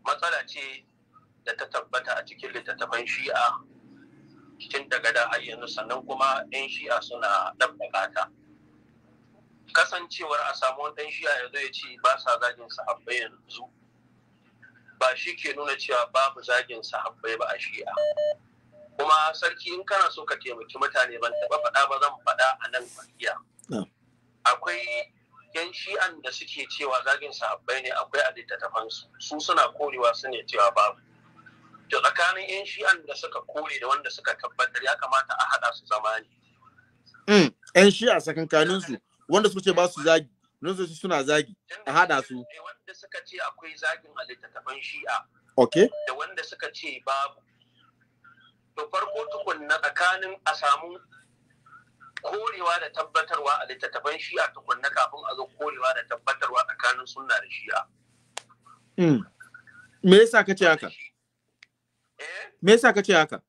matsala ce da ta tabbata a cikin littattafan shi'a tun daga da har yanzu sannan kuma ɗan shi'a suna ɗabɗaka ta kasancewar a samu wani ɗan shi'a yanzu ya ce ba sa zagin sahabba yanzu ba shi ke nuna cewa babu zagin sahabbai ba a shi'a kuma sarki in kana so ka taimaki mutane ban taɓa faɗa ba zan faɗa a nan kwaliya akwai yan shi'an da suke cewa zagin sahabbai ne akwai a littattafansu su suna korewa su ne cewa babu da tsakanin 'yan shi'an da suka kore da wanda suka tabbatar ya kamata a haɗa su zamani. 'yan mm, shi'a sakankanin su wanda suka ce ba su zagi nan su suna zagi a haɗa su. Wanda suka ce akwai zagin a littattafan shi'a. Ok. Da wanda suka ce babu. to farko tukun na tsakanin a samu korewa da tabbatarwa a littattafan shi'a tukun na kafin a zo korewa da tabbatarwa tsakanin sunna da shi'a. Mm. Me yasa ka ce haka? me yasa kace haka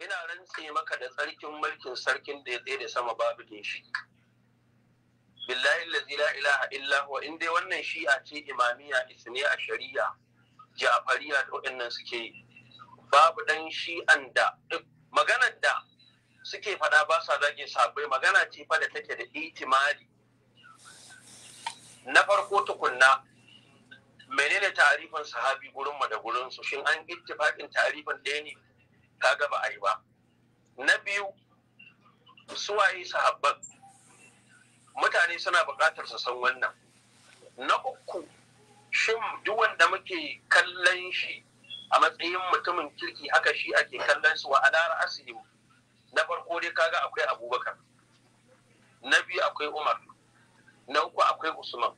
ina rantse maka da tsarkin mulkin sarkin da ya tsaye da sama babu shi billahi allazi la ilaha illa huwa in dai wannan shi'a ce imamiya isne a shari'a ja'fariya da waɗannan suke yi babu dan shi'an da maganar da suke faɗa ba sa zage sabai magana ce fa da take da itimali na farko tukunna menene tarifin sahabi gurin mu da gurin su shin an ittifaqin tarifin ɗaya ne kaga gaba ai ba na biyu suwaye sahabban mutane suna buƙatar su san wannan na uku shin duk wanda muke kallon shi a matsayin mutumin kirki haka shi ake kallon su wa alara asiri na farko dai kaga akwai abubakar na biyu akwai umar na uku akwai usman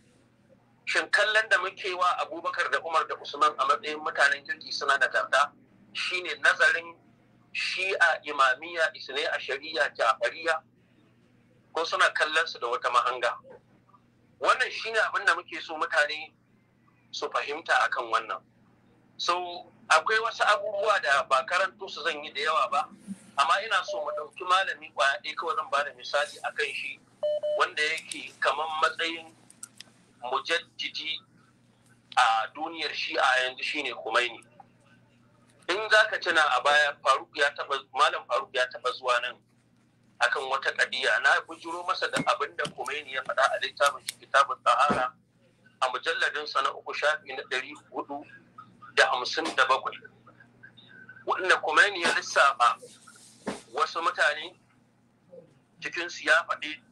shin kallon da muke wa abubakar da umar da usman a matsayin mutanen kirki suna da nagarta shine nazarin shi'a imamiya isne a shari'a jafariya ko suna kallon su da wata mahanga wannan shine abin da muke so mutane su fahimta akan wannan so akwai wasu abubuwa da ba karanto su zan yi da yawa ba amma ina so mu ɗauki malami kwaya ɗaya kawai zan ba da misali akan shi wanda yake kamar matsayin mujaddidi a duniyar shi'a yanzu shine Khomeini in za ka tuna a baya faruk ya taba malam faruk ya taba zuwa nan akan wata kadiya na bujuro masa da abin da Khomeini ya faɗa a littafin shi kitabun tsahara a mujalladin sa na uku shafi na ɗari hudu da hamsin da bakwai wanda Khomeini ya lissafa wasu mutane cikinsu ya faɗi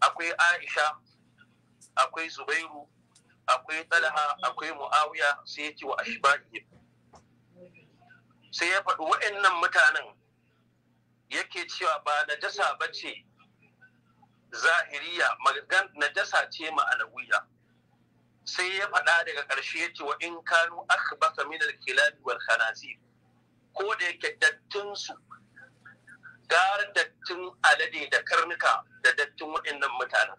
akwai Aisha akwai zubairu akwai talha akwai mu'awiya sai ya ce wa ashbahihim sai ya faɗi wa'annan mutanen yake cewa ba najasa ba ce zahiriya magan najasa ce ma'anawiya sai ya faɗa daga ƙarshe ya ce wa in kanu akhbasa min al wal khanazir ko da yake dattin su gar dattin alade da karnuka da dattin waɗannan mutanen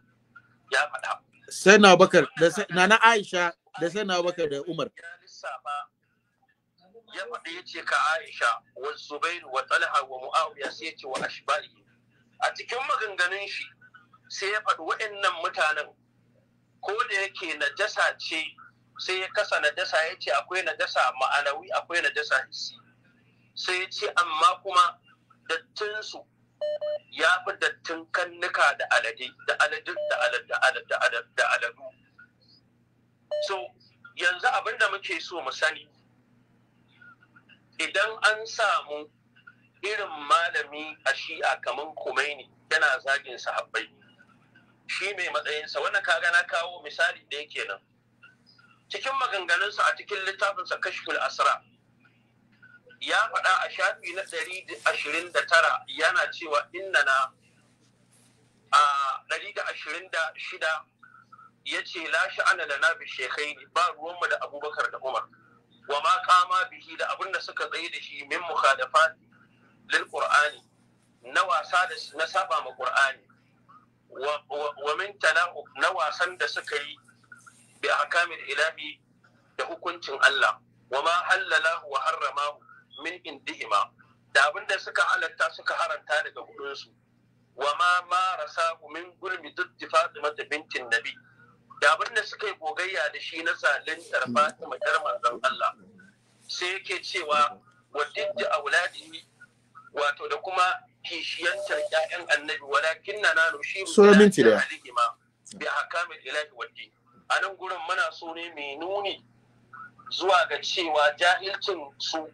ya faɗa sai na bakar da na na aisha da sai na bakar da umar ya faɗi ya ce ka aisha wa zubair wa talha wa mu'awiya sai ya ce wa ashbali a cikin maganganun shi sai ya faɗi waɗannan mutanen ko da yake najasa ce sai ya kasa najasa ya ce akwai najasa ma'anawi akwai najasa hissi sai ya ce amma kuma dattinsu ya fi dattin kannuka da alade da aladin da alad da alad da aladu so yanzu abin da muke so mu sani idan an samu irin malami a shi'a kamar kumaini yana zagin sahabbai shi mai matsayinsa wannan ka gana kawo misali da yake nan cikin maganganunsa a cikin littafinsa kashful asra ya faɗa a shafi na ɗari ashirin da tara yana cewa inna na a ɗari ashirin da shida ya ce la sha'ana da na shekai ba ruwanmu da abubakar da umar wa ma kama bihi da abin da suka tsaye da shi min mukhadafat lil qur'ani na wasa da na saba ma qur'ani wa min na wasan da suka yi bi ahkamil ilahi da hukuncin Allah wa ma halalahu wa harramahu min indihima da abin da suka halatta suka haranta daga kuɗinsu. wa ma marasa min gulmi duk da bintin nabi da abin da suka yi gogayya da shi na salintar fatima yar manzon Allah sai yake cewa wa a auladi wato da kuma kishiyantar ƴaƴan annabi walakin na na Shi sura minti da bi hakamil ilahi waddi a nan gurin muna so ne mai nuni zuwa ga cewa jahilcin su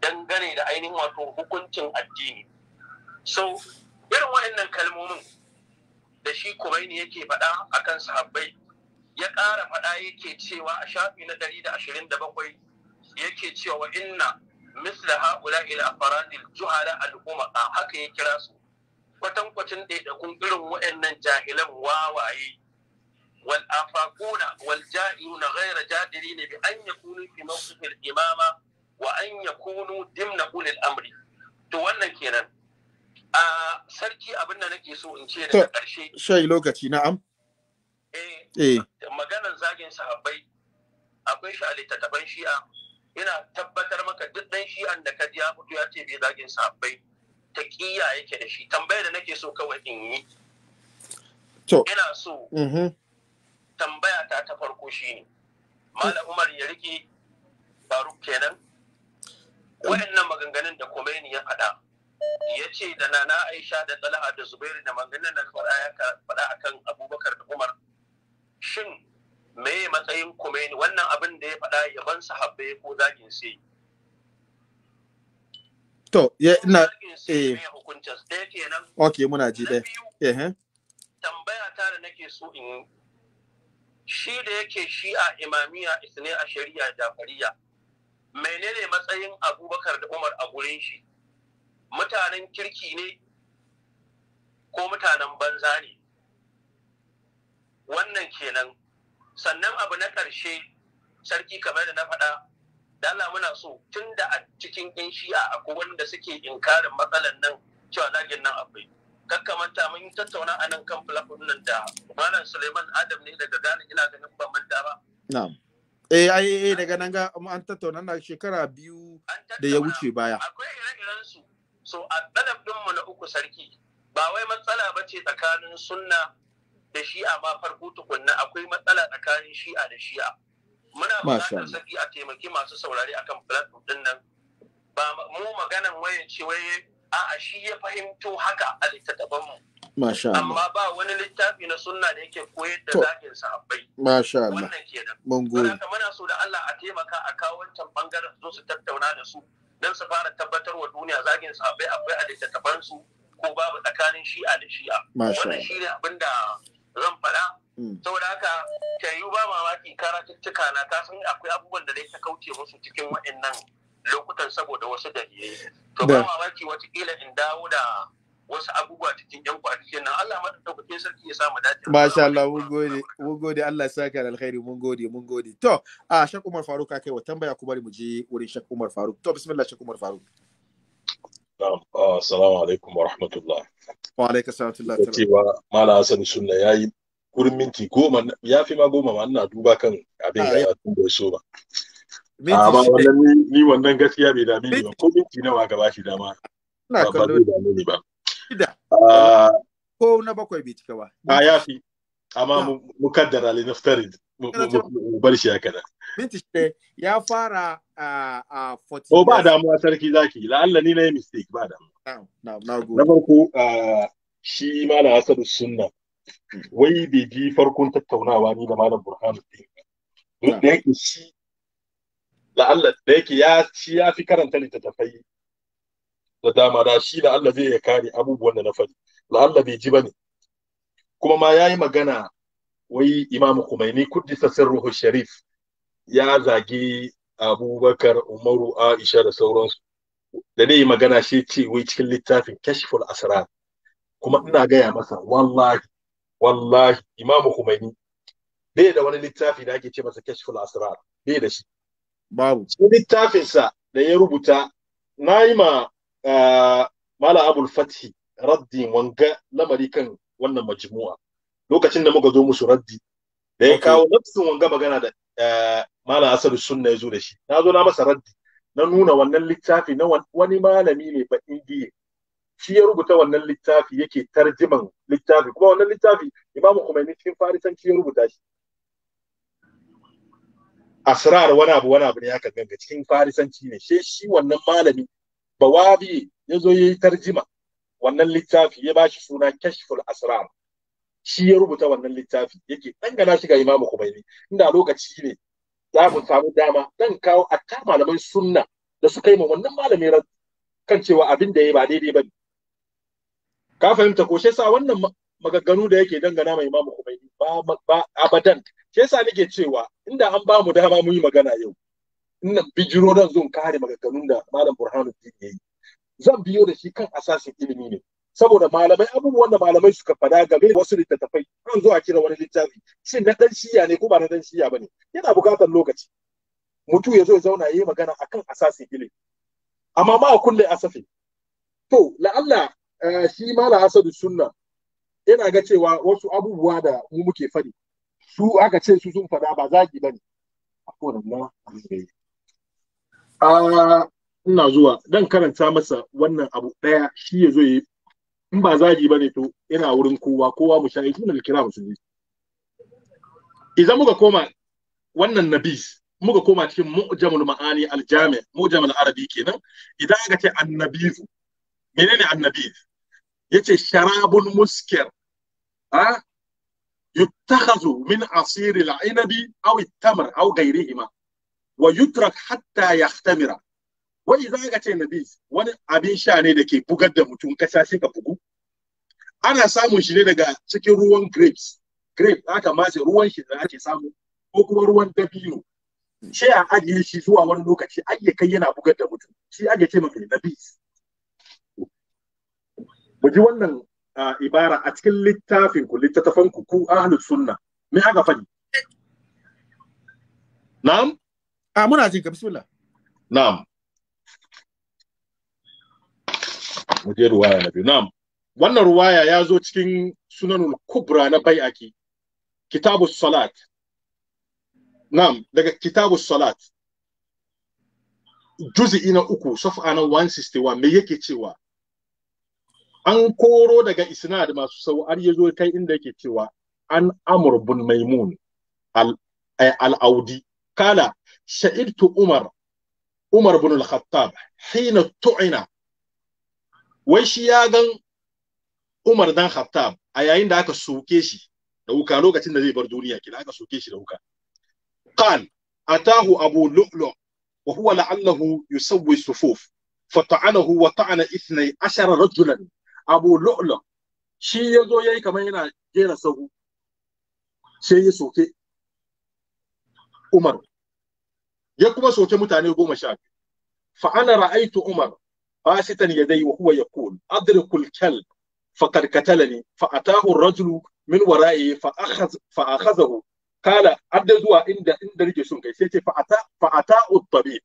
dangane da ainihin wato hukuncin addini so irin waɗannan kalmomin da shi kumaini yake faɗa akan sahabbai ya ƙara faɗa yake cewa a shafi na ɗari da ashirin da bakwai yake cewa inna misla haula ila afaradil juhala al'umma haka ya kira su kwatankwacin ɗaiɗakun irin waɗannan jahilan wawaye wal afaquna wal ja'iruna ghayra jadiri ne bi an yakunu fi mawqifil imama wa an kunu dimna ulil amri to wannan kenan a sarki abin da nake so in ce daga ƙarshe shai lokaci na'am eh, eh. maganar zagin sahabbai akwai shi a littattafan shi'a ina tabbatar maka duk dan shi'an da ka ji ya ya ce bai zagin sahabbai ta kiyya yake da shi tambayar da nake so kawai in yi ina so mm-hmm. tambaya ta ta farko shine malam umar ya rike faruk kenan wayannan maganganun da Khomeini ya faɗa ya ce da nana Aisha da Talha da Zubairu da maganganun da faɗa ya faɗa akan Abubakar da Umar shin me matsayin Khomeini wannan abin da ya faɗa ya ban sahabbai ko zagin sai to ya ina eh okay muna ji dai eh tambaya ta da nake so in shi da yake shi'a imamiya isne a shari'a jafariya menene matsayin abubakar da umar a gurin shi mutanen kirki ne ko mutanen banza ne wannan kenan sannan abu na ƙarshe sarki kamar da na faɗa dala muna so tun da a cikin yan shi'a akwai wanda suke inkarin matsalar nan cewa zagin nan akwai kakkamanta mun yi tattauna a nan kan platform nan da malam Suleiman Adam ne daga gane ina ganin ban manta ba Eh, ai, eh, eh, daga nan ga an tattauna na shekara biyu da ya wuce baya. Akwai ire-iren So, a ɗalab ɗinmu na uku sarki, ba wai matsala ba ce tsakanin sunna da shi'a ma farko tukunna akwai matsala tsakanin shi'a da shi'a. Muna buƙatar sarki a taimaki masu saurari akan platform ɗin nan. Ba mu maganan wayan ce wai a'a shi ya fahimto haka a littattafan mu Masha Allah. Amma ba wani littafi na sunna da yake koyar da zagin sahabbai. Masha Allah. Wannan kenan. Mun gode. muna so da Allah a taimaka a kawo wancan bangaren zo su tattauna da su don su fara tabbatar wa duniya zagin sahabbai akwai a littattafan su ko babu tsakanin shi'a da shi'a. Masha Allah. Wannan ne abin da zan faɗa. Hmm. Saboda haka ta yi ba mamaki karatuttuka na ta san akwai abubuwan da dai ta kauce musu cikin waɗannan lokutan saboda wasu dalilai to ba mamaki watakila in dawo da wasu abubuwa cikin yan kwanakin nan Allah kuke sarki ya samu dace masha Allah mun gode mun gode Allah ya saka da alkhairi mun gode mun gode to a Shak Umar Faruk kai wa tambaya ku bari mu je wurin Shak Umar Faruk to bismillah Shak Umar Faruk Assalamu alaikum wa rahmatullah. Wa alaikum salatullah. Ta cewa Mala Hassan Sunna ya yi kurin minti goma ya fi ma goma ma ina duba kan abin da ya tumbo so ba. Amma wannan ni wannan gaskiya bai dame ni ba ko minti nawa gaba shi dama. Ina kallo dame ni ba. Ko na bakwai bai cika ba. A ya fi amma mu kaddara li naftari mu bar shi haka Minti ya fara a 40. Oh ba damuwa sarki zaki la'alla ni na yi mistake ba damuwa. Na farko shi malam Asadu Sunna wai bai ji farkon tattaunawa ni da malam Burhanuddin. Duk da yake shi Da Allah da yake ya shi ya fi karanta littattafai da dama da shi da Allah zai ya kare abubuwan da na faɗi Allah bai ji ba ne? kuma ma yayi magana wai imamu kumaini kuddisa sirruhu sharif ya zagi abubakar umaru aisha da sauransu da dai magana shi ce wai cikin littafin kashful asrar kuma ina gaya masa wallahi wallahi imamu kumaini bai da wani littafi da ake ce masa kashful asrar bai da shi babu littafinsa da ya rubuta na yi ma mala abul fathi raddi wanga lamari kan wannan majmu'a lokacin da muka zo musu raddi da ya kawo nafsin wanga magana da mala asar sunna ya zo da shi na zo na masa raddi na nuna wannan littafi na wani malami ne ba indiya shi ya rubuta wannan littafi yake tarjiman littafi kuma wannan littafi imamu kumaini cikin farisanci ya rubuta shi asrar wani abu wani abu ne aka ganga cikin farisanci ne she shi wannan malami bawabi ya zo yi tarjima wannan littafi ya bashi suna kashful asrar shi ya rubuta wannan littafi yake dangana shi ga imamu kubaini inda lokaci ne za mu samu dama dan kawo atta malamai sunna da suka yi ma wannan malami kan cewa abin da ya ba daidai ba ne ka fahimta ko shi sa wannan maganganu da yake dangana mai imamu Khomeini ba ba abadan Ke yasa nake cewa inda an ba mu dama mu yi magana yau ina bijiro dan zo kare maganganun da malam Burhanuddin yayi zan biyo da shi kan asasin ilimi ne saboda malamai abubuwan da malamai suka fada game da wasu littattafai an zo a kira wani littafi shin na dan shiya ne ko ba na dan shiya bane yana bukatar lokaci mutu ya zo ya zauna yayi magana akan asasin ilimi amma ma kulle asafi to la'alla eh, shi mala asadu sunna yana ga cewa wasu abubuwa da mu muke faɗi su aka ce su sun faɗa ba zagi ba ne a kowanne a ina zuwa dan karanta masa wannan abu ɗaya shi ya zo yi in ba zagi ba ne to yana wurin kowa kowa mu sha da kira mu idan muka koma wannan nabis muka koma cikin mu'jamul ma'ani aljami mu'jamul arabi kenan idan aka ce annabi menene annabi yace sharabun muskir ha yuttakhazu min asiri al-inabi aw at-tamr aw ghayrihima wa yutrak hatta yahtamira wa idza ka ce nabis wani abin sha ne da ke bugar da mutum ka shi ka bugu ana samun shi ne daga cikin ruwan grapes grape aka mace ruwan shi da ake samu ko kuma ruwan dabino shi a ajiye shi zuwa wani lokaci ajiye yana bugar da mutum shi ake ce mafi nabis mu ji wannan ibara a cikin littafin ku littafan ku ku ahlus sunna me aka faɗi na'am a muna jin ka bismillah na'am mu je ruwaya na biyu na'am wannan ruwaya ya zo cikin sunanul kubra na bai'aki kitabu salat na'am daga kitabu salat juzi'i na uku safa na 161 me yake cewa an koro daga isnad masu sau har ya zo kai inda yake cewa an amur bin maimun eh, al-audi kala sha'idtu umar umar bin al-khattab hina tu'ina wai shi ya gan umar dan khattab a yayin da aka soke shi da wuka lokacin da zai bar duniya kina aka soke shi da wuka qal atahu abu lu'lu wa huwa la'allahu yusawwi sufuf fata'anahu wa ta'ana 12 rajulan abu lo'lo shi yazo yayi ya kamar yana jera sahu sai ya soke umar ya kuma soke mutane goma sha fa ana ra'aitu umar basitan yadai wa huwa yaqul adrikul kalb فقد قتلني فأتاه الرجل من ورائه فأخذ فأخذه قال أدزوا عند عند رجسون كي سيتي فأتا الطبيب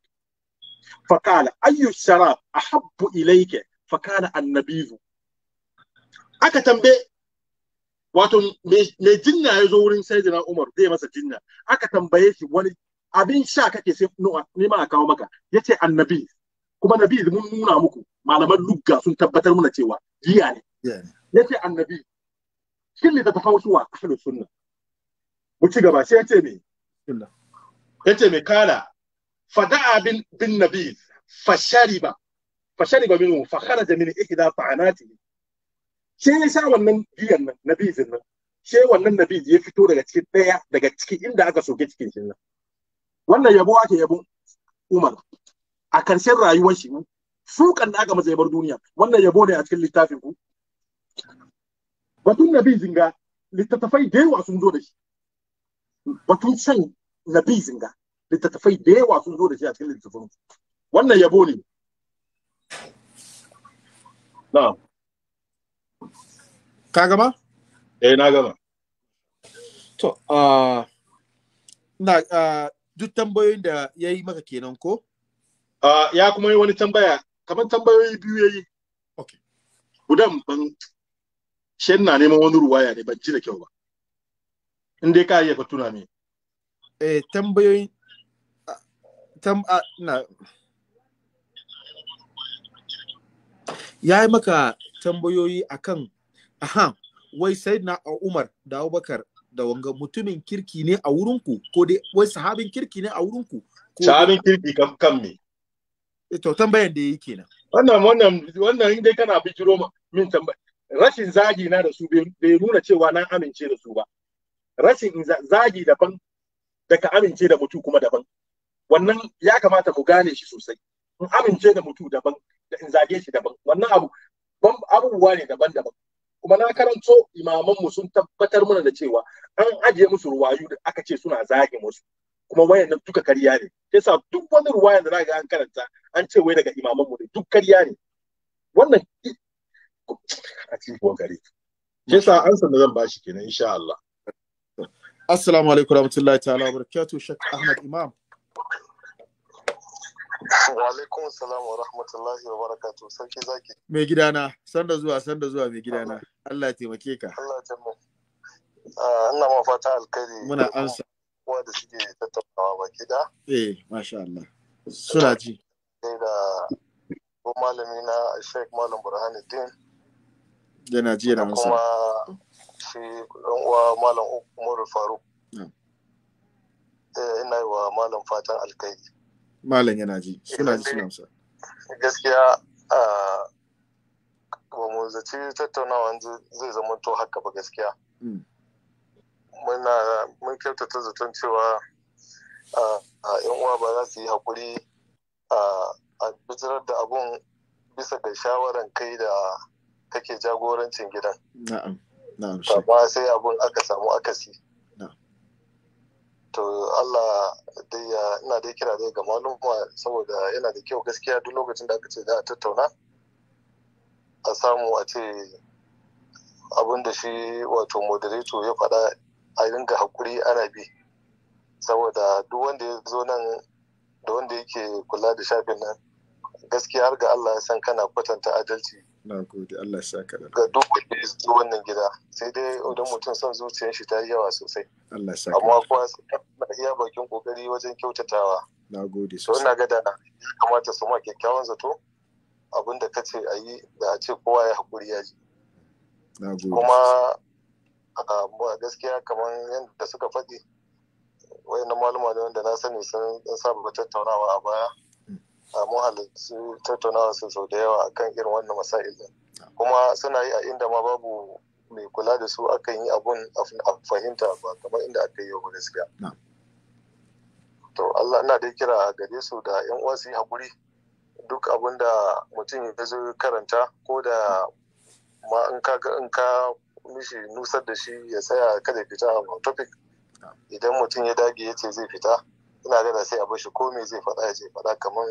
فقال أي الشراب أحب إليك فقال النبيذ aka tambe wato mai jinna ya zo wurin sayyidina Umar zai masa jinna aka tambaye shi wani abin sha kake sai nema a kawo maka yace annabi kuma nabi mun nuna muku malaman lugga sun tabbatar muna cewa giya ne yace annabi shin ne ta tafawuwa ahlus sunna mu ci gaba sai yace me yace me kala fada'a bin bin nabi fashariba fashariba minhu fa kharaja min ihda ta'anatihi shi ya sa wannan biyan nan na bizin nan shi wannan na ya fito daga cikin ɗaya daga cikin inda aka soke cikin shi nan wannan yabo ake yabo umar a karshen rayuwar shi sukan da aka masa duniya wannan yabo ne a cikin littafin ku batun nabi zinga littattafai da yawa sun zo da shi batun shan nabi zinga littattafai da yawa sun zo da shi a cikin littattafin wannan yabo ne na'am Ka gama? Eh na gama. To, na duk tambayoyin da ya yi maka kenan ko? ya kuma yi wani tambaya, kamar tambayoyi biyu ya yi. Okay. Gudan ban shi na neman wani ruwaya ne ban ji da kyau ba. In dai ka yi ka tuna me. Eh tambayoyin tam a, na ya yi maka tambayoyi akan aha wai sai na Umar da Abubakar da wanga mutumin kirki ne a wurinku ko dai wai sahabin kirki ne a wurinku sahabin kirki kam kan me eh, to tambayan da yake kenan wannan wannan wannan inda dai kana bijiro min tambaya rashin zagi na da su bai nuna cewa na amince da su ba rashin zagi daban da ka amince da mutu kuma daban wannan ya kamata ku gane shi sosai in amince da mutu daban da in zage shi daban wannan abu abubuwa ne daban-daban kuma na karanto imamanmu sun tabbatar mana da cewa an ajiye musu ruwayu da aka ce suna zagi wasu, kuma wayan nan duka karya ne sa duk wani ruwaya da zaka ga an karanta an ce wai daga imamanmu ne duk karya ne wannan a cikin gare sa an san da zan bashi kenan insha Allah assalamu alaikum warahmatullahi ta'ala wabarakatuh shak ahmad imam Wa alaikum salam wa rahmatullahi wa barakatu. Sarki zaki. Mai gidana, sanda zuwa, sanda zuwa mai gidana. Allah ya taimake ka. Allah ya taimake. Ah, ina ma fata alkari. Muna ansa. Kowa da suke tattaunawa ba da. Eh, masha Allah. Suna ji. Sai da ko malami na Sheikh Malam Burhanuddin. Yana ji yana musa. Kuma shi ɗan uwa Malam Umaru Faruk. Eh, ina yi wa Malam fatan alkhairi. malam yana ji suna ji suna musa. gaskiya ba mu zaci tattaunawa zai zama to haka ba gaskiya hmm. muna mun kyautata zaton cewa yan uwa ba za su yi hakuri, a bijirar da abun bisa ga shawaran kai da kake jagorancin gidan. Na'am. Ba sai abun aka samu akasi. to Allah dai ina dai kira dai ga maluma saboda yana da kyau gaskiya duk lokacin da aka ce za a tattauna a samu a ce abin da shi wato moderator ya faɗa a ringa hakuri ana bi saboda duk wanda ya zo nan da wanda yake kula da shafin nan gaskiya har ga Allah ya san kana kwatanta adalci na gode Allah ya saka da ga duk wanda ya zo wannan gida sai dai idan mutum son zuciyar shi ta yi yawa sosai Allah ya saka amma kuwa na iya bakin kokari wajen kyautatawa na gode sosai ina ga ya kamata su ma kyakkyawan zato abin da kace a yi da a ce kowa ya hakuri ya ji na gode kuma a gaskiya kamar yadda suka faɗi wayannan maluma ne wanda na sani sun saba tattaunawa a baya mu halarci tattaunawa su sau da yawa akan irin wannan masail kuma suna yi a inda ma babu mai kula da su akan yi abun a fahimta ba kamar inda aka yi wa gaskiya to Allah ina da kira gare su da yan uwa su yi hakuri duk abun da mutum ya zo karanta ko da ma in ka in ka mishi nusar da shi ya tsaya kada fita a topic idan mutum ya dage ya ce zai fita ina gana sai a shi ko me zai faɗa ya faɗa kamar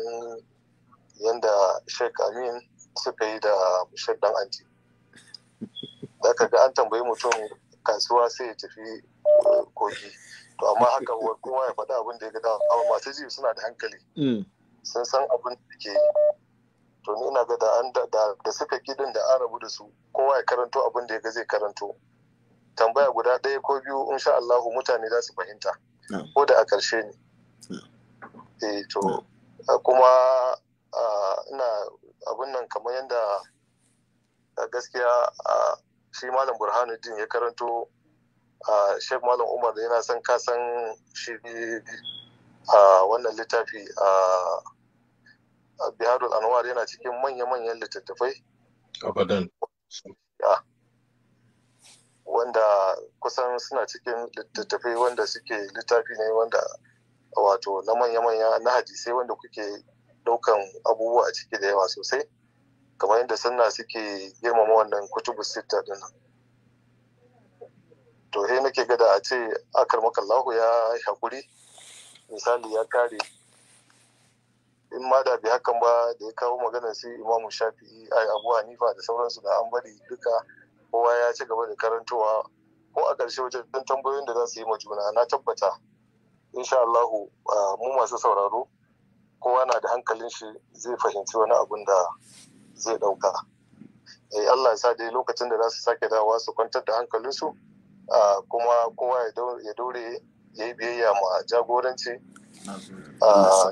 yadda Sheikh Amin suka yi da Sheikh Dan Anti. Zaka ga an tambayi mutum kasuwa sai ya tafi kogi. To amma haka kowa ya faɗa abin da ya ga amma masu ji suna da hankali. Mm. Sun san abin da ke to ni ina ga da an da suka gidan da an rabu da su kowa ya karanto abin da ya ga zai karanto tambaya guda ɗaya ko biyu insha Allahu mutane za su fahimta ko da a ƙarshe ne eh to hmm. kuma ina abun nan kamar yadda gaskiya shi malam burhanuddin ya karanto sheikh malam umar yana son kasan shi wannan littafi a biharul anwar yana cikin manya-manyan littattafai abadan wanda kusan suna cikin littattafai wanda suke littafi ne wanda wato na manya-manya na hadisai wanda kuke daukan abubuwa a ciki da yawa sosai kamar yadda sunna suke girmama wannan kutubu sita din nan to he nake gada a ce akar makallahu ya hakuri misali ya kare in ma da bi hakan ba da ya kawo maganar sai imamu shafi'i ai abu hanifa da sauransu da an bari duka kowa ya ci gaba da karantowa ko a ƙarshe wajen tambayoyin da za su yi ma juna na tabbata insha Allahu mu masu sauraro kowa na da hankalin shi zai fahimci wani abun da zai dauka eh, Allah ya sa dai lokacin da za su sake dawowa su kwantar da hankalinsu kuma kowa ya daure ya yi biyayya ma jagoranci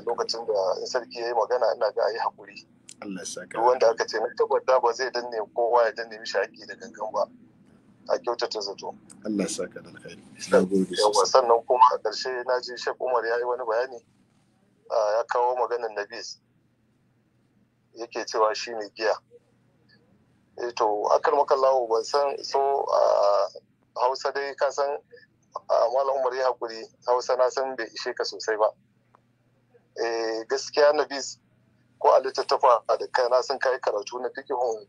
lokacin da in sarki ya yi magana ina ga hakuri haƙuri duk wanda aka ce mai tabbata ba zai danne kowa ya danne mishi haƙi da gangan ba a kyautata zato Allah sa ka alkhairi sannan kuma a ƙarshe na ji Sheikh Umar ya yi wani bayani ya kawo maganar Nabis yake cewa shi ne giya eh to akan makallawo ban san so a Hausa dai ka san Malam Umar ya hakuri Hausa na san bai ishe ka sosai ba eh, gaskiya Nabis ko a littattafa da kai na san kai karatu na fikihun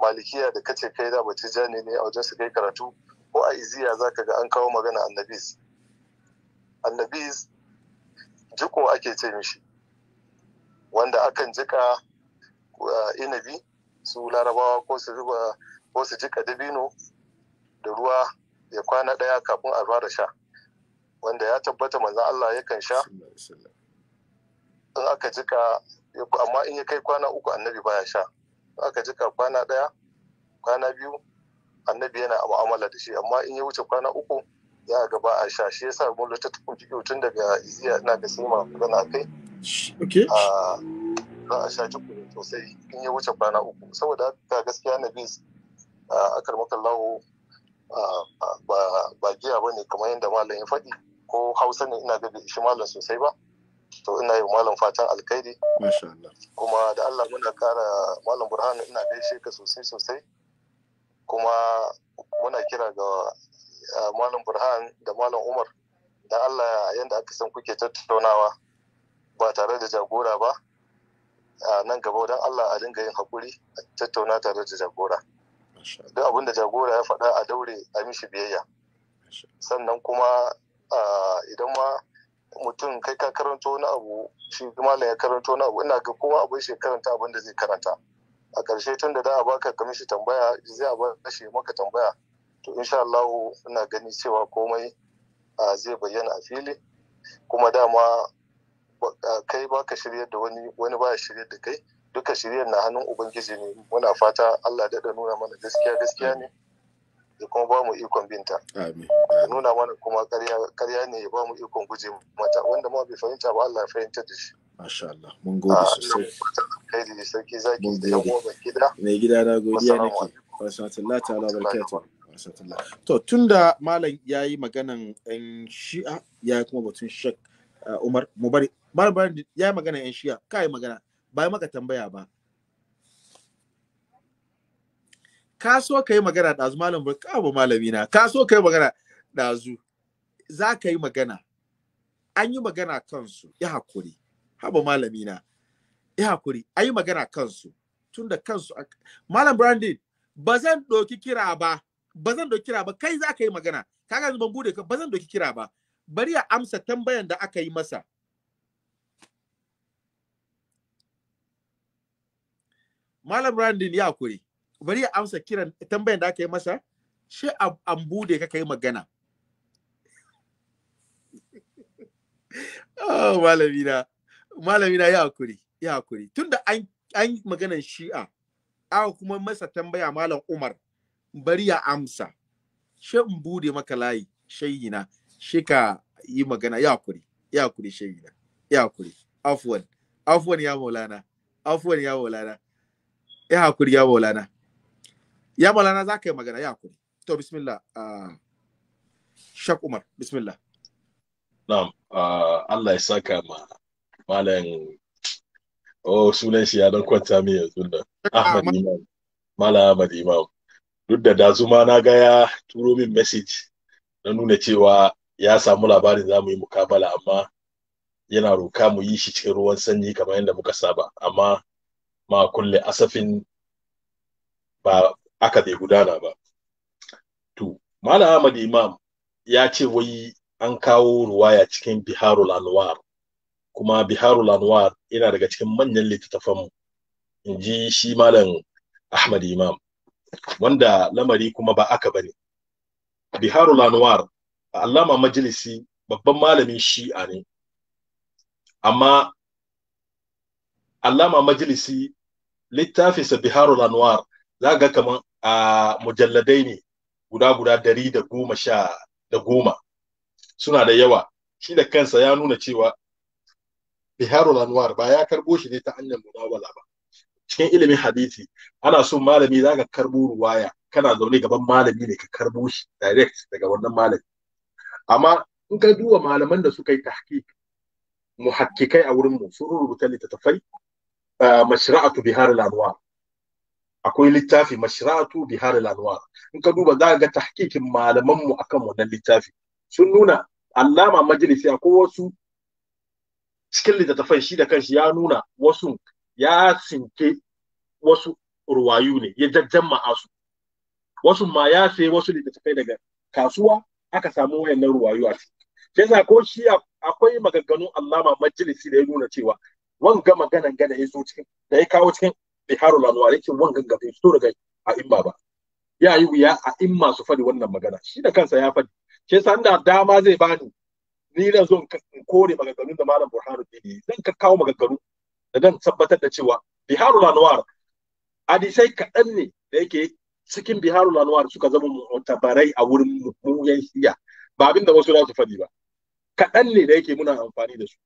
malikiya da kace kai da bace tijani ne a wajen su kai karatu ko a iziya ka ga an kawo magana annabis annabis jiko ake ce mishi wanda akan jika eh, inabi su larabawa ko su zuba ko su jika dabino da ruwa ya kwana ɗaya kafin a fara sha wanda ya tabbata manzan Allah yakan sha in aka jika amma in ya kai kwana uku annabi baya sha aka jika kwana ɗaya kwana biyu annabi yana mu'amala da shi amma in ya wuce kwana uku ya gaba a sha shi yasa mun lota tukun jiki tun daga iziya ina ga sima ma magana kai za a sha jikuri sosai in ya wuce kwana uku saboda ka gaskiya na bis a karmakallahu ba giya ba ne kamar yadda malam ya faɗi ko hausa ne ina ga bai ishi malam sosai ba to ina yi malam fatan alkhairi kuma da Allah muna kara malam burhanu ina gaishe ka sosai sosai kuma muna kira ga eh, malam burhan da malam umar da Allah yadda aka san kuke tattaunawa ba tare da jagora ba a nan gaba don Allah a dinga yin haƙuri a tattauna tare da jagora duk abin da jagora ya faɗa a daure a mishi biyayya sannan kuma eh, idan ma mutum kai ka karanto wani abu shi malam ya karanta wani abu ina ga kowa abu shi karanta abin da zai karanta a ƙarshe tun da da a baka mishi tambaya zai a baka shi maka tambaya to insha Allah ina gani cewa komai zai bayyana a fili kuma dama kai baka shirya da wani wani baya shiryar da kai duka shiryar na hannun ubangiji ne muna fata Allah da nuna mana gaskiya gaskiya ne da kuma ba mu ikon binta. Ya nuna mana kuma karya ne ya ba mu ikon guje mata wanda ma bai fahimta ba Allah ya fahimta da shi. Masha Allah, mun gode ah, sosai. Kairi sarki zaki da yan uwa gida. Mai gida na godiya nake. Wasatullah Masha Allah. To tun da malam ya yi maganan 'yan shi'a ya yi kuma batun shek uh, Umar Mubari. Malam ya yi maganan 'yan shi'a, ka yi magana, ba maka tambaya ba. ka so ka yi magana ɗazu malam ba ka ba malami na ka so ka yi magana ɗazu za ka yi magana an yi magana kansu ya hakuri haba malami na ya hakuri an yi magana kansu tun da kansu malam brandin ba zan ɗauki kira ba ba zan ɗauki kira ba kai za ka yi magana ka yanzu ban bude ka ba zan ɗauki kira ba bari ya amsa tambayan da aka yi masa malam brandin ya hakuri bari ya amsa kiran tambayan da aka yi masa shi an bude ka kai magana oh malamina malamina ya hakuri ya hakuri tunda an an maganan shi'a aka kuma masa tambaya malam Umar bari ya amsa shi an bude maka layi shayyina shi ka yi magana ya hakuri ya hakuri shayyina ya hakuri afwan afwan ya maulana afwan ya maulana ya hakuri ya maulana ya malana za ka yi magana ya kuri to bismillah ah, shak umar bismillah na'am ah, Allah ya saka ma malam oh sunan shi ya don kwanta min yanzu da Ahmad Imam malam Ahmad Imam duk da dazuma na ga ya turo min message na nuna cewa ya samu labarin za mu yi mukabala amma yana roka mu yi shi cikin ruwan sanyi kamar yadda muka saba amma ma kulle asafin ba aka bai gudana ba to malam ahmad imam ya ce wai an kawo ruwaya cikin Biharu Lanuwar, kuma Biharu Lanuwar yana daga cikin manyan littattafanmu in ji shi malam ahmad imam wanda lamari kuma ba aka bane biharul anwar allama majalisi babban malamin shi'a ne amma allama majalisi littafinsa Biharu Lanuwar za ga kaman a mujalladai ne guda guda dari da goma sha da goma suna da yawa shi da kansa ya nuna cewa biharul anwar ba ya karbo shi ne ta hanyar munawala ba cikin ilimin hadisi ana so malami za ka karbo ruwaya kana zaune gaban malami ne ka karbo shi direct daga wannan malami amma in ka duba malaman da suka yi tahqiq muhakkikai a wurin mu sun rubuta littattafai eh, mashra'atu biharul anwar akwai littafi mashiratu bihar al-anwar in ka duba za ga tahqiqin malaman mu akan wannan littafi sun nuna allama majalisi akwai wasu cikin littafin shi da kanshi ya nuna wasu ya sinke wasu ruwayu ne ya jajjamma su wasu ma ya sai wasu littafai daga kasuwa aka samu wayannan ruwayu a ciki sai ko shi akwai maganganun allama majalisi da ya nuna cewa wanga maganan gada ya zo cikin da ya kawo cikin biharul anwar yake wangan ga bai fito daga a imma ba ya yi wuya a imma su faɗi wannan magana shi da kansa ya faɗi ke san da dama zai bani ni na zo in kore maganganun da malam burhanuddin ne zan kawo magagaru da zan tabbatar da cewa biharul anwar hadisai kaɗan ne da yake cikin biharu lanuwar suka zama mutabarai a wurin mu yan shiya ba abin da wasu za su faɗi ba kaɗan ne da yake muna amfani da su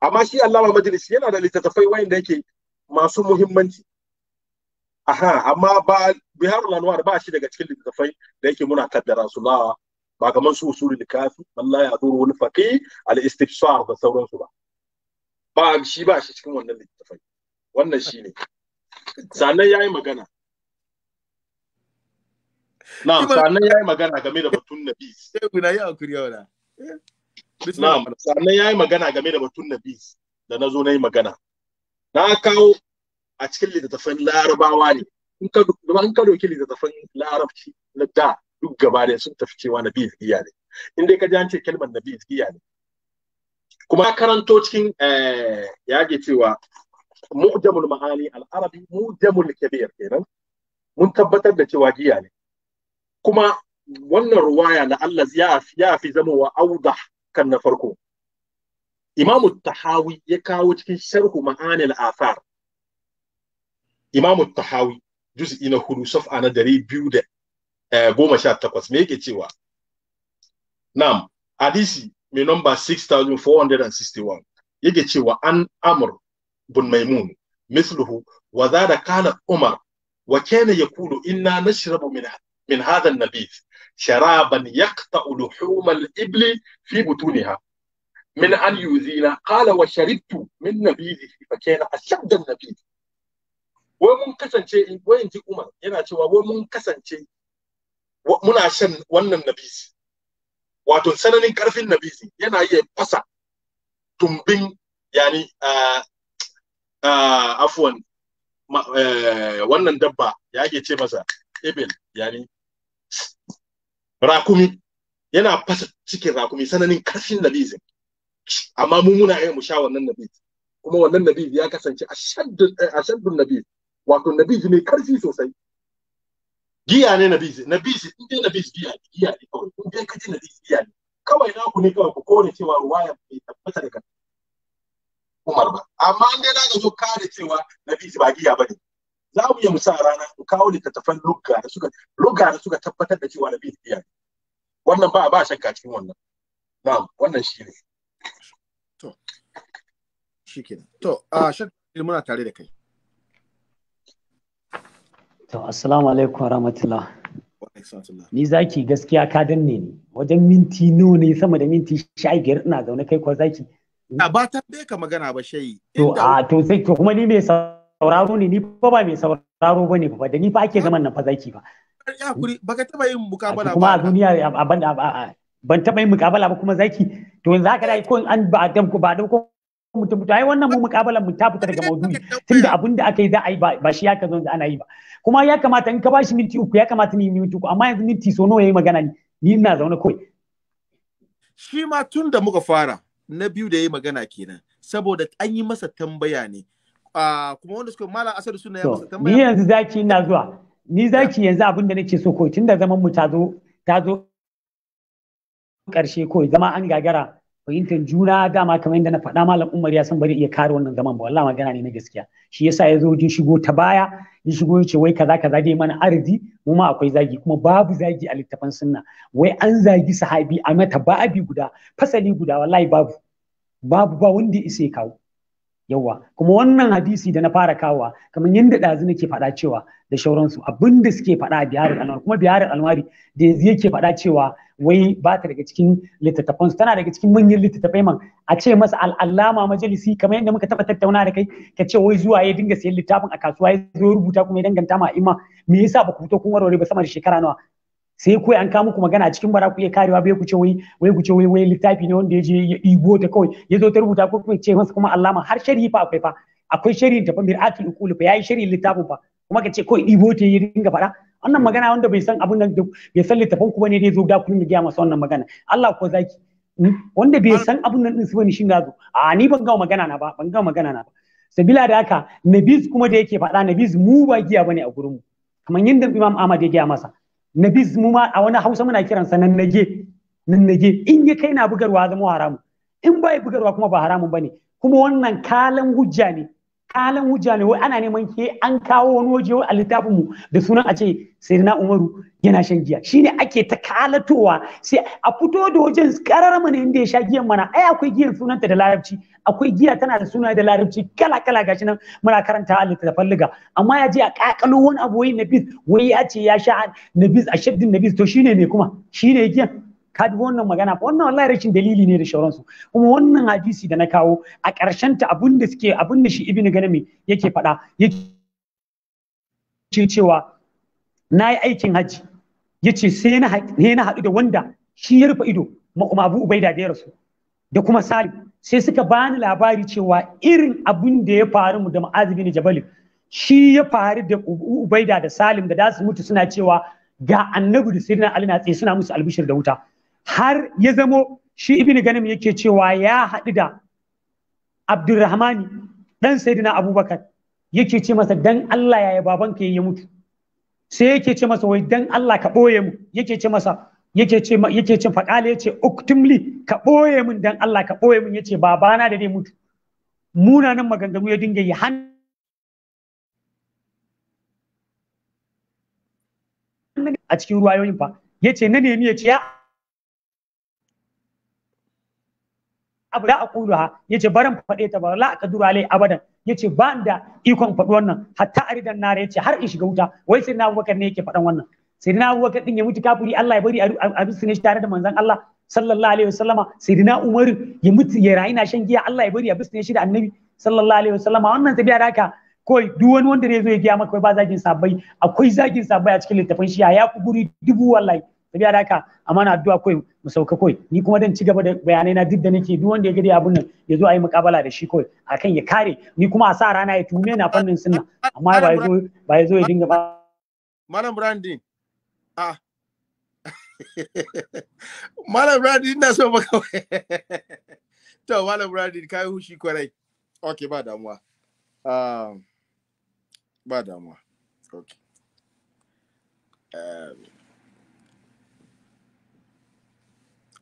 amma shi Allah majalis yana da littattafai da yake masu muhimmanci aha amma ba biharul anwar ba shi daga cikin littattafai da yake muna kaddara su ba ba kamar su usulul kafi wallahi ya zuru wani faqi al istifsar da sauransu ba ba shi ba shi cikin wannan littattafai wannan shi ne. sannan yayi magana na sannan yayi magana game da batun nabi sai kuna yi hakuri yau na eh, sannan yayi magana game da batun nabi da nazo nayi magana na kawo a cikin littattafan larabawa ne in ka in doki littattafan larabci na da duk gaba da sun tafi cewa nabi izgiya ne in dai ka ji an ce kalmar nabi izgiya ne kuma karanto cikin eh, ya ke cewa mu'jamul ma'ani al mu'jamul kabir kenan mun tabbatar da cewa giya ne kuma wannan ruwaya na Allah ya fi zamowa auda kan na farko imamu tahawi ya kawo cikin sharhu ma'anil afar imamu tahawi juz'i hudu saf'a na dari biyu da eh, goma sha takwas me yake cewa nam hadisi mai nomba 6461 yake cewa an amur bin maimun misluhu wa zada kana umar wa kana yaqulu inna nashrabu min min hadha an-nabith sharaban yaqta'u luhum al-ibli fi butuniha min an yuzina qala wa sharittu min nabidihi fa kana ashadda nabid wai mun kasance wai in ji Umar yana cewa wai mun kasance muna shan wannan nabisi wato sananin karfin nabisi yana iya fasa tumbin yani afuwan wannan dabba ya ake ce masa ebel yani rakumi yana fasa cikin rakumi sananin karfin nabizin amma mu muna iya mu sha wannan nabi kuma wannan nabi ya kasance a eh, ashaddun nabi wato nabi ne karfi sosai giya ne nabi nabi in dai nabi giya ne giya ne kawai in dai kaji nabi giya ne kawai na ku ne kawai ku kore cewa ruwaya bai tabbata daga Umar ba amma in dai na zo kare cewa nabi ba giya bane za mu yi sa rana mu kawo littattafan lugga da suka lugga da suka tabbatar da cewa nabi giya ne wannan ba ba shakka cikin wannan na'am wannan shi ne shikenan to a shakka muna tare da kai to assalamu alaikum rahmatullah ni zaki gaskiya ka danne ni wajen minti nawa ne sama da minti sha biyar ina zaune kai kuwa zaki a ba ta bai ka magana ba shayi to a to sai to kuma ni mai sauraro ne ni fa ba mai sauraro bane fa da ni fa ake zaman nan fa zaki ba ya kuri ka taba yin mukabala ba kuma a duniya ban taba yin mukabala ba kuma zaki to yanzu haka dai ko an ba dan ko ba dan ko mutum mutum ai wannan mu mukabalan mu ta fita daga maudu'i tunda abin da aka yi za a yi ba shi ya ka zo ana yi ba kuma ya kamata in ka ba shi minti uku ya kamata ni minti uku amma yanzu minti so nawa yayi magana ni ni ina zaune kawai shi ma tun da muka fara na biyu da yayi magana kenan saboda an yi masa tambaya ne ah, kuma wanda suka malam asar suna ya masa tambaya ni yanzu zaki ina zuwa ni zaki yanzu abin da nake so kawai tunda zaman mu ta zo ta zo karshe kawai zama an gagara fahimtar juna dama kamar yadda na faɗa malam Umar ya san bari iya kare wannan zaman ba wallahi magana ne na gaskiya shi yasa ya zo jin shigo ta baya ya shigo ya ce wai kaza kaza dai mana arzi mu ma akwai zagi kuma babu zagi a littafan sunna wai an zagi sahabi a mata babi guda fasali guda wallahi babu babu ba wanda ya isa ya kawo yawa kuma wannan hadisi da na fara kawa kamar yadda ɗazu nake faɗa cewa da shauransu abin da suke faɗa a biharin al'amari kuma biyarar alwari da yanzu yake faɗa cewa wai ba ta daga cikin littattafan su tana daga cikin manyan littattafai man a ce masa al'allama majalisi kamar yadda muka taɓa tattauna da kai ka ce wai zuwa ya dinga sayan littafin a kasuwa ya zo rubuta kuma ya danganta ma imma me yasa ba ku fito kun warware ba sama da shekara nawa sai kawai an kawo muku magana a cikin bara ku iya karewa bai ku ce wai wai ku ce wai wai littafi ne wanda ya je ya ɗigo ta kawai ya zo ta rubuta ko kuma ce masa kuma allama har sharhi fa akwai fa akwai sharhi ta fa mir'atul uqul fa yayi sharhi littafin fa kuma ka ce kawai ɗigo ta ya dinga faɗa wannan magana wanda bai san abun nan bai san littafin ku bane dai zo da ku ne gaya masa wannan magana Allah ko zaki hmm? wanda bai san abun nan din su bane shin gazo a ni ban ga magana na ba ban ga magana na ba sabila da haka nabiz kuma da yake fada nabiz mu ba giya bane a gurin mu kamar yadda imam ahmad ya gaya masa nabis mu ma a wani hausa muna kiransa nan nage nan nage in ya kai na bugarwa zama haramu in bai bugarwa kuma ba haramun bane kuma wannan kalan hujja ne kalan hujja ne wai ana neman ke an kawo wani waje a littafin mu da sunan a ce sayyidina umaru yana shan giya shine ake ta kalatowa sai a fito da wajen karar mana inda ya sha giyan mana ai akwai giyan sunanta da larabci akwai giya tana da suna da larabci kala kala gashi nan muna karanta a littattafan liga amma ya je a kakalo wani abu wai Nabiz wai ya ce ya sha Nabiz a shaddin Nabiz. to shine me kuma shine giya? ka dubi wannan magana fa wannan wallahi rashin dalili ne da shauransu kuma wannan hadisi da na kawo a ƙarshen ta abin da suke abin da shi ibnu ganami yake faɗa yake cewa na yi aikin haji yace sai na haɗu da wanda shi ya rufe ido ma Abu Ubaida da ya rasu da kuma Salim sai suka bani labari cewa irin abin da ya faru mu da ma'az bin jabal shi ya faru da ubaida da salim da dasu mutu suna cewa ga annabi da saidina ali na tsaye suna musu albishir da wuta har ya zamo shi ibn ganim yake cewa ya haɗu da abdurrahmani dan sayyidina abubakar yake ce masa dan Allah yaya babanka ya mutu sai yake ce masa wai dan Allah ka ɓoye mu yake ce masa yake ce yake ce faƙala yace uktimli ka ɓoye min dan Allah ka ɓoye min yace babana da dai mutu munanan maganganu ya dinga yi hannu a cikin ruwayoyin fa yace na nemi yace ya abu da aqulu ha yace baran faɗe ta ba la aqduru alai abadan yace ba da ikon faɗi wannan hatta aridan nare yace har in shiga wuta wai sai na bakar ne yake faɗan wannan sayyidina abubakar din ya mutu kafiri Allah ya bari a bisne shi tare da manzon Allah sallallahu alaihi wasallam sayyidina umar ya mutu ya raina shan giya Allah ya bari a bisne shi da annabi sallallahu alaihi wasallam wannan tabiya da haka kawai duk wani wanda zai zo ya giya maka ba zagin sabai akwai zagin sabai a cikin littafin shi ya ku guri dubu wallahi tabiya da haka amma na addu'a kawai mu sauka kawai ni kuma dan ci gaba da bayanai na duk da nake duk wanda ya gade abun nan ya zo a yi mukabala da shi kawai akan ya kare ni kuma a sa rana ya tume na fannin sunna amma ba ya zo ba ya zo ya dinga ba Malam Brandin a ah. malam radi ina so ba kawai to malam radi kai hushi kwarai okay ba damuwa um, ba damuwa okay um,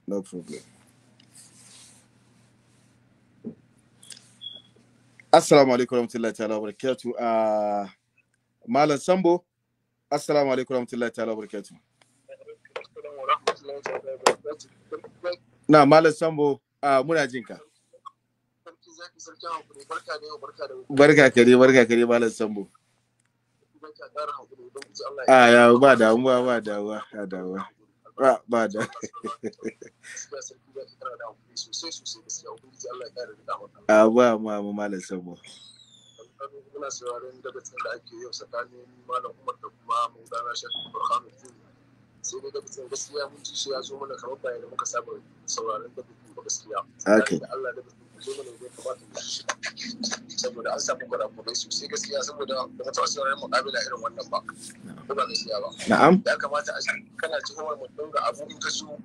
no problem assalamu alaikum warahmatullahi ta'ala barakatuh uh, malam sambo assalamu alaikum warahmatullahi ta'ala barakatuh na malam sambo a muna jinka barka kare barka kare malam sambo a ya ba damuwa ba ba da ba ba da a ba ma malam sambo muna sauraron dagatin da ake yau tsakanin malam umar da kuma maulana shafi burhanu sai dai dagatin gaskiya mun ji shi ya zo mana kamar bayan da muka saba sauraron dagatin ba gaskiya da allah dagatin ya zo mana ya kamata mu shi saboda an samu kurakurai sosai gaskiya saboda ba mu taɓa sauraron muƙabila irin wannan ba ko ba gaskiya ba na'am ya kamata a kana cikin wani mutum ga abu in ka so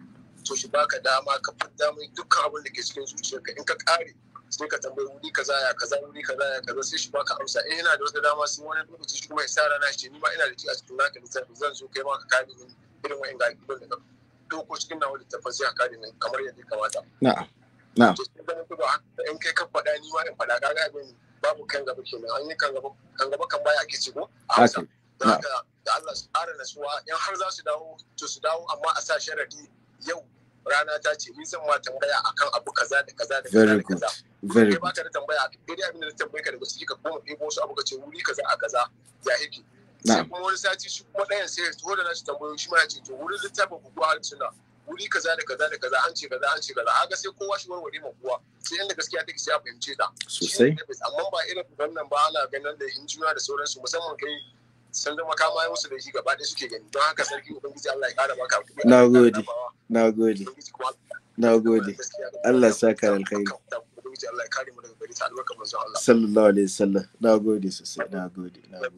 to shi baka dama ka fi damar dukkan abin da ke cikin zuciyarka in ka kare. sai ka tambayi wuri kaza ya kaza wuri kaza ya kaza sai shi baka amsa eh, in yana da wata dama sun wani lokaci shi kuma ya tsara na shi ni ma ina da ci a cikin naka tsari zan zo kai ma ka kare ni irin wa'in ga gidan da ɗauko cikin nawa da sai a kare ni kamar yadda ya kamata na'am na'am in kai ka faɗa ni ma in faɗa kaga abin babu kan gaba ke nan an yi kan gaba kan gaba kan baya ake ci ko a da Allah su ƙara nasuwa in har za su dawo to su dawo amma a sa sharadi yau rana ta ce ni zan ma tambaya akan abu kaza da kaza da kaza da kaza very good baka da tambaya dai abin da tambaye ka daga ciki ka koma ɗebo su abu ka ce wuri kaza a kaza ya yake sai kuma wani sati shi kuma ɗayan sai ya da da nashi tambayoyi shi ma ya ce to wurin littafin ku ko suna wuri kaza da kaza da kaza an ce kaza an ce kaza haka sai kowa shi warware ma kowa sai inda gaskiya take sai a fahimce ta sosai amma ba irin wannan ba ana ganin da injiniya da sauransu musamman kai sandan ka ya da shi gaba ɗaya suke gani don haka sarki ubangiji Allah ya kara na gode na gode na gode Allah sa ka alkhairi Allah ya kare mu daga gari ta albarka manzo Allah sallallahu alaihi wasallam na gode sosai na gode na gode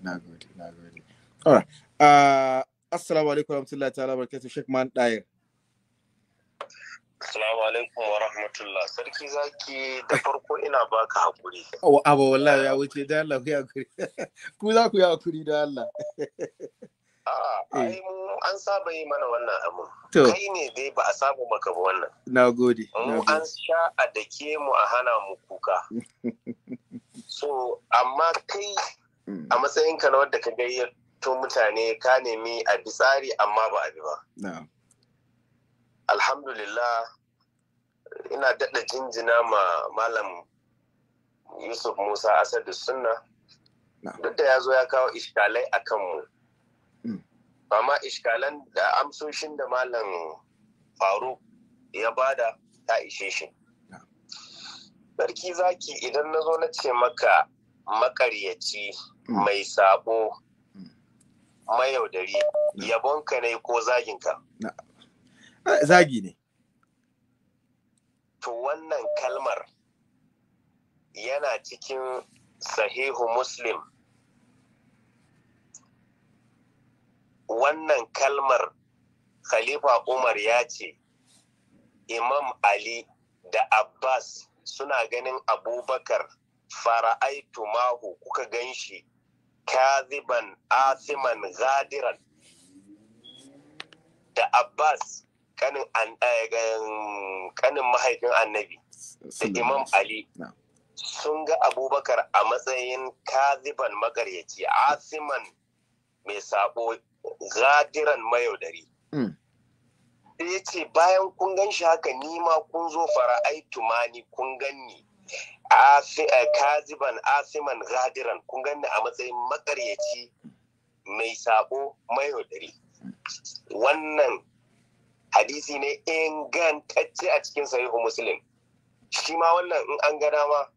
na gode na gode uh, assalamu alaikum warahmatullahi ta'ala barakatuh Sheikh Man Dayer Assalamu alaikum wa rahmatullah. Sarki zaki da farko ina baka hakuri. Oh, abu wallahi ya wuce da Allah ku hakuri. Ku za ku yi hakuri da Allah. Ah, eh. ai mu an saba yi mana wannan abu. Kai ne dai ba a saba maka ba wannan. Na gode. Mu an sha a dake mu a hana mu kuka. So amma kai mm. a matsayinka na wadda ka gayyato mutane ka nemi a bi tsari amma ba a bi ba. alhamdulillah ina daɗa jinjina ma malam yusuf musa asadu sunna duk da ya zo ya kawo iskalai a kanmu mm. amma iskalan da amsoshin da malam faru ya bada ta ishe shi sarki zaki idan na zo na ce maka makaryaci mm. mai sabo mm. mayaudari yabonka ne ko zaginka Ah, zagi ne to wannan kalmar yana cikin sahihu muslim wannan kalmar khalifa umar ya ce imam ali da abbas suna ganin abubakar fara'aitu mahu kuka gan shi kaziban asiman gadiran da abbas Eh, kanin mahaifin annabi da imam ali sun ga abubakar a matsayin kaziban magaryaci asiman mai sabo gadiran mayaudari da mm. ya ce bayan kun gan shi haka nima kun zo fara'aitu mani kun ganni eh, kaziban asiman gadiran kun ganni a matsayin magaryaci mai sabo mayaudari mm. wannan hadisi ne ingantacce a cikin sahihu muslim shi ma wannan in an ga dama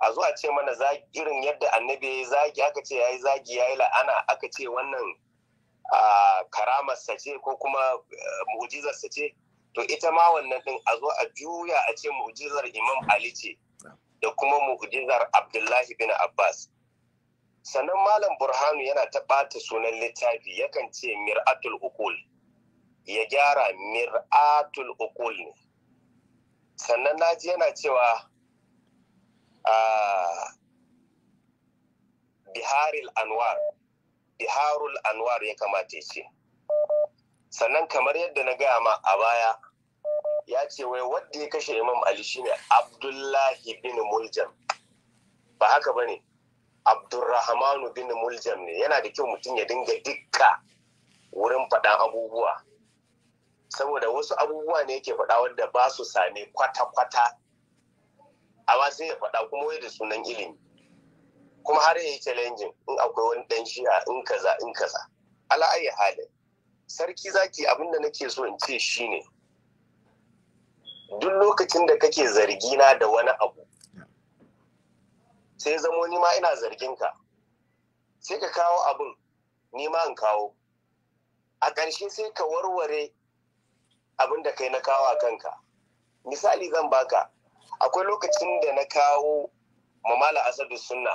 a zo a ce mana irin yadda annabi ya zagi aka ce ya yi zagi yayi la'ana aka ce wannan karamarsa ce ko kuma eh, mu'jizarsa ce to ita ma wannan din a zo a juya a ce mu'jizar imam ali ce da kuma mu'jizar abdullahi bin abbas sannan malam burhanu yana ta ɓata sunan littafi yakan ce mir'atul ukul ya gyara mir'atul uqul ne sannan ji yana cewa a biharul anwar biharul anwar ya kamata ce sannan kamar yadda na gaya ma a baya ya ce wai wadda ya kashe imam ali shine abdullahi bin muljam ba haka ba ne abdurrahmanu bin muljam ne yana da kyau mutum ya dinga dukka wurin faɗan abubuwa saboda wasu abubuwa ne yake faɗa wanda ba su sami kwata-kwata ba sai ya faɗa kuma wai da sunan ilimi kuma har yi challenging in akwai wani ɗan shi'a in kaza in kaza ala'ayi ayi halin sarki zaki abin da nake so in ce ne. duk lokacin da kake zargina da wani abu sai zamo ni ma ina zargin ka sai ka kawo abin ni ma in kawo a ƙarshe sai ka warware abin da kai na kawo a kanka misali zan baka akwai lokacin da na kawo mamala asadu sunna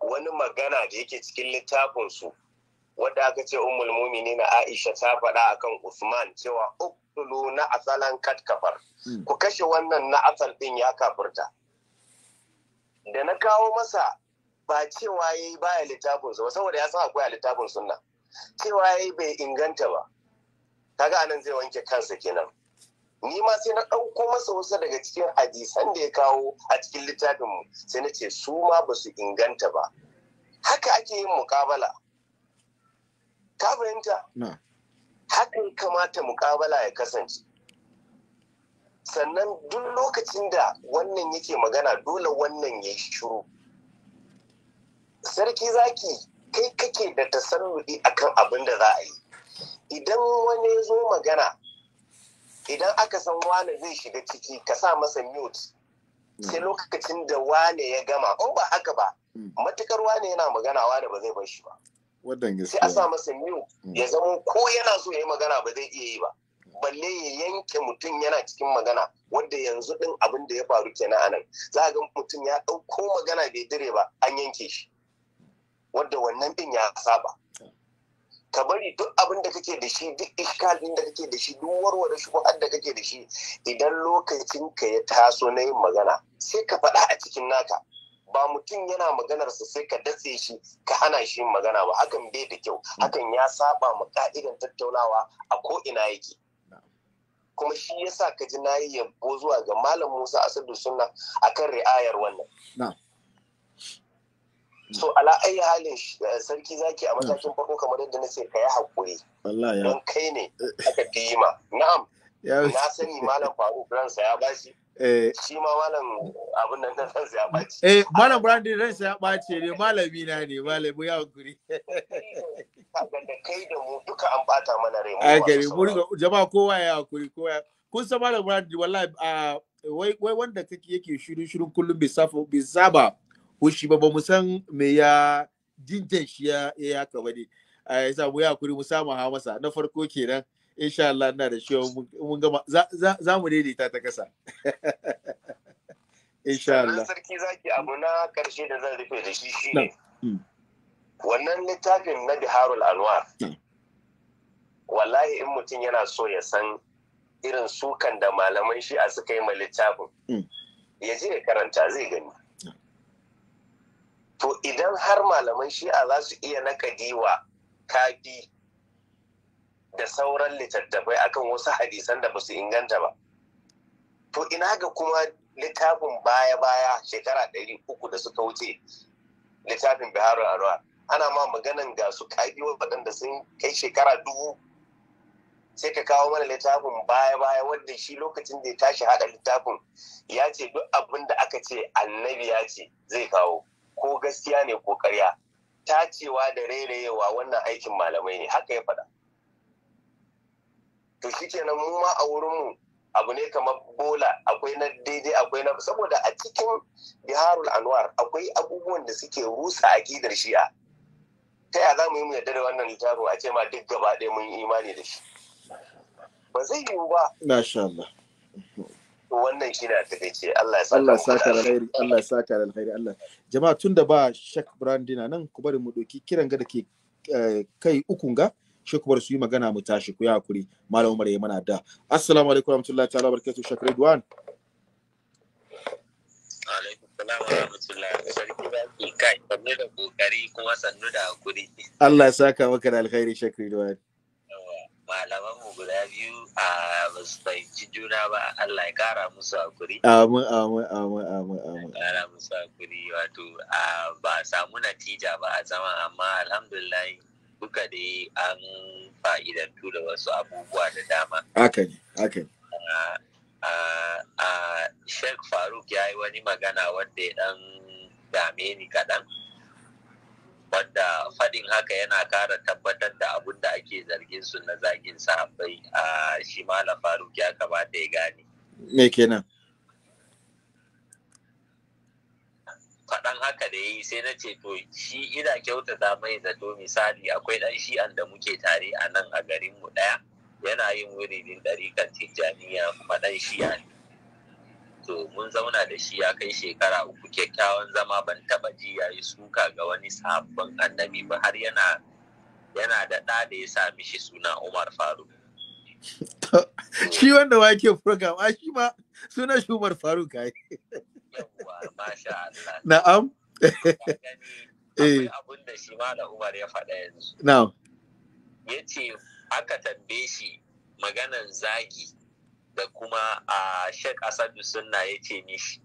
wani magana da yake cikin littafin su wadda aka ce ummul mumini na aisha ta faɗa akan usman cewa uktulu na asalan kat hmm. ku kashe wannan na asal ɗin ya kafurta. da na kawo masa ba cewa ya yi baya littafin su saboda ya san akwai a littafin sunna cewa ya yi bai inganta ba kaga anan zai wanke kansa kenan ni ma sai na ɗauko masa wasu daga cikin hadisan da ya kawo a cikin littafinmu sai na ce su ma ba su inganta ba haka ake yin mukabala ka fahimta haka ya kamata mukabala ya kasance sannan duk lokacin da wannan yake magana dole wannan ya shiru sarki zaki kai kake da tasarruɗi akan abin da za a yi idan wani ya zo magana idan aka san wane zai shiga ciki ka sa masa mute sai hmm. lokacin da wane ya gama ko ba haka ba hmm. matukar wane yana magana wane ba zai bar shi ba sai a sa masa mute hmm. ya zama ko yana so ya yi magana ba zai iya yi ba balle ya yanke mutum yana cikin magana wanda yanzu din abin da ya faru kenan anan za ga mutum ya ɗauko magana bai dire ba an yanke shi wanda wannan din ya saba ka bari duk abin da kake da shi duk iskalin da kake da shi duk warware shi da kake da shi idan lokacin ka ya taso na yin magana sai ka faɗa a cikin naka ba mutum yana maganarsa sai ka datse shi ka hana shi yin magana ba hakan bai da kyau hmm. hakan ya saba ma ka'idan tattaunawa a ko ina yake kuma shi yasa ka ji nayi yabo zuwa ga malam Musa Asadu Sunna akan ri'ayar wannan so ala ayi halin eh, sarki zaki a matakin farko kamar yadda na ce ka yi haƙuri don kai ne aka fi ma na'am na sani malam faru ransa ya bashi eh. shi ma malam abin nan ransa ya baci eh malam brandin ransa ya bace ne malami na ne malami ya haƙuri da kai da mu duka an bata mana rai a gari jama'a kowa ya haƙuri kowa kun san malam brandin wallahi ah, wai wanda kake yake shiru shiru kullum bai saba wushi ba ba mu san me ya jinjin shi ya ya haka ba ne ya sa mu ya kuri mu samu ha masa na farko kenan insha Allah ina da shi mun gama za mu daidaita ta kasa insha Allah sarki zaki abu na karshe da zan rufe da shi shi mm. wannan littafin na Biharul Anwar mm. wallahi in mutum yana so ya san irin sukan da malaman a suka yi ma littafin mm. ya je ya karanta zai gani to idan har malaman shi'a za su iya wa kafi da sauran littattafai akan wasu hadisan da ba su inganta ba to ina ga kuma littafin baya-baya shekara ɗari uku da suka wuce littafin Biharu arwa ana ma maganan ga su kafi waɗanda sun kai shekara dubu sai ka kawo mana littafin baya-baya wanda shi lokacin da ya tashi haɗa littafin ya ce duk abin da aka ce annabi ya ce zai kawo ko gaskiya ne ko karya tacewa da rairayewa wannan aikin malamai ne haka ya faɗa to shikenan mu ma a wurinmu abu ne kamar bola akwai na daidai akwai na saboda a cikin biharul anwar akwai abubuwan da suke rusa a akidar shi'a ta ya za mu yi mu yarda da wannan littafin a ce ma duk gaba ɗaya mun yi imani da shi ba zai yiwu ba wannan shi na da ce Allah ya saka Allah saka alkhairi Allah saka alkhairi Allah jama'a da ba shek Brandina nan ku bari mu doki kiran ga da ke eh, kai ukun ga shi ku bar su yi magana mu tashi ku yi hakuri malam Umar ya mana da assalamu alaikum warahmatullahi ta'ala barakatuh da hakuri Allah ya saka maka da alkhairi Sheikh redwan malaman mu guda biyu a ba fahimci juna ba Allah ya kara musu hakuri amin amin amin amin amin kara musu hakuri wato ba samu natija ba a zama amma alhamdulillah duka dai an fa'idantu da wasu abubuwa da dama haka ne haka ne Sheikh Faruk ya yi wani magana wanda ya dan dame ni kaɗan. wanda faɗin haka yana kara tabbatar da abun da ake zargin su na zagin sahabbai a shi malam faruk ya kamata ya gane me kenan faɗan haka da ya yi sai na ce to shi ina kyautata mai zato misali akwai ɗan shi'an da muke tare a nan a garinmu ɗaya yana yin wuridin ɗarikan tijjaniya kuma ɗan shi'a to mun zauna da shi ya kai shekara uku kyakkyawan zama ban taba ji ya yi suka ga wani sabon annabi ba har yana yana da ɗa da ya sami shi suna umar faruk shi wanda wake program a shi ma suna shi umar faruk ai na'am eh. abin da shi ma da umar ya faɗa yanzu na'am ya ce aka tambaye shi maganan zagi da kuma a Sheikh Asadu Sunna ya ce mishi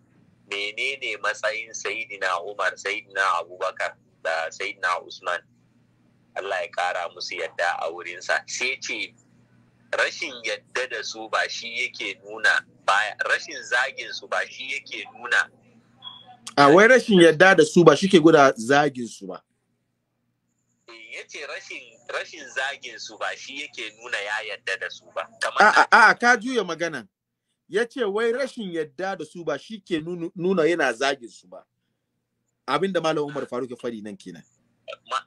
menene matsayin Sayyidina Umar, Sayyidina Abubakar da Sayyidina Usman. Allah ya kara musu yadda a wurinsa. Sai ce rashin yadda da su ba shi yake nuna Ba rashin zagin su ba shi yake nuna. A wai rashin yadda da su ba shi ke guda zagin su ba. ya ce rashin zagin su ba shi yake nuna ya yadda da su ba. A'a ka juya magana. Ya ce wai rashin yadda da su ba shi ke nuna yana zagin su ba. Abinda Malam Umar Faruk ya fari nan kenan.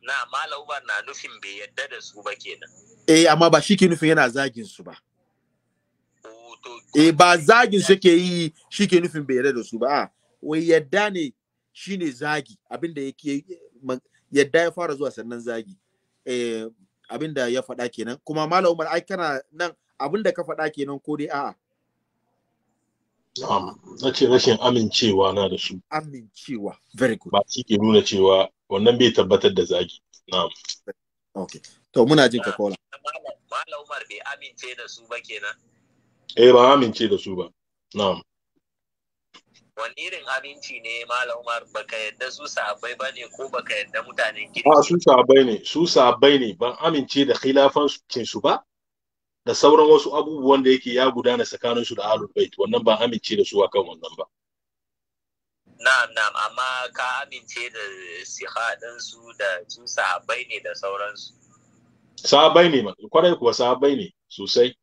Na Malam Umar na nufin bai yadda da su ba kenan. Eh amma ba shi ke nufin yana zagin su ba. Eh ba zagin su ke yi shi ke nufin bai yadda da su ba. Wai yadda ne shine zagi abinda yake eh, yadda ya fara zuwa sannan zagi eh, abin da ya faɗa kenan kuma malam umar ai kana nan abin da ka faɗa kenan ko dai a'a na ce rashin amincewa na da su amincewa very good ba shi ke nuna cewa wannan bai tabbatar da zagi na'am okay to muna jin ka kola malam umar bai amince da su ba kenan eh ba amince da su ba na'am wani irin aminci ne malam umar baka yadda su sabai ba ne ko baka yadda mutanen gidi ba su sabai ne su sabai ne ban amince da khilafancin su ba da sauran wasu abubuwan da yake ya gudana tsakanin su da ahlul bait wannan ban amince da su akan wannan ba na'am na'am amma ka amince da siha din su da su sabai ne da sauransu sabai ne ma kwarai kuwa sabai ne sosai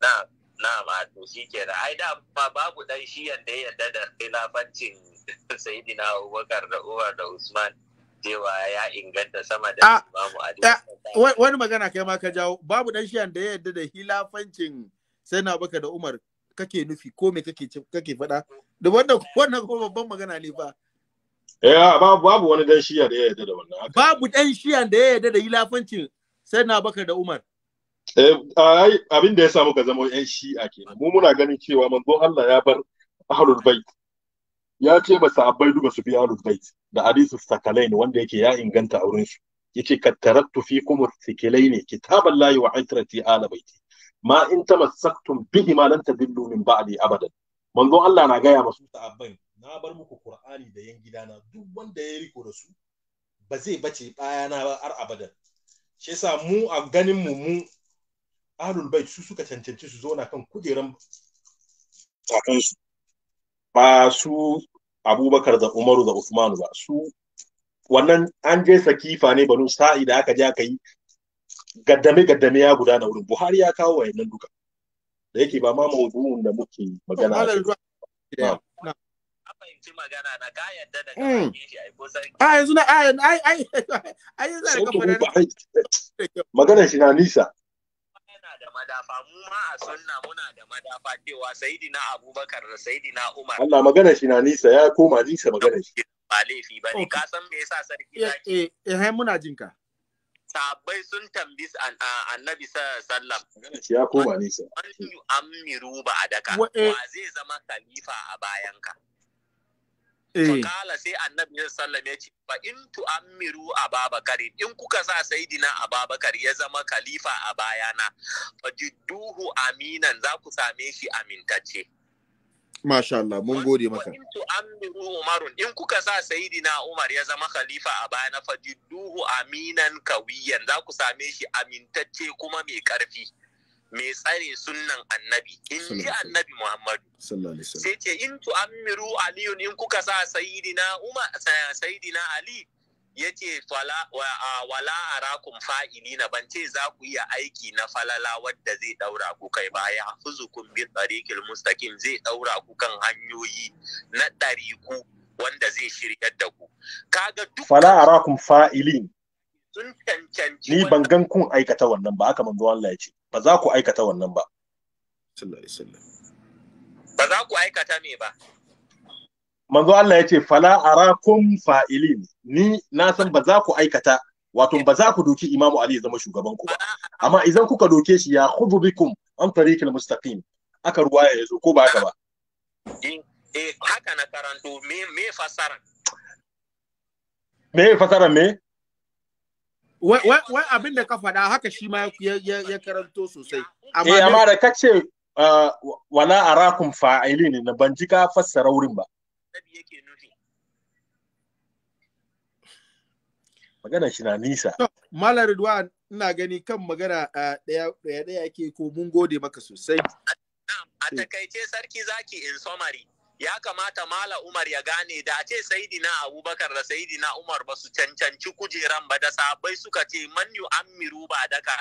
na'am na ma to shi da ai da ma babu dan shi yanda ya yarda da khilafancin sayyidina Abubakar da Umar da Usman cewa ya inganta sama da Imam Ali wani magana kai ma ka jawo babu dan shi yanda ya yarda da khilafancin sayyidina Abubakar da Umar kake nufi ko me kake kake faɗa da wannan wannan ko babban magana ne fa Eh babu babu wani dan shiya da ya da wannan babu dan shiya da ya yarda da khilafancin sayyidina Abubakar da Umar Eh, abin da ya samu ga zama yan shi'a kenan mu muna ganin cewa manzon Allah ya bar ahlul bait ya ce ba abai duka su bi ahlul bait da hadisu sakalain wanda yake ya inganta auren su yace fi kumur thikilaini kitaballahi wa itrati ala baiti ma in tamassaktum bihi ma lan tadillu min ba'di abadan manzon Allah na gaya masu abai na bar muku qur'ani da yan gidana duk wanda ya riko da su ba zai bace bayana ba har abadan shi yasa mu a ganin mu mu ahlul bait su suka cancanci su zauna kan kujeran kafin su ba su abubakar da umaru da usmanu ba su wannan an je sakifa ne banu sa'i da aka je aka yi gaddame gaddame ya gudana wurin buhari ya kawo wayannan duka da yake ba ma maudu'un da muke magana magana na ka yadda da ka shi ai ko sarki ai yanzu na ai ai ai ai ai maganar shi na nisa madafa mu ma a sunna muna da madafa cewa sayidina abubakar da sayidina umar Allah magana shi na nisa ya koma nisa magana shi ba laifi ba ne ka san me yasa sarki eh, zaki eh eh muna jin ka sahabbai sun tambi annabi sallam ya koma nisa an amiru ba a daka eh. wa zai zama khalifa a bayanka Eh. Fakala sai annabi ya sallam ya ce fa in a Ababakar in kuka sa sayidina Ababakar ya zama khalifa a bayana fa jidduhu aminan za ku same shi amintacce. Masha Allah mun gode maka. Wa in tu'ammiru Umarun in kuka sa sayidina Umar ya zama khalifa a bayana fa jidduhu aminan kawiyan za ku same shi amintacce kuma mai karfi. mai tsare sunnan annabi in ji annabi muhammadu sai ce in tu'ammiru aliyun in kuka sa sayidina umar sayidina ali ya ce wala arakum na ban ce za ku iya aiki na falala wadda zai daura ku kai ba ya kun bi tariqil zai daura ku kan hanyoyi na ɗariku wanda zai shirya da ku kaga duk fala a fa'ilin fa’ili ni ban gan kun aikata wannan ba aka manzo Allah ya ce ba za ku aikata wannan ba ba za ku aikata me ba manzo Allah ya ce fala arakum fa'ilin ni na san ba za ku aikata wato ba za ku doki imamu ali ya zama shugaban ku ba amma idan kuka doke shi ya khudhu bikum an tariqil mustaqim aka ya zo ko ba haka ba eh, eh, haka na karanto me me fasara me fasara me wai abin da ka faɗa haka shi ma ya karanto sosai amma eh, da ka ce uh, wala a fa'ili ne na ban ji ka fassara wurin ba magana shi na nisa malar ridwan ina gani kan magana uh, ɗaya ɗaya ke ko mun gode maka sosai a takaice sarki zaki in summary ya kamata mala umar ya gane da a ce sayidina abubakar da saidina umar ba su cancanci kujeran ba da sabai suka ce man yu amiru ba daka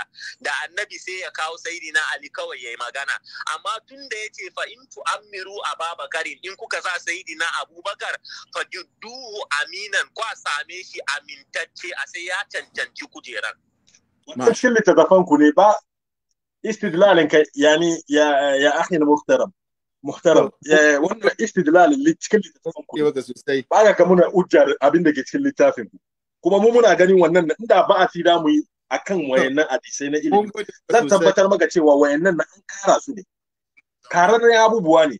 da annabi sai ya kawo saidina ali kawai ya yi magana amma tun da ya ce fa in tu amiru ababakarin in kuka sa saidina abubakar fa duhu aminan kwa same shi amintacce a sai ya cancanci kujeran. Cikin littattafan ku ne ba istidlalin yani ya ya akhi muhtaram muhtaram wannan istidlalin cikin littafin ku ba ka muna ujjar abin da ke cikin littafin ku kuma mu muna ganin wannan inda ba a fi da mu yi akan wayannan hadisai na ilimi zan tabbatar maka cewa wayannan na an kara su ne karar abubuwa ne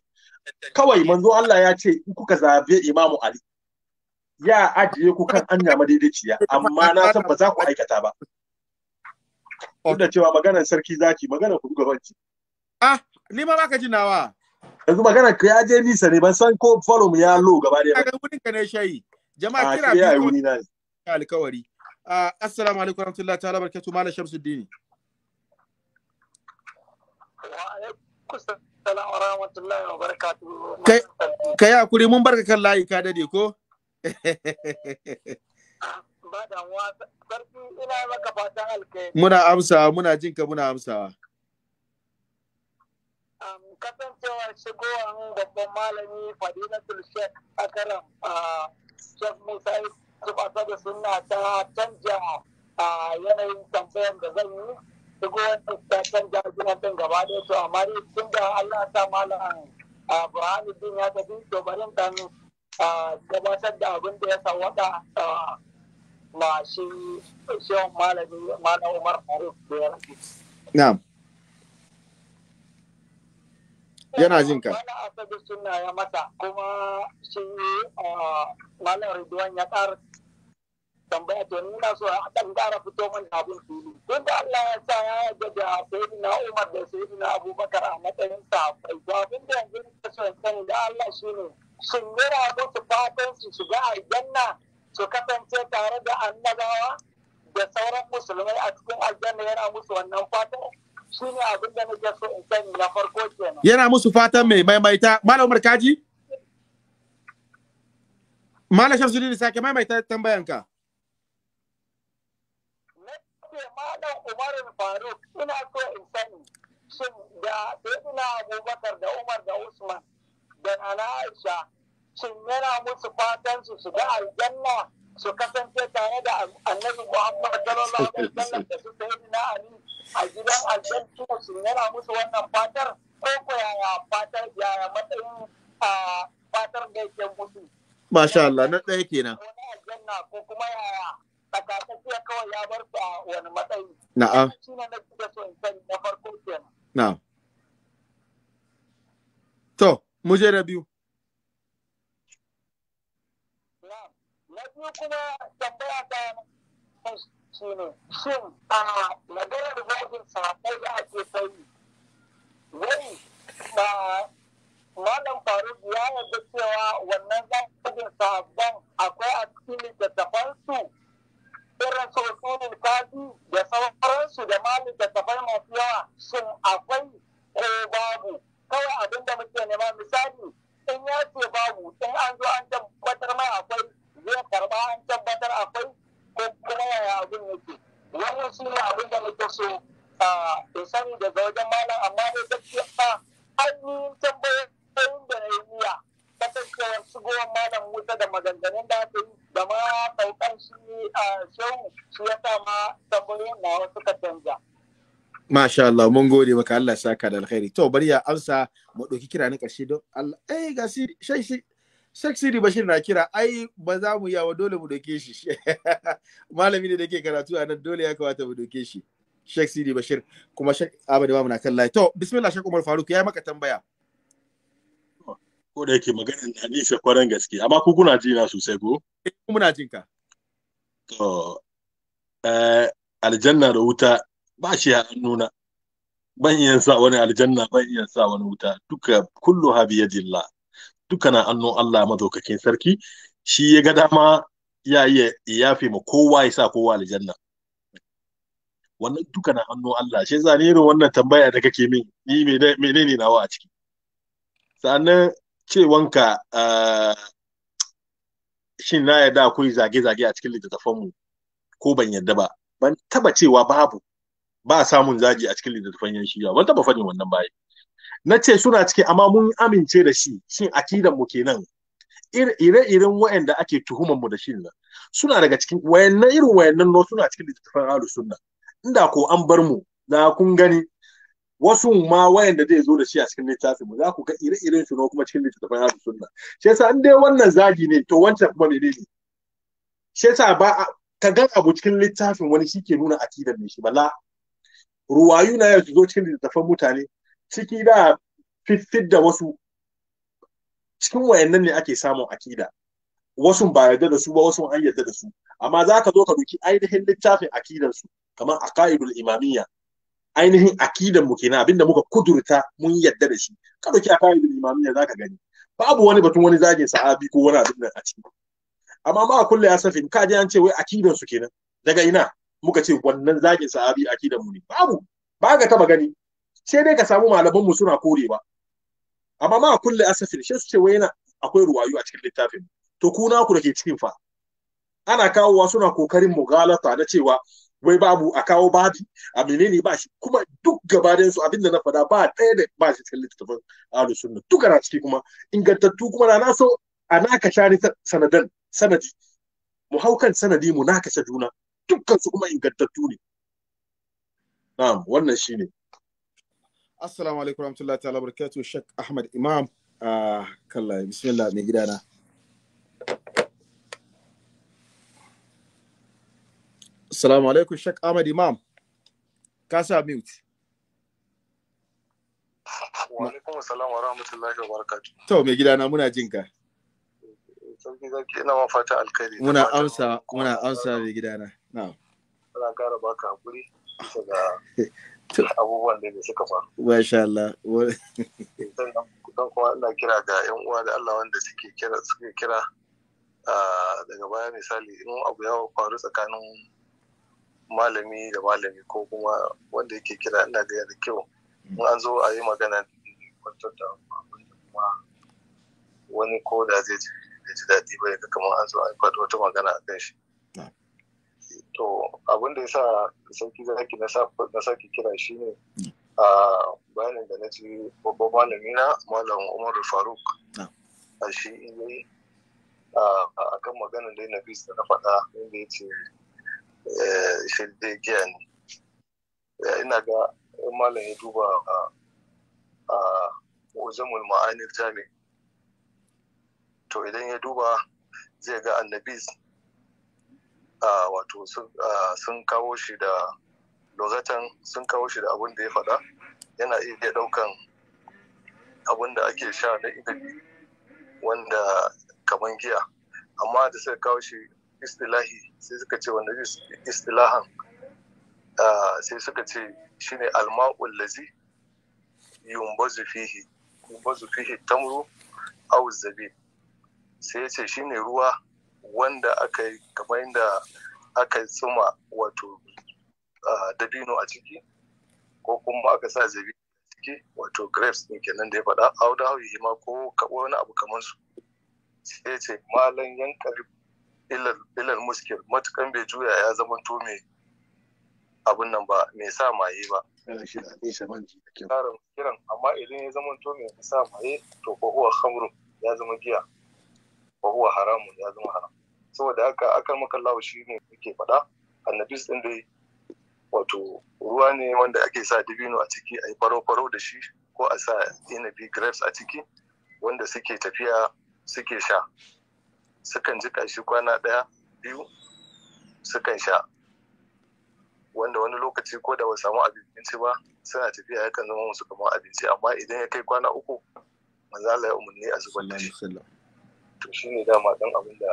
kawai manzo Allah ya ce in kuka zabe Imamu Ali ya ajiye ku kan anya madaidaiciya amma na san ba za ku aikata ba duk da cewa maganar sarki zaki maganar ku gabanci ah ni baka ji nawa yanzu magana ka ya je nisa ne ban san ko forum ya lo gaba da yawa wurin ka ne shayi jama'a ah, kira ya wuri na alkawari ah, assalamu alaikum wa rahmatullahi ta'ala barkatu malam shamsuddin Wa wa rahmatullahi Kai yi hakuri mun barka kan layi ka dade ko Ba da wa barki ina maka fatan muna amsa muna jinka muna amsawa kasancewar shigowar babban malami fadilatul shek a karan shek musa yusuf da suna ta canja a yanayin tambayar da zan yi shigowar ta canja gina ɗin gaba da to amma dai tun da allah ta malam burhanuddin ya tafi to barin dan gabatar da abin da ya sawwaka ma shi shewan malami malam umar faruk da ya yana jin ka wani asabi suna ya mata kuma shi ah, malam ridwan ya ƙara tambaya to nuna so a ɗan ƙara fito mana abin fili duk da Allah ya sa ya yarda da sayyidina Umar da sayyidina Abubakar a matsayin sa bai to abin da yanzu ka so sani da Allah shine shin yana musu fatan su shiga aljanna su kasance tare da annabawa da sauran musulmai a cikin aljanna yana musu wannan fatan shi ne abin da nake so in sani na farko kenan yana musu fatan mai maimaita malam umar kaji malam shamsuddin sake maimaita tambayan ka malam umar faruk ina so in sani shin da sayyidina abubakar da umar da usman da nana aisha shin yana musu fatan su shiga aljanna su kasance tare da annabi muhammad sallallahu alaihi wasallam da su sayyidina ali a gidan aljanna su yana musu wannan fatar ko ko yaya fatar yaya matsayin a fatar da yake musu masha Allah na ɗaya kenan wani aljanna ko kuma yaya tsakatsakiya kawai ya bar su a wani matsayi na'am shi ne na kuka so in sani na farko kenan na'am to mu je da biyu na biyu kuma tambaya ta shi shin a maganar sa sako da ake kai wai ba malam faruk ya yarda cewa wannan sa sabon akwai a cikin littattafan su irin su usulul kafi da sauransu da ma littattafai masu yawa shin akwai ko babu kawai abin da muke nema misali in ya ce babu in an zo an tabbatar mai akwai zai karba an tabbatar akwai ko kuma yaya abin yake wannan shi ne abin da nake so in sani daga wajen malam amma dai gaskiya ba ainihin tambayoyin da ya yi niyya kasancewar shigowar malam wuta da maganganun da aka yi da ma saukan shi a shehu shi ya sa ma tambayoyin na wasu ka canja. Masha Allah, mun gode maka Allah saka da alkhairi. To bari ya amsa mu ɗauki kira na ƙarshe don Allah. Eh ga shi shai shi Sheikh Sidi Bashir na kira ai ba za mu yawa dole mu doke shi. Malami ne da ke karatu a nan dole ya kamata mu doke shi. Sheikh Sidi Bashir kuma Sheikh ba mu na kan layi. To bismillah Sheikh Umar Faruk ya maka tambaya. Ko da yake maganar na nisa kwaran gaske amma ku kuna ji na sosai ko? Eh, muna jin ka. To eh aljanna da wuta ba shi ya nuna. Ban iya sa wani aljanna ban iya sa wani wuta duka kullu habiyadillah. duka na hannun Allah madaukakin sarki shi ya ga dama ya iya yafe ma kowa ya sa kowa aljanna wannan duka na Allah shi zane irin wannan tambaya da kake min ni menene nawa a ciki sannan cewanka ah, shin na yarda akwai zage-zage a cikin littattafanmu ko ban yarda ba ban taba cewa babu ba samun zagi a cikin littattafan yan shiya ban taba fadin wannan bayan na ce suna ciki amma mun amince da shi shin akidan mu kenan ire-iren wayanda ake tuhuman mu da shi nan suna daga cikin wayannan irin wayannan no suna cikin littafin alu sunna inda ko an bar mu na kun gani wasu ma wayanda zai zo da shi a cikin littafin mu za ku ga ire-iren su kuma cikin littafin alu sunna shi yasa in dai wannan zagi ne to wancan kuma ne ne shi yasa ba ka ga abu cikin littafin wani shi ke nuna akidan ne shi bala ruwayu na yau zo cikin littafin mutane ciki da fitfit da wasu cikin wayannan ne ake samun akida wasu ba yarda da su ba wasu an yarda da su amma za ka zo ka doki ainihin littafin akidan su kamar aqaidul imamiyya ainihin akidan mu kenan abinda muka kudurta mun yarda da shi ka doki aqaidul imamiyya za ka gani babu wani batun wani zagin sahabi ko wani abin nan a ciki amma ma kullu ya safin ka ji an ce wai akidan su kenan daga ina muka ce wannan zagin sahabi akidan mu ne babu ba ga taba gani sai dai ka samu malaman mu suna korewa amma ma kulli asafin shi su ce wai yana akwai ruwayu a cikin littafin to ku na ku dake cikin fa ana kawowa suna kokarin mugalata na cewa wai babu a kawo babi a menene ba shi kuma duk gabaɗayan su abinda na faɗa ba ɗaya da ba shi cikin littafin ahlus sunna duka na ciki kuma ingantattu kuma na so a naka shari sanadan sanadi mu haukan sanadi mu nakashe juna dukkan su kuma ingantattu ne na'am wannan shine Assalamu alaikum warahmatullahi ta'ala barkatu Sheikh Ahmad Imam a ah, kalla bismillah mai gidana. Assalamu alaikum Sheikh Ahmad Imam. Ka sa mute. Wa alaikum assalam wa rahmatullahi wa barakatuh. To mai gidana muna jin ka. ina ma fata alkhairi. Muna amsa muna amsa mai gidana. Na'am. Ana kara baka hakuri bisa ga abubuwan da suka faru. Masha Allah. Don kuma ina kira ga 'yan uwa da Allah wanda suke kira suke kira daga baya misali in abu ya faru tsakanin malami da malami ko kuma wanda yake kira ina ga da kyau in an zo a yi magana kwantar da kuma wani ko da zai ji daɗi ba ya kamar an zo a yi wata magana a kan shi. to abin da ya sa sarki zaki na sake kira shi ne a bayanin da na ji babban malami na malam umar faruk a shi iya a kan magana da na fi na faɗa inda ya ce eh, shi giya ne ina ga malam ya duba a wajen ma'anir jami to idan ya duba zai ga annabis wato sun kawo shi da lozatan sun kawo shi da abin da ya faɗa yana iya ɗaukan abin da ake sha na inabi wanda kamar giya amma da suka kawo shi istilahi sai suka ce wanda istilahan sai suka ce shine alma'ul lazi yumbazu fihi yumbazu fihi tamru aw zabib sai ya ce shine ruwa wanda aka yi kamar yadda aka tsuma wato dabino a ciki ko kuma aka sa zabi a ciki wato grapes din kenan da ya faɗa auda yi ma ko wani abu kamar su sai ce malan yankar ilal muskil matukan bai juya ya zama to mai abin nan ba mai sa maye ba kiran amma idan ya zama to mai sa maye to ko hamrun ya zama giya wa haramun ya zama haram saboda haka akan makallawa shi ne yake faɗa annabi ɗin dai wato ruwa ne wanda ake sa dabino a ciki a faro-faro da shi ko a sa inabi grapes a ciki wanda suke tafiya suke sha sukan ji shi kwana ɗaya biyu sukan sha wanda wani lokaci ko da ba samu abinci ba suna tafiya yakan zama musu kamar abinci amma idan ya kai kwana uku manzala ya umarni a zubar da shi to shi ne dama ɗan abin da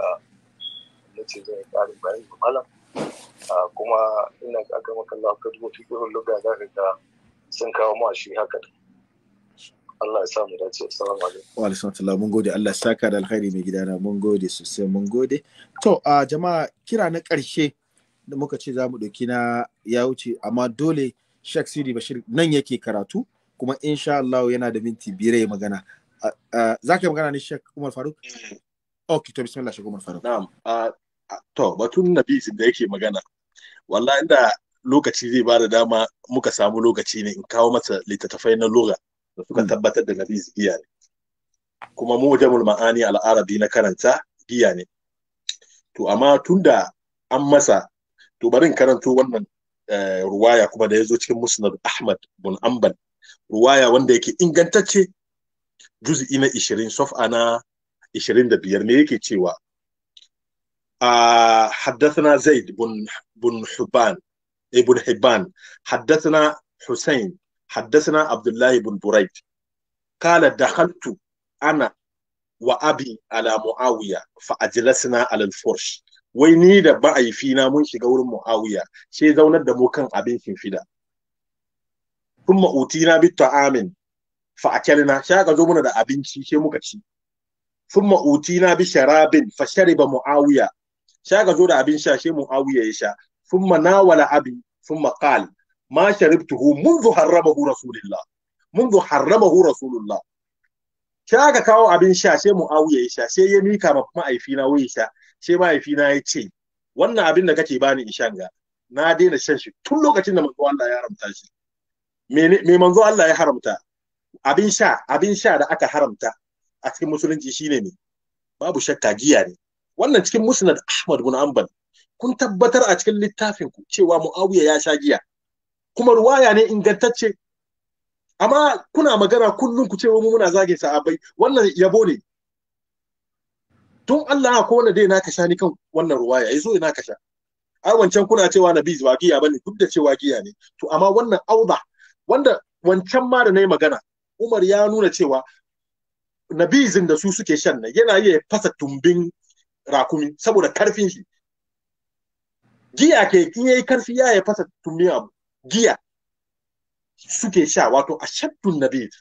na ce zai ƙarin bayani ga malam kuma ina ga aka maka Allah ka dubo fikirin lugha za ka ga sun kawo ma shi haka Allah ya sa mu dace assalamu alaikum wa alaikum assalam mun gode Allah ya saka da alkhairi mai gidana mun gode sosai mun gode to a jama'a kira na ƙarshe da muka ce za mu ɗauki na ya wuce amma dole Sheikh Sidi Bashir nan yake karatu kuma insha Allah yana da minti biyar ya magana Eh, eh, za ka magana ne shek Umar Faruk? Mm. Ok, to bismillah shek Umar Faruk. Na'am. To, batun Nabi da yake magana. Wallahi inda lokaci zai ba da dama muka samu lokaci ne in kawo masa littattafai na lura da suka mm. tabbatar da Nabi giya ne. Kuma mu wajen ma'ani al'arabi na karanta giya ne. To, amma tun da an masa to bari in karanto wannan eh, ruwaya kuma da ya zo cikin musnad Ahmad bin Ambal ruwaya wanda yake ingantacce juz'i na 20 saf'a na 25 me yake cewa a haddathana zaid bin hibban hubban eh, ibn hibban haddathana husayn haddathana abdullah da burayd dakhaltu ana wa abi ala muawiya fa ajlasna ala al-fursh wai ni da ma'aifina mun shiga wurin muawiya sai zaunar da mu kan abin shimfida kuma utina bi ta'amin fa'akalna sha aka zo muna da abinci sai muka ci thumma utina bi sharabin fa shariba muawiya Sha aka zo da abin sha sai muawiya ya sha thumma nawala abi thumma qala ma sharibtuhu منذ حرمه رسول الله منذ حرمه رسول الله sai aka kawo abin sha sai muawiya ya sha sai ya mika ma ma'aifina wai sha sai ma'aifina ya ce wannan abin da kake bani in shanga na daina shan shi tun lokacin da manzo Allah ya haramta shi me manzo Allah ya haramta abin sha abin sha da aka haramta a cikin musulunci shine ne babu shakka giya ne wannan cikin musnad ahmad bin anbal kun tabbatar a cikin littafin ku cewa muawiya ya sha giya kuma ruwaya ne ingantacce amma kuna magana kullum ku cewa mu muna zage sahabbai wannan yabo ne tun Allah ko wanda dai naka sha ni kan wannan ruwaya yazo ina ka sha ai wancan kuna cewa nabi ba giya bane duk da cewa giya ne to amma wannan auda wanda wancan ma da nayi magana Umar ya nuna cewa nabizin da su suke shan nan yana iya fasa tumbin rakumi saboda karfin shi giya ke in yayi karfi ya ya fasa tumbin abu giya suke sha wato ashaddun nabiz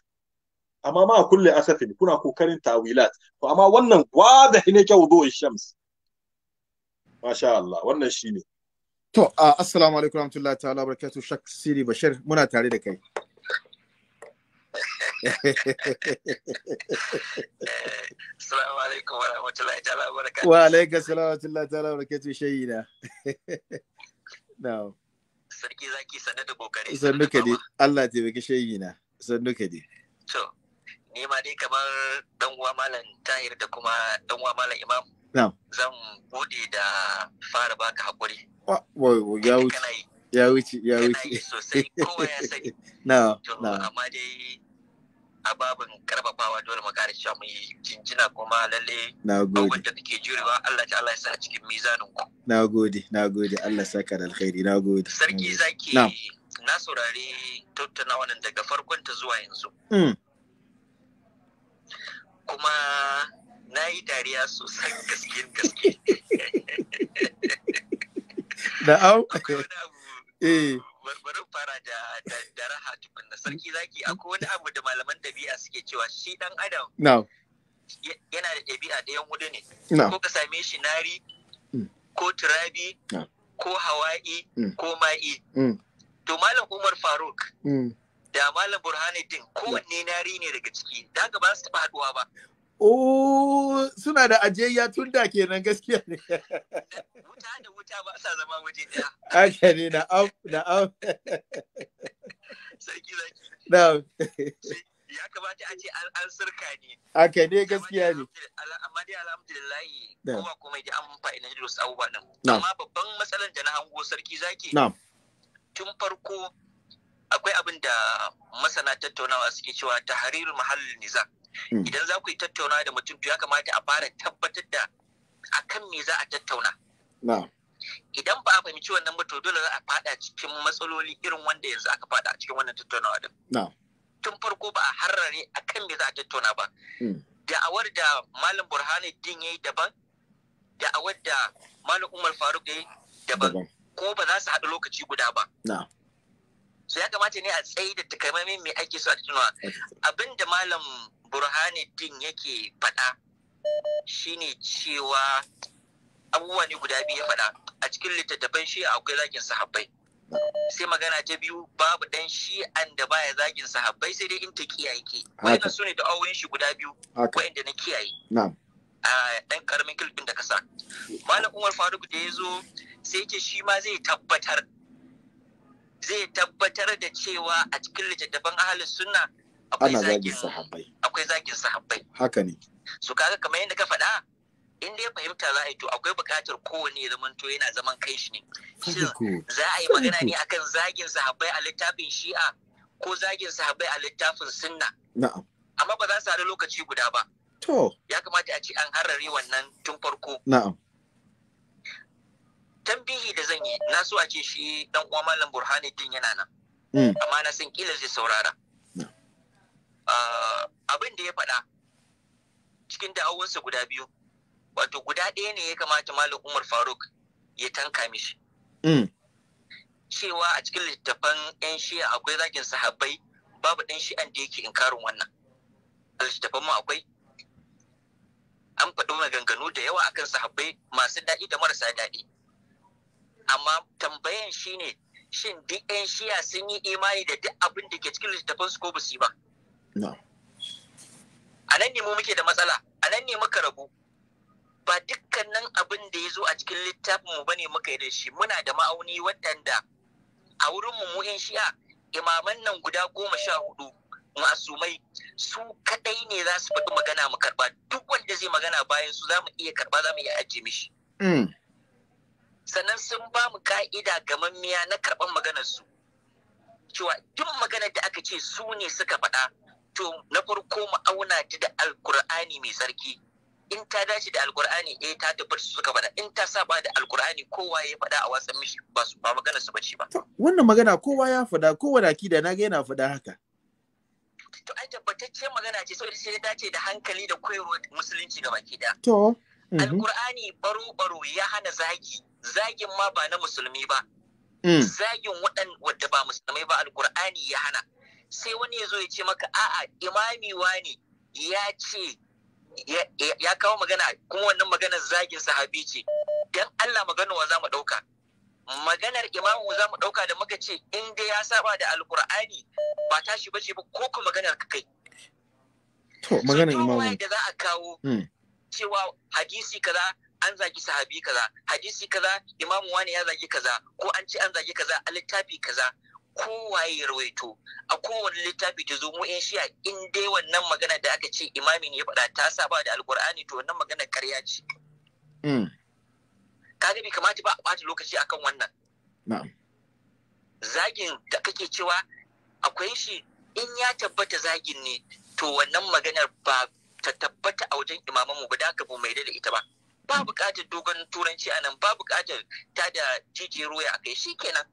amma ma kulle asafin kuna kokarin tawilat to amma wannan wada ne kyau zo shams masha Allah wannan shine to assalamu alaikum warahmatullahi ta'ala barakatuh shak siri bashir muna tare da kai Assalamu alaikum wa rahmatullahi ta'ala wa barakatuh. Wa alaikum assalam wa ta'ala wa barakatuh shayyina. Na'am. Sarki zaki sannu da kokari. Sannu ka Allah ya taimaki shayyina. Sannu kadi. dai. To, ni ma dai kamar dan uwa malam Tahir da kuma dan uwa malam Imam. Now. Zan bude da fara baka hakuri. Wa wa ya wuce. Ya wuce, ya wuce. Sosai kowa ya sani. Now, now. amma dai ababin karfafawa dole mu kare cewa mun yi jinjina kuma lalle abubuwan da take jurewa Allah ta Allah ya sa cikin mizanin ku. Na gode, na gode, Allah saka da alkhairi, na gode. Sarki zaki na saurari tattauna wannan daga farkon ta zuwa yanzu. Mm. Kuma na yi dariya sosai gaske gaske. Na'am. Eh. barbarin fara da raha tukunna sarki zaki akwai wani abu da malaman dabi'a suke cewa shi dan adam yana da dabi'a 'yan hudu ne ko ka same shi nari mm. ko turabi ko hawa'i mm. ko ma'i mm. to malam umar faruk da malam burhanuddin kowanne nari ne daga ciki da ba su taba haɗuwa ba Oh, suna da ajiyayya tun da kenan gaskiya ne. Wuta da wuta ba sa zama waje ɗaya. Haka ne na am na am. Sarki zaki. Na. Ya kamata a ce an sirka ne. Haka ne gaskiya ne. Amma dai alhamdulillahi kowa kuma da amfa fa'ina da wasu abubuwa nan. Amma babban matsalar da na hango sarki zaki. Na. Tun farko akwai abin da masana tattaunawa suke cewa tahrirul mahallin nizam. Hmm. idan za ku yi tattauna da mutum to ya kamata a fara tabbatar da a kan me za a tattauna idan ba a fahimci wannan ba to dole za a fada cikin matsaloli irin wanda yanzu aka fada a cikin wannan tattaunawa din tun farko ba a harare kan me za a tattauna ba hmm. da'awar da malam din ya yi daban da'awar da malam umar faruk ya yi daban ko ba za su haɗu lokaci guda ba so ya kamata ne a tsaye da takamaimai me ake so a tattaunawa abinda malam din yake faɗa shine cewa abubuwa ne guda biyu ya faɗa a cikin littattafan shi akwai zagin sahabbai sai magana ta biyu babu dan shi'an da baya zagin sahabbai sai dai in ta kiyaye ke wannan su ne da awoyin shi guda biyu wa'inda na kiyaye a ɗan karamin kilbin da kasa malam umar faruk da ya zo sai ce shi ma zai tabbatar zai tabbatar da cewa a cikin littattafan ahalin sunna ana zagin sahabbai akwai zagin sahabbai haka ne su kaga kamar yadda ka faɗa in dai fahimta za a yi to akwai buƙatar kowane ya zamanto yana zaman kai shi ne za a yi magana ne akan zagin sahabbai a littafin shi'a ko zagin sahabbai a littafin sunna na'am amma ba za su haɗu lokaci guda ba to ya kamata a ce an harare wannan tun farko na'am tambihi da zan yi na so a ce shi dan uwa malam burhanuddin yana nan mm. amma na san kila zai saurara Ah, abin da ya faɗa cikin da'awarsa guda biyu wato guda ɗaya ne ya kamata malam umar faruk ya tanka mishi mm. cewa a cikin littattafan 'yan shi'a akwai zagin sahabbai babu ɗan shi'an da yake inkarin wannan a littattafan mu akwai an faɗi maganganu da yawa akan sahabbai masu daɗi da marasa daɗi amma tambayan shine shin duk 'yan shi'a sun yi imani da duk abin da ke cikin littattafan su ko ba su yi ba a nan ne mu muke da matsala a nan ne muka rabu ba dukkanin abin da ya zo a cikin littafin mu bane muka yi da shi muna da ma'auni waɗanda a wurin mu mu shi'a imaman nan guda goma sha hudu masumai su kadai ne za su faɗi magana mu karɓa. duk wanda zai magana bayan su za mu iya karɓa za mu iya ajiye mishi mm. sannan sun ba mu ka'ida gamammiya na karɓar maganar su cewa duk maganar da aka ce su ne suka faɗa to na farko mu auna ta da alkur'ani mai sarki in ta dace da alkur'ani eh ta tabbata su suka faɗa in ta saba da alkur'ani kowa ya faɗa a wasan mishi ba su ba magana su bace ba wannan magana kowa ya faɗa kowa da kida na ga yana faɗa haka to ai tabbataccen magana ce saboda sai dace da hankali da koyarwar musulunci ga baki da to mhm. alkur'ani baro baro ya hana zagi zagin ma ba na musulmi ba mm. zagin waɗanda ba musulmai ba alkur'ani ya hana sai wani ya zo ya ce maka a'a imami wani ya ce ya kawo magana kuma wannan maganar zagin sahabi ce dan Allah maganar wa za mu ɗauka maganar imamu za mu ɗauka da muka ce in dai ya saba da alkur'ani ba tashi bace ba ko ku maganar ka kai to maganar imamu da za a kawo hmm. cewa hadisi kaza an zagi sahabi kaza hadisi kaza imamu wani ya zagi kaza ko an ce an zagi kaza a littafi kaza kowaye ya rawaito a kowane littafi ta zo mu in shiya in dai wannan magana da aka ce imami ne ya faɗa ta saba da alkur'ani to wannan magana karya ce mm. ga bai kamata ba a ɓata lokaci akan wannan zagin da kake cewa akwai shi in ya tabbata zagin ne to wannan maganar ba ta tabbata a wajen imamanmu ba da ka mai da ita ba ba mm. buƙatar dogon turanci a nan ba buƙatar ta da jijiyar ruwa a kai shi kenan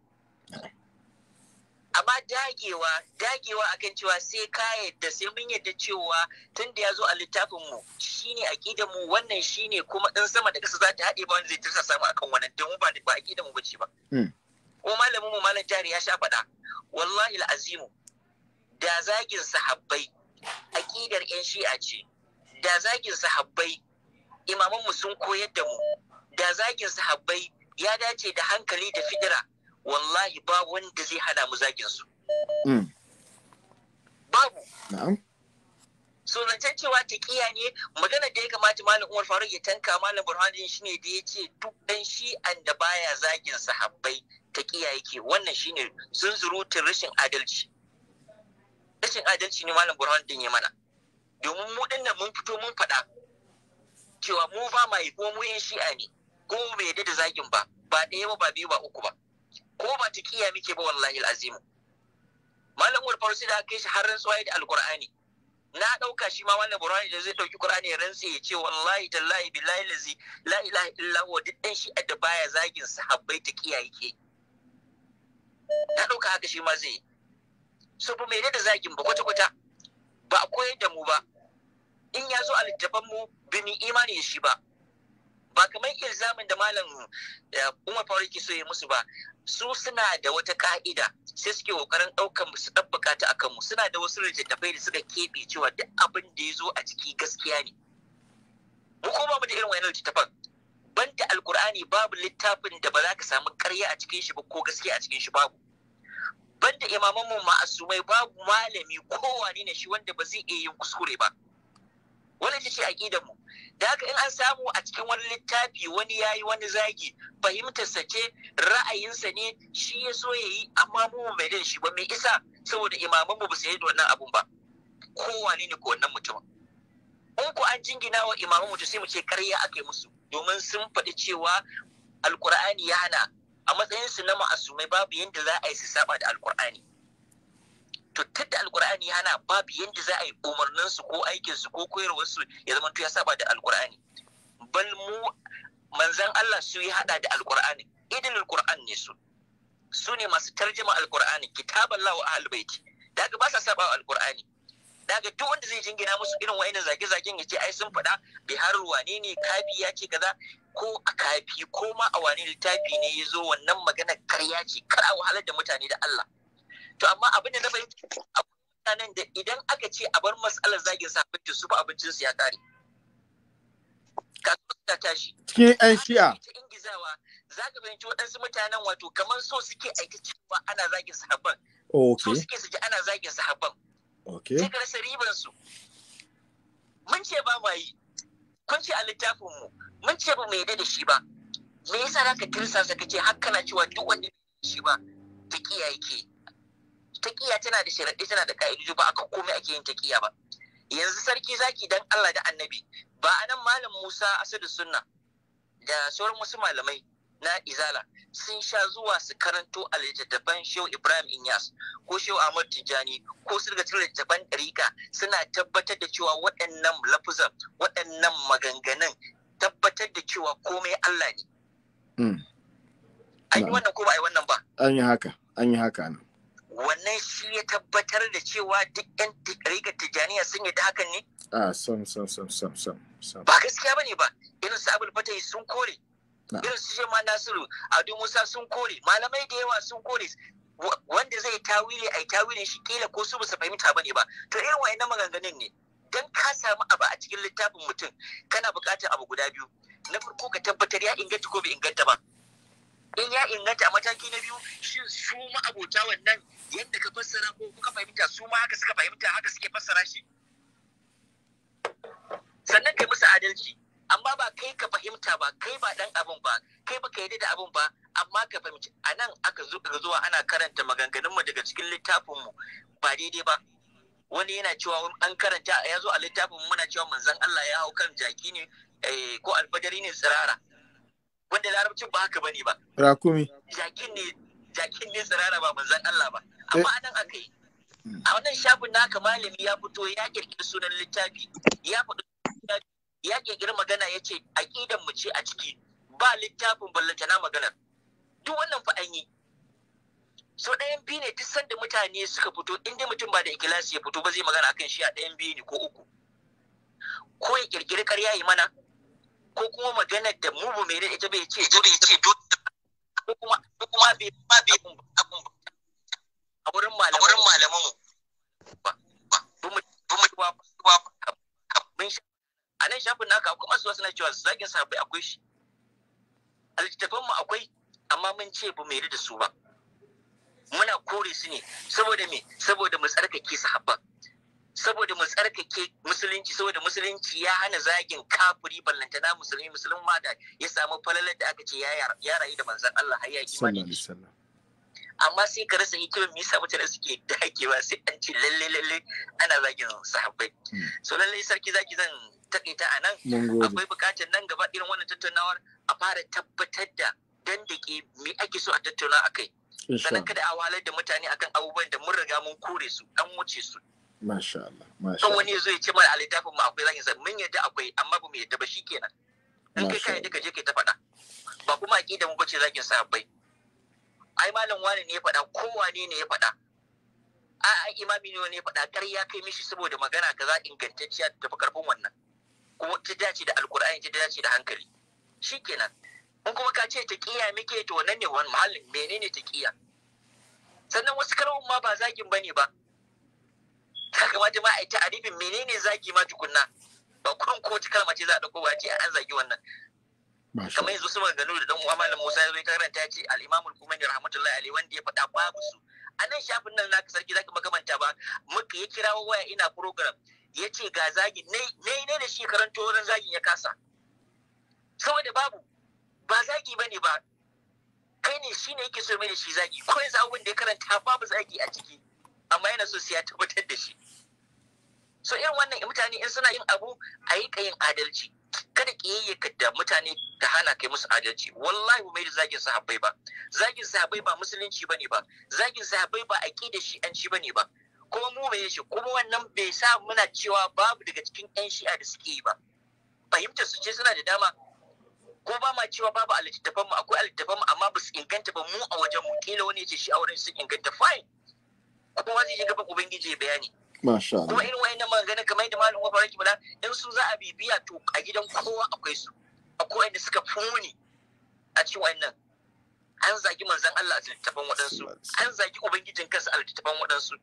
amma dagewa dagewa akan cewa sai ka yadda sai mun yadda cewa tun da ya zo a littafin mu shine aqidar mu wannan shine kuma in sama da kasa za ta haɗe ba wanda zai tursa samu akan wannan don mu ba ba aqidar mu bace ba hmm. ko malamin mu malam jari ya sha faɗa wallahi azimu da zagin sahabbai aqidar yan shi'a ce da zagin sahabbai imaman mu sun koyar da mu da zagin sahabbai ya dace da hankali da fidira wallahi babu wanda zai hada mu zagin su hmm. babu na'am so zancen cewa ta kiya ne magana da ya kamata malam umar faruk ya tanka malam burhanuddin shine da ya ce duk dan shi'an da baya zagin sahabbai ta kiya yake wannan shine zunzurutun rashin adalci rashin adalci ne malam burhanuddin ya mana domin mu dinnan mun fito mun faɗa cewa mu ba mai yi ko mu shi'a ne ko mu bai yadda da zagin ba ba ɗaya ba ba biyu ba uku ba ko ba ta kiya muke ba wallahi al'azimu. malam Umar Farsi da kai shi har rantsuwa da alqur'ani na ɗauka shi ma wannan burani da zai dauki qur'ani ya rantsu ya ce wallahi tallahi billahi lazi la ilaha illa huwa duk dan shi da baya zagin sahabbai kiya yake na dauka haka shi ma zai su bu mai da zagin ba kwata kwata ba a koyar da mu ba in ya zo a littafan mu bi imani da shi ba ba kamar ilzamin da malam umar faruk ke so ya musu ba su suna da wata ka'ida sai suke kokarin daukan su ɗabbaka ta akan mu suna da wasu littattafai da suka keɓe cewa duk abin da ya zo a ciki gaskiya ne mu ko ba mu da irin wayannan littattafan banda alkur'ani babu littafin da ba za ka samu ƙarya a cikin shi ba ko gaskiya a cikin shi babu banda imaman mu ma'asumai babu malami kowane ne shi wanda ba zai iya yin kuskure ba wani ce aqidar mu da haka in an samu a cikin wani littafi wani yayi wani zagi fahimtarsa ce ra'ayinsa ne shi ya so ya yi amma mu mai da shi ba mai isa saboda imaman mu ba su yi wannan abun ba kowa ne ne ko wannan mutumin in ku an jingina wa imaman mu to sai mu ce karya aka yi musu domin sun faɗi cewa alkur'ani ya hana a matsayinsu na ma'asumai babu yadda za a yi su saba da alkur'ani to tadda alkur'ani hana babu yadda za a yi umarnin su ko aikin su ko koyarwar su ya zama ya saba da alkur'ani bal mu manzan Allah su yi hada da alkur'ani idin alkur'an ne su su ne masu tarjima alkur'ani kitaban lawa a baiti daga ba sa saba alkur'ani daga duk wanda zai jingina musu irin wa'ina zage-zagen ya ce ai sun faɗa bihar wane ne kafi ya ce kaza ko a kafi ko ma a wani littafi ne ya zo wannan magana karya ce kar a wahalar da mutane da Allah to amma abin da na fahimci mutanen da idan aka ce a bar matsalar zagin safin da su ba abincin su ya kare kasuwa ta tashi cikin yan shi'a ingizawa za ka fahimci waɗansu mutanen wato kamar so suke aiki cewa ana zagin sahabban so suke su ji ana zagin sahabban sai ka rasa riban su mun ce ba ma yi kun ce a littafin mu mun ce ba mu yadda da shi ba me yasa zaka tirsa ka ce har kana cewa duk wanda shi ba ta kiyaye ke taƙiya tana da sharaɗi tana da ka'idu ba kan komai ake yin taƙiya ba yanzu sarki zaki dan Allah da annabi ba a nan malam Musa Asadu Sunna da sauran wasu malamai na Izala sun sha zuwa su karanto a littattafan Shehu Ibrahim Inyas ko Shehu Ahmad Tijjani ko su daga littattafan ɗarika suna tabbatar da cewa waɗannan lafuzan waɗannan maganganun tabbatar da cewa komai Allah ne. Mm. An yi wannan ko ba a yi wannan ba? An yi haka, an yi haka nan. wannan shi ya tabbatar da cewa duk 'yan rikar tijjaniya sun yi ta hakan ne? A sam sam sam sam sam. Ba gaskiya ba ne ba, irin su Abul Fatai sun kore, irin su Shema Nasiru, Adu Musa sun kore, malamai da yawa sun kore, wanda zai tawili ai tawili shi kila ko su basu fahimta ba ne ba. To irin na maganganun ne, dan ka samu abu a cikin littafin mutum, kana buƙatar abu guda biyu. Na farko ka tabbatar ya inganta ko bai inganta ba. In ya inganta a mataki na biyu, shi su ma'abota wannan yadda ka fassara ko kuka fahimta su ma haka suka fahimta haka suke fassara shi sannan kai musu adalci amma ba kai ka fahimta ba kai ba dan abin ba kai ba ka yi da abin ba amma ka fahimci a nan aka zuwa ana karanta maganganunmu daga cikin littafinmu ba daidai ba wani yana cewa an karanta ya zo a littafin muna cewa manzon Allah ya hau kan jaki ne eh, ko alfajari ne tsirara wanda larabcin ba haka bane ba rakumi jakin ne jakin ne tsirara ba manzon Allah ba amma anan aka yi a wannan shafin naka malami ya fito ya kirkiri sunan littafi ya faɗi ya kirkiri magana ya ce aƙidan mu ce a ciki ba littafin na maganar duk wannan fa an yi so ɗayan biyu ne duk sanda mutane suka fito in dai mutum ba da ikilasi ya fito ba zai magana akan shi a ɗayan biyu ne ko uku ko ya kirkiri ƙarya yi mana ko kuma maganar da mu bu mai ita bai ce ko kuma bai ba bai a wurin malaman mu a nan shafin naka akwai masu wasu na cewa zagin sahabbai akwai shi a littattafan akwai amma mun ce ba mai da su ba muna kore su ne saboda me saboda mu tsarkake sahabban saboda mu tsarkake musulunci saboda musulunci ya hana zagin kafiri ballantana musulmi musulun ma da ya samu falalar da aka ce ya rayu da manzon Allah har ya imani da amma sai ka rasa hikimar me yasa mutane suke dakewa sai an ce lalle lalle ana zagin sahabbai hmm. so lalle sarki zaki zan takaita a nan akwai bukatar nan gaba irin wannan tattaunawar a fara tabbatar da dandake me ake so a tattauna akai sannan kada a walar da mutane akan abubuwan da mun riga mun kore su an wuce su Masha Allah. Masha Allah. wani yazo zo ya ce mana a littafin mu akwai zaki zan mun yadda akwai amma ba mu yadda ba shikenan. In kai ka yadda ka je kai ta faɗa. Ba kuma aƙida mu bace zakin sahabbai. ai malam wani ne ya faɗa wani ne ya faɗa a a imami ne ne ya faɗa kar ya kai mishi saboda magana kaza ingantacciya ta tafi karfin wannan kuma ta dace da alkur'ani ta dace da hankali shikenan in kuma ka ce ta kiya muke to wannan ne wani mahallin menene ta kiya sannan wasu karawun ma ba zagin bane ba ya kamata ma a yi ta'arifin menene zagi ma tukunna ba kurin ko ta kalmace za a ɗauko ba ce an zagi wannan kamar yanzu su maganganu da dan uwa malam Musa ya zo karanta ya ce al-Imam al-Kumani rahmatullahi alaihi wanda ya faɗa babu su a nan shafin nan naka sarki zaka makamanta ba muka ya kirawo waya ina program ya ce ga zagi nai nai da shi karanto wurin zagin ya kasa saboda babu ba zagi bane ba kai ne shine yake so mai da shi zagi ko yanzu abin da ya karanta babu zagi a ciki amma yana so sai ya tabbatar da shi so irin wannan mutane in suna yin abu a yi kayin adalci kada kiyayyaka da mutane ta hana kai musu adalci wallahi ba mai da zagin sahabbai ba zagin sahabbai ba musulunci bane ba zagin sahabbai ba aqida shi an ci bane ba kuma mu mai shi kuma wannan bai sa muna cewa babu daga cikin yan shi'a da suke yi ba fahimtar su ce suna da dama ko ba ma cewa babu alittafan mu akwai alittafan mu amma ba su inganta ba mu a wajen mu kila wani ya ce shi auren sun inganta fine kuma zai je gaba ubangiji ya bayani Masha Allah. Kuma irin wayannan maganganun kamar yadda malam Umar Faraki bala in su za a bibiya to a gidan kowa akwai su. Akwai wanda suka funi a cikin wayannan. An zagi manzon Allah a littattafan waɗansu. An zagi ubangijin kansa a littattafan waɗansu.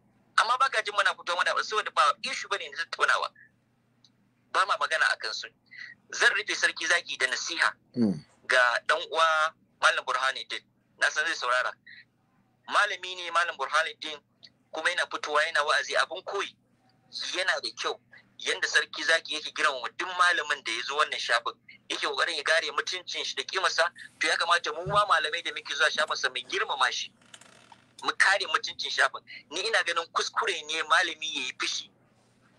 Amma ba jin muna fito mana saboda ba ishu bane na tattaunawa. Ba ma magana a kansu. Zan rufe sarki zaki da nasiha. Hmm. Ga dan uwa Malam Burhanuddin. Na san zai saurara. Malami ne Malam Burhanuddin kuma yana fitowa yana wa'azi abin koyi yana da kyau yanda sarki zaki yake girmama duk malamin da ya zo wannan shafin yake kokarin ya gare mutuncin shi da kimarsa to ya kamata mu ma malamai da muke zuwa shafinsa mu girmama shi mu kare mutuncin shafin ni ina ganin kuskure ne malami ya yi fishi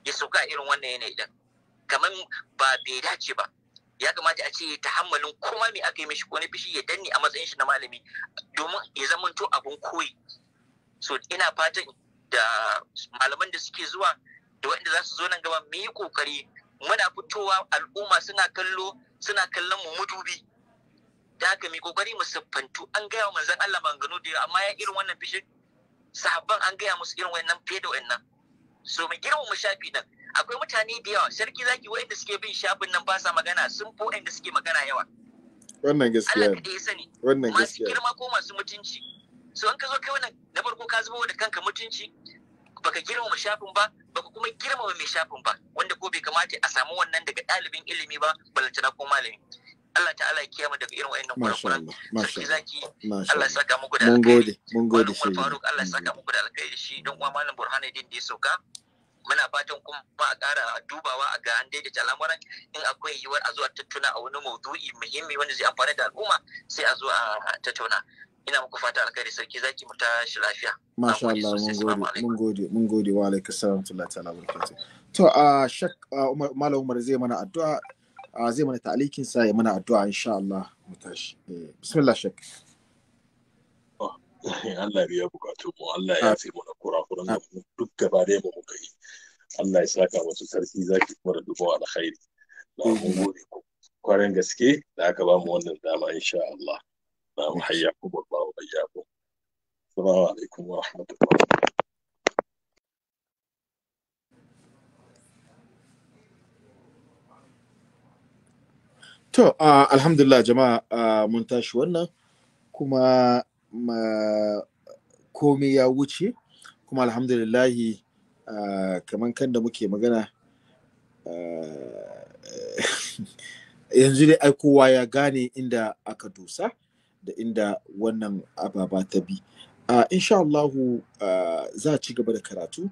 ya sauka irin wannan yanayi din kamar ba bai dace ba ya kamata a ce ta hammalin kuma me aka yi mishi ko na fishi ya danne a matsayin shi na malami domin ya zamanto abun koyi so ina fatan da malaman da suke zuwa da waɗanda za su zo nan gaba mu yi ƙoƙari muna fitowa al'umma suna kallo suna kallon mu mudubi da haka mu ƙoƙari mu siffantu an gaya wa manzon Allah maganganu da amma ya irin wannan fishi sahabban an gaya musu irin wannan fiye da wannan so mu girma mu shafi nan akwai mutane da yawa sarki zaki waɗanda suke bin shafin nan ba sa magana sun fo waɗanda suke magana yawa wannan gaskiya Allah ya sani wannan gaskiya masu girma ko masu mutunci so an ka zo kai wannan na farko ka zama da kanka mutunci baka girmama shafin ba baka kuma girmama mai shafin ba wanda ko bai kamata a samu wannan daga ɗalibin ilimi ba balantana ko malami Allah ta'ala ya kiyama daga irin wayannan kurakuran sarki zaki Allah ya saka muku da alkhairi mun gode mun gode shi Allah ya saka muku da alkhairi shi don uwa malam Burhanuddin da ya sauka muna fatan kuma a ƙara dubawa a ga an daidaita al'amuran in akwai yiwuwar a zuwa tattuna a wani maudu'i muhimmi wanda zai amfani da al'umma sai a zo a tattauna ina muku fata alkhairi sarki zaki mu tashi lafiya masha Allah mun gode mun gode mun gode wa alaikum salam tullahi ta'ala barakatuh to a uh, shak uh, malam Umar zai mana addu'a uh, zai mana ta'alikin sa ya mana addu'a insha Allah mu tashi eh, bismillah shak oh, Allah ya bukatu mu Allah ya sai ah. mana kurakuran da mu duk gaba da mu muka yi Allah ya saka wasu sarki zaki kuma da dubo alkhairi na mun gode kwarin gaske da aka ba mu wannan dama insha Allah الله وحياكم الله وحياكم السلام عليكم ورحمة الله To, uh, alhamdulillah jama'a uh, mun tashi wannan kuma komai ya wuce kuma alhamdulillahi uh, ah, kamar kan da muke magana uh, yanzu dai ai kowa ya gane inda aka dusa da inda wannan ababa ta bi insha Allahu za a ci gaba da karatu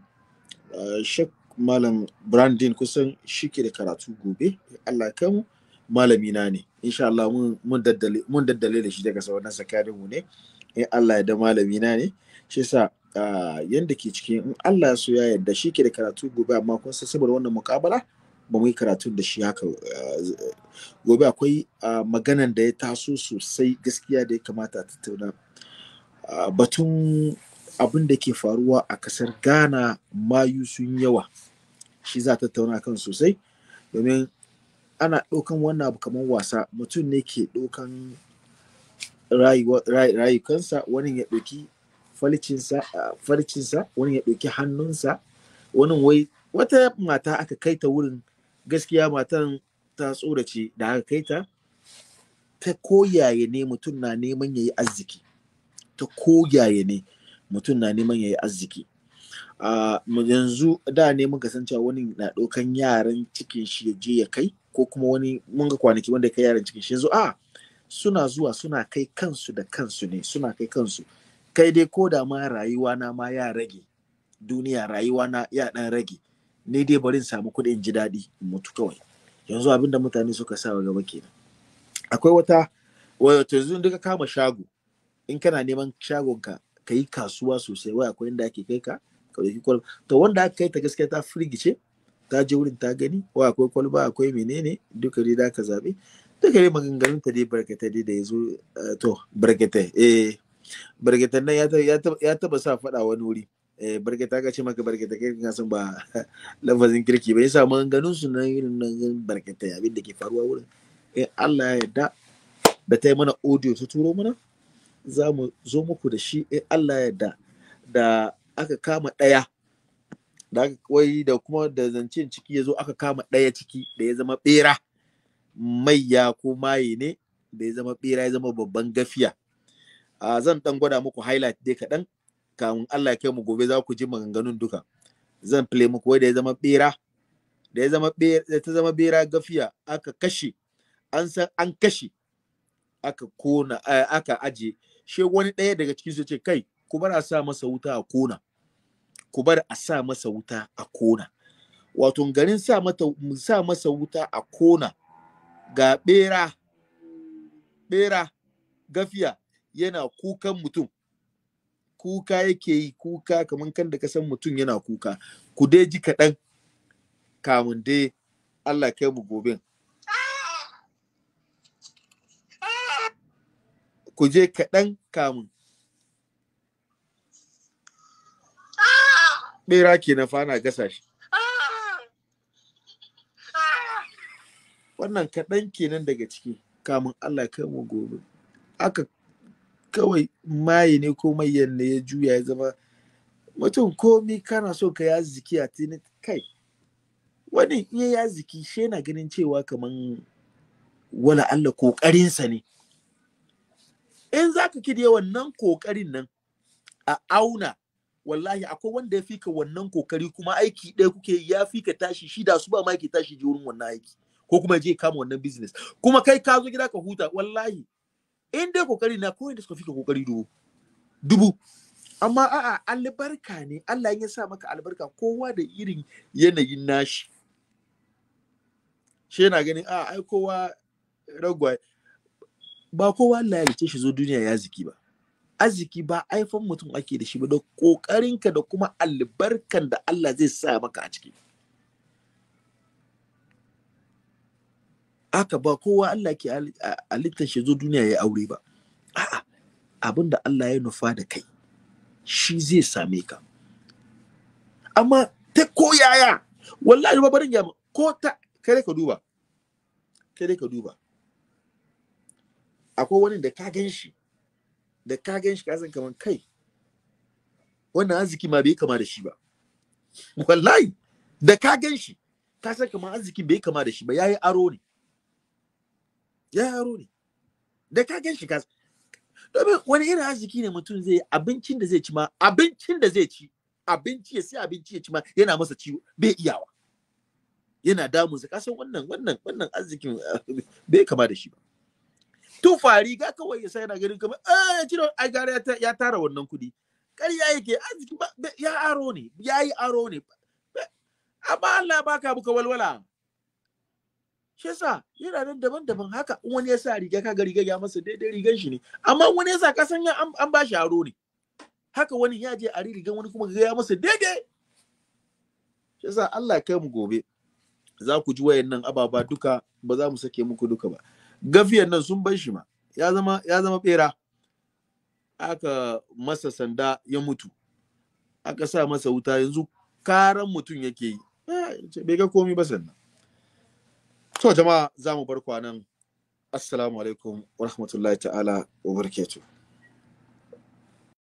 shek malam brandin kusan shi ke da karatu gobe Allah kan malami na ne insha Allah mun daddale da shi daga sauran sakarin mu ne in Allah ya da malami na ne shi sa yanda ke cikin in Allah ya so ya yadda. shi ke da karatu gobe amma kun san saboda wannan mukabala ba mu yi karatu da shi haka eh, gobe akwai ah, maganan da ya taso sosai gaskiya da ya kamata a tattauna ah, batun abin da ke faruwa a kasar ghana mayu sun yawa shi za tattauna kan sosai domin ana ɗaukan wannan abu kamar wasa mutum ne ke ɗaukan rayukansa wani ya ɗauki farcinsa ah, wani ya ɗauki hannunsa wani wai wata mata aka kai ta wurin gaskiya matan ta tsorace da aka kai ta ta koyaye ne mutum na neman yayi arziki ta koyaye ne mutum na neman yayi arziki yanzu da ne muka san cewa wani na ɗaukan yaran cikin shi ya je ya kai ko kuma wani mun ga kwanaki wanda ya kai yaran cikin shi yanzu a suna zuwa suna kai kansu da kansu ne suna kai kansu kai dai ko da ma rayuwa na ma ya rage duniya rayuwa na ya ɗan rage ne dai bari in samu kuɗi in ji daɗi in mutu kawai yanzu abinda mutane suka sa wa gaba kenan akwai wata wato yanzu duka kama shago in kana neman shagonka ka yi kasuwa sosai wai akwai inda ake kai ka ka dauki kwalba to wanda aka kai ta gaskiya ta firgice ta je wurin ta gani wai akwai kwalba akwai menene duka dai da ka zaɓe duka dai maganganun ta dai barkata dai da Yanzu, eh, to barkata eh barkatan nan ya taɓa sa faɗa wani wuri Eh, barketa ka ce maka barketa kai kan san ba lafazin kirki ba yasa mun ganin su nan irin nan barkata abin da ke faruwa wurin Eh Allah ya yarda da ta yi mana audio ta turo mana za mu zo muku da shi Eh Allah ya yarda da aka kama ɗaya da aka wai da kuma da zancen ciki ya zo aka kama ɗaya ciki da ya zama ɓera ya ko maye ne da ya zama ɓera ya zama babban gafiya ah, zan ɗan gwada muku highlight dai kaɗan kawun Allah kai mu gobe za ku ji maganganun duka zan play muku wai da ya zama bera da ya zama bera ta zama bera gafiya aka kashe an san an kashe aka kona aka aje she wani ɗaya daga cikin su ce kai ku bar a sa masa wuta a kona ku bar a sa masa wuta a kona wato garin sa mata sa masa wuta a kona ga bera bera gafiya yana kukan mutum kuka yake yi kuka kamar kan da ka san mutum yana kuka ku dai ji kaɗan kamun dai Allah kai mu gobe ku je kaɗan kamun ɓera ke na fana gasa shi wannan kaɗan kenan daga ciki kamun Allah kai mu gobe aka kawai maye ne ko mayan ne ya juya ya zama mutum komi kana so ka ya ziki a tini kai wani iya ya ziki shi yana ganin cewa kamar wala Allah kokarinsa ne in za ka kidiye wannan kokarin nan a auna wallahi akwai wanda ya fika wannan kokari kuma aiki ɗaya kuke ya fika tashi shida su ba ma ke tashi ji wurin wannan aiki ko kuma je kama wannan business kuma kai ka zo gida ka huta wallahi in dai kokari na ko inda suka fi kokari dubu dubu amma a'a albarka ne Allah ya sa maka albarka kowa da irin yanayin nashi shi yana ganin a ai kowa ragwa ba kowa Allah ya shi zo duniya ya ziki ba arziki ba aifan mutum ake da shi ba da ka da kuma albarkan da Allah zai sa maka a ciki. aka ba kowa Allah ke halittar shi zo duniya ya aure ba a'a abin da Allah ya nufa da kai shi zai same ka amma ta ko yaya wallahi ba barin ya ko ta kai ka duba kai ka duba akwai wani da ka gan shi da ka gan shi ka san kaman kai wannan arziki ma bai kama da shi ba wallahi da ka gan shi ka san kaman arziki bai kama da shi ba yayi aro ne yaro ne da ka gan shi ka domin wani irin arziki ne mutum zai abincin da zai ci ma abincin da zai ci abinci ya sai abinci ya ci ma yana masa ciwo bai iyawa yana damun Ka san wannan wannan wannan arzikin eh, bai kama da shi ba fari ga kawai ya sai yana ganin kamar eh ya ciro ai gara ya tara wannan kuɗi yi yake arziki ya aro ne ya yi aro ne amma Allah baka buka walwala shi yasa yana nan daban-daban haka Wani ya sa riga kaga riga ya masa daidai rigan shi ne amma wani ya sa ka san an ba shi aro ne haka wani ya je a rigan wani kuma ga ya masa daidai shi yasa Allah kai mu gobe za ku ji wayannan ababa duka ba za mu sake muku duka ba gafiyan nan sun bar shi ma ya zama ya zama bera aka masa sanda ya mutu aka sa masa wuta yanzu karan mutum yake yi bai ga komai ba sannan To jama'a za mu bar kwanan. Assalamu alaikum wa rahmatullahi ta'ala wa barakatuh.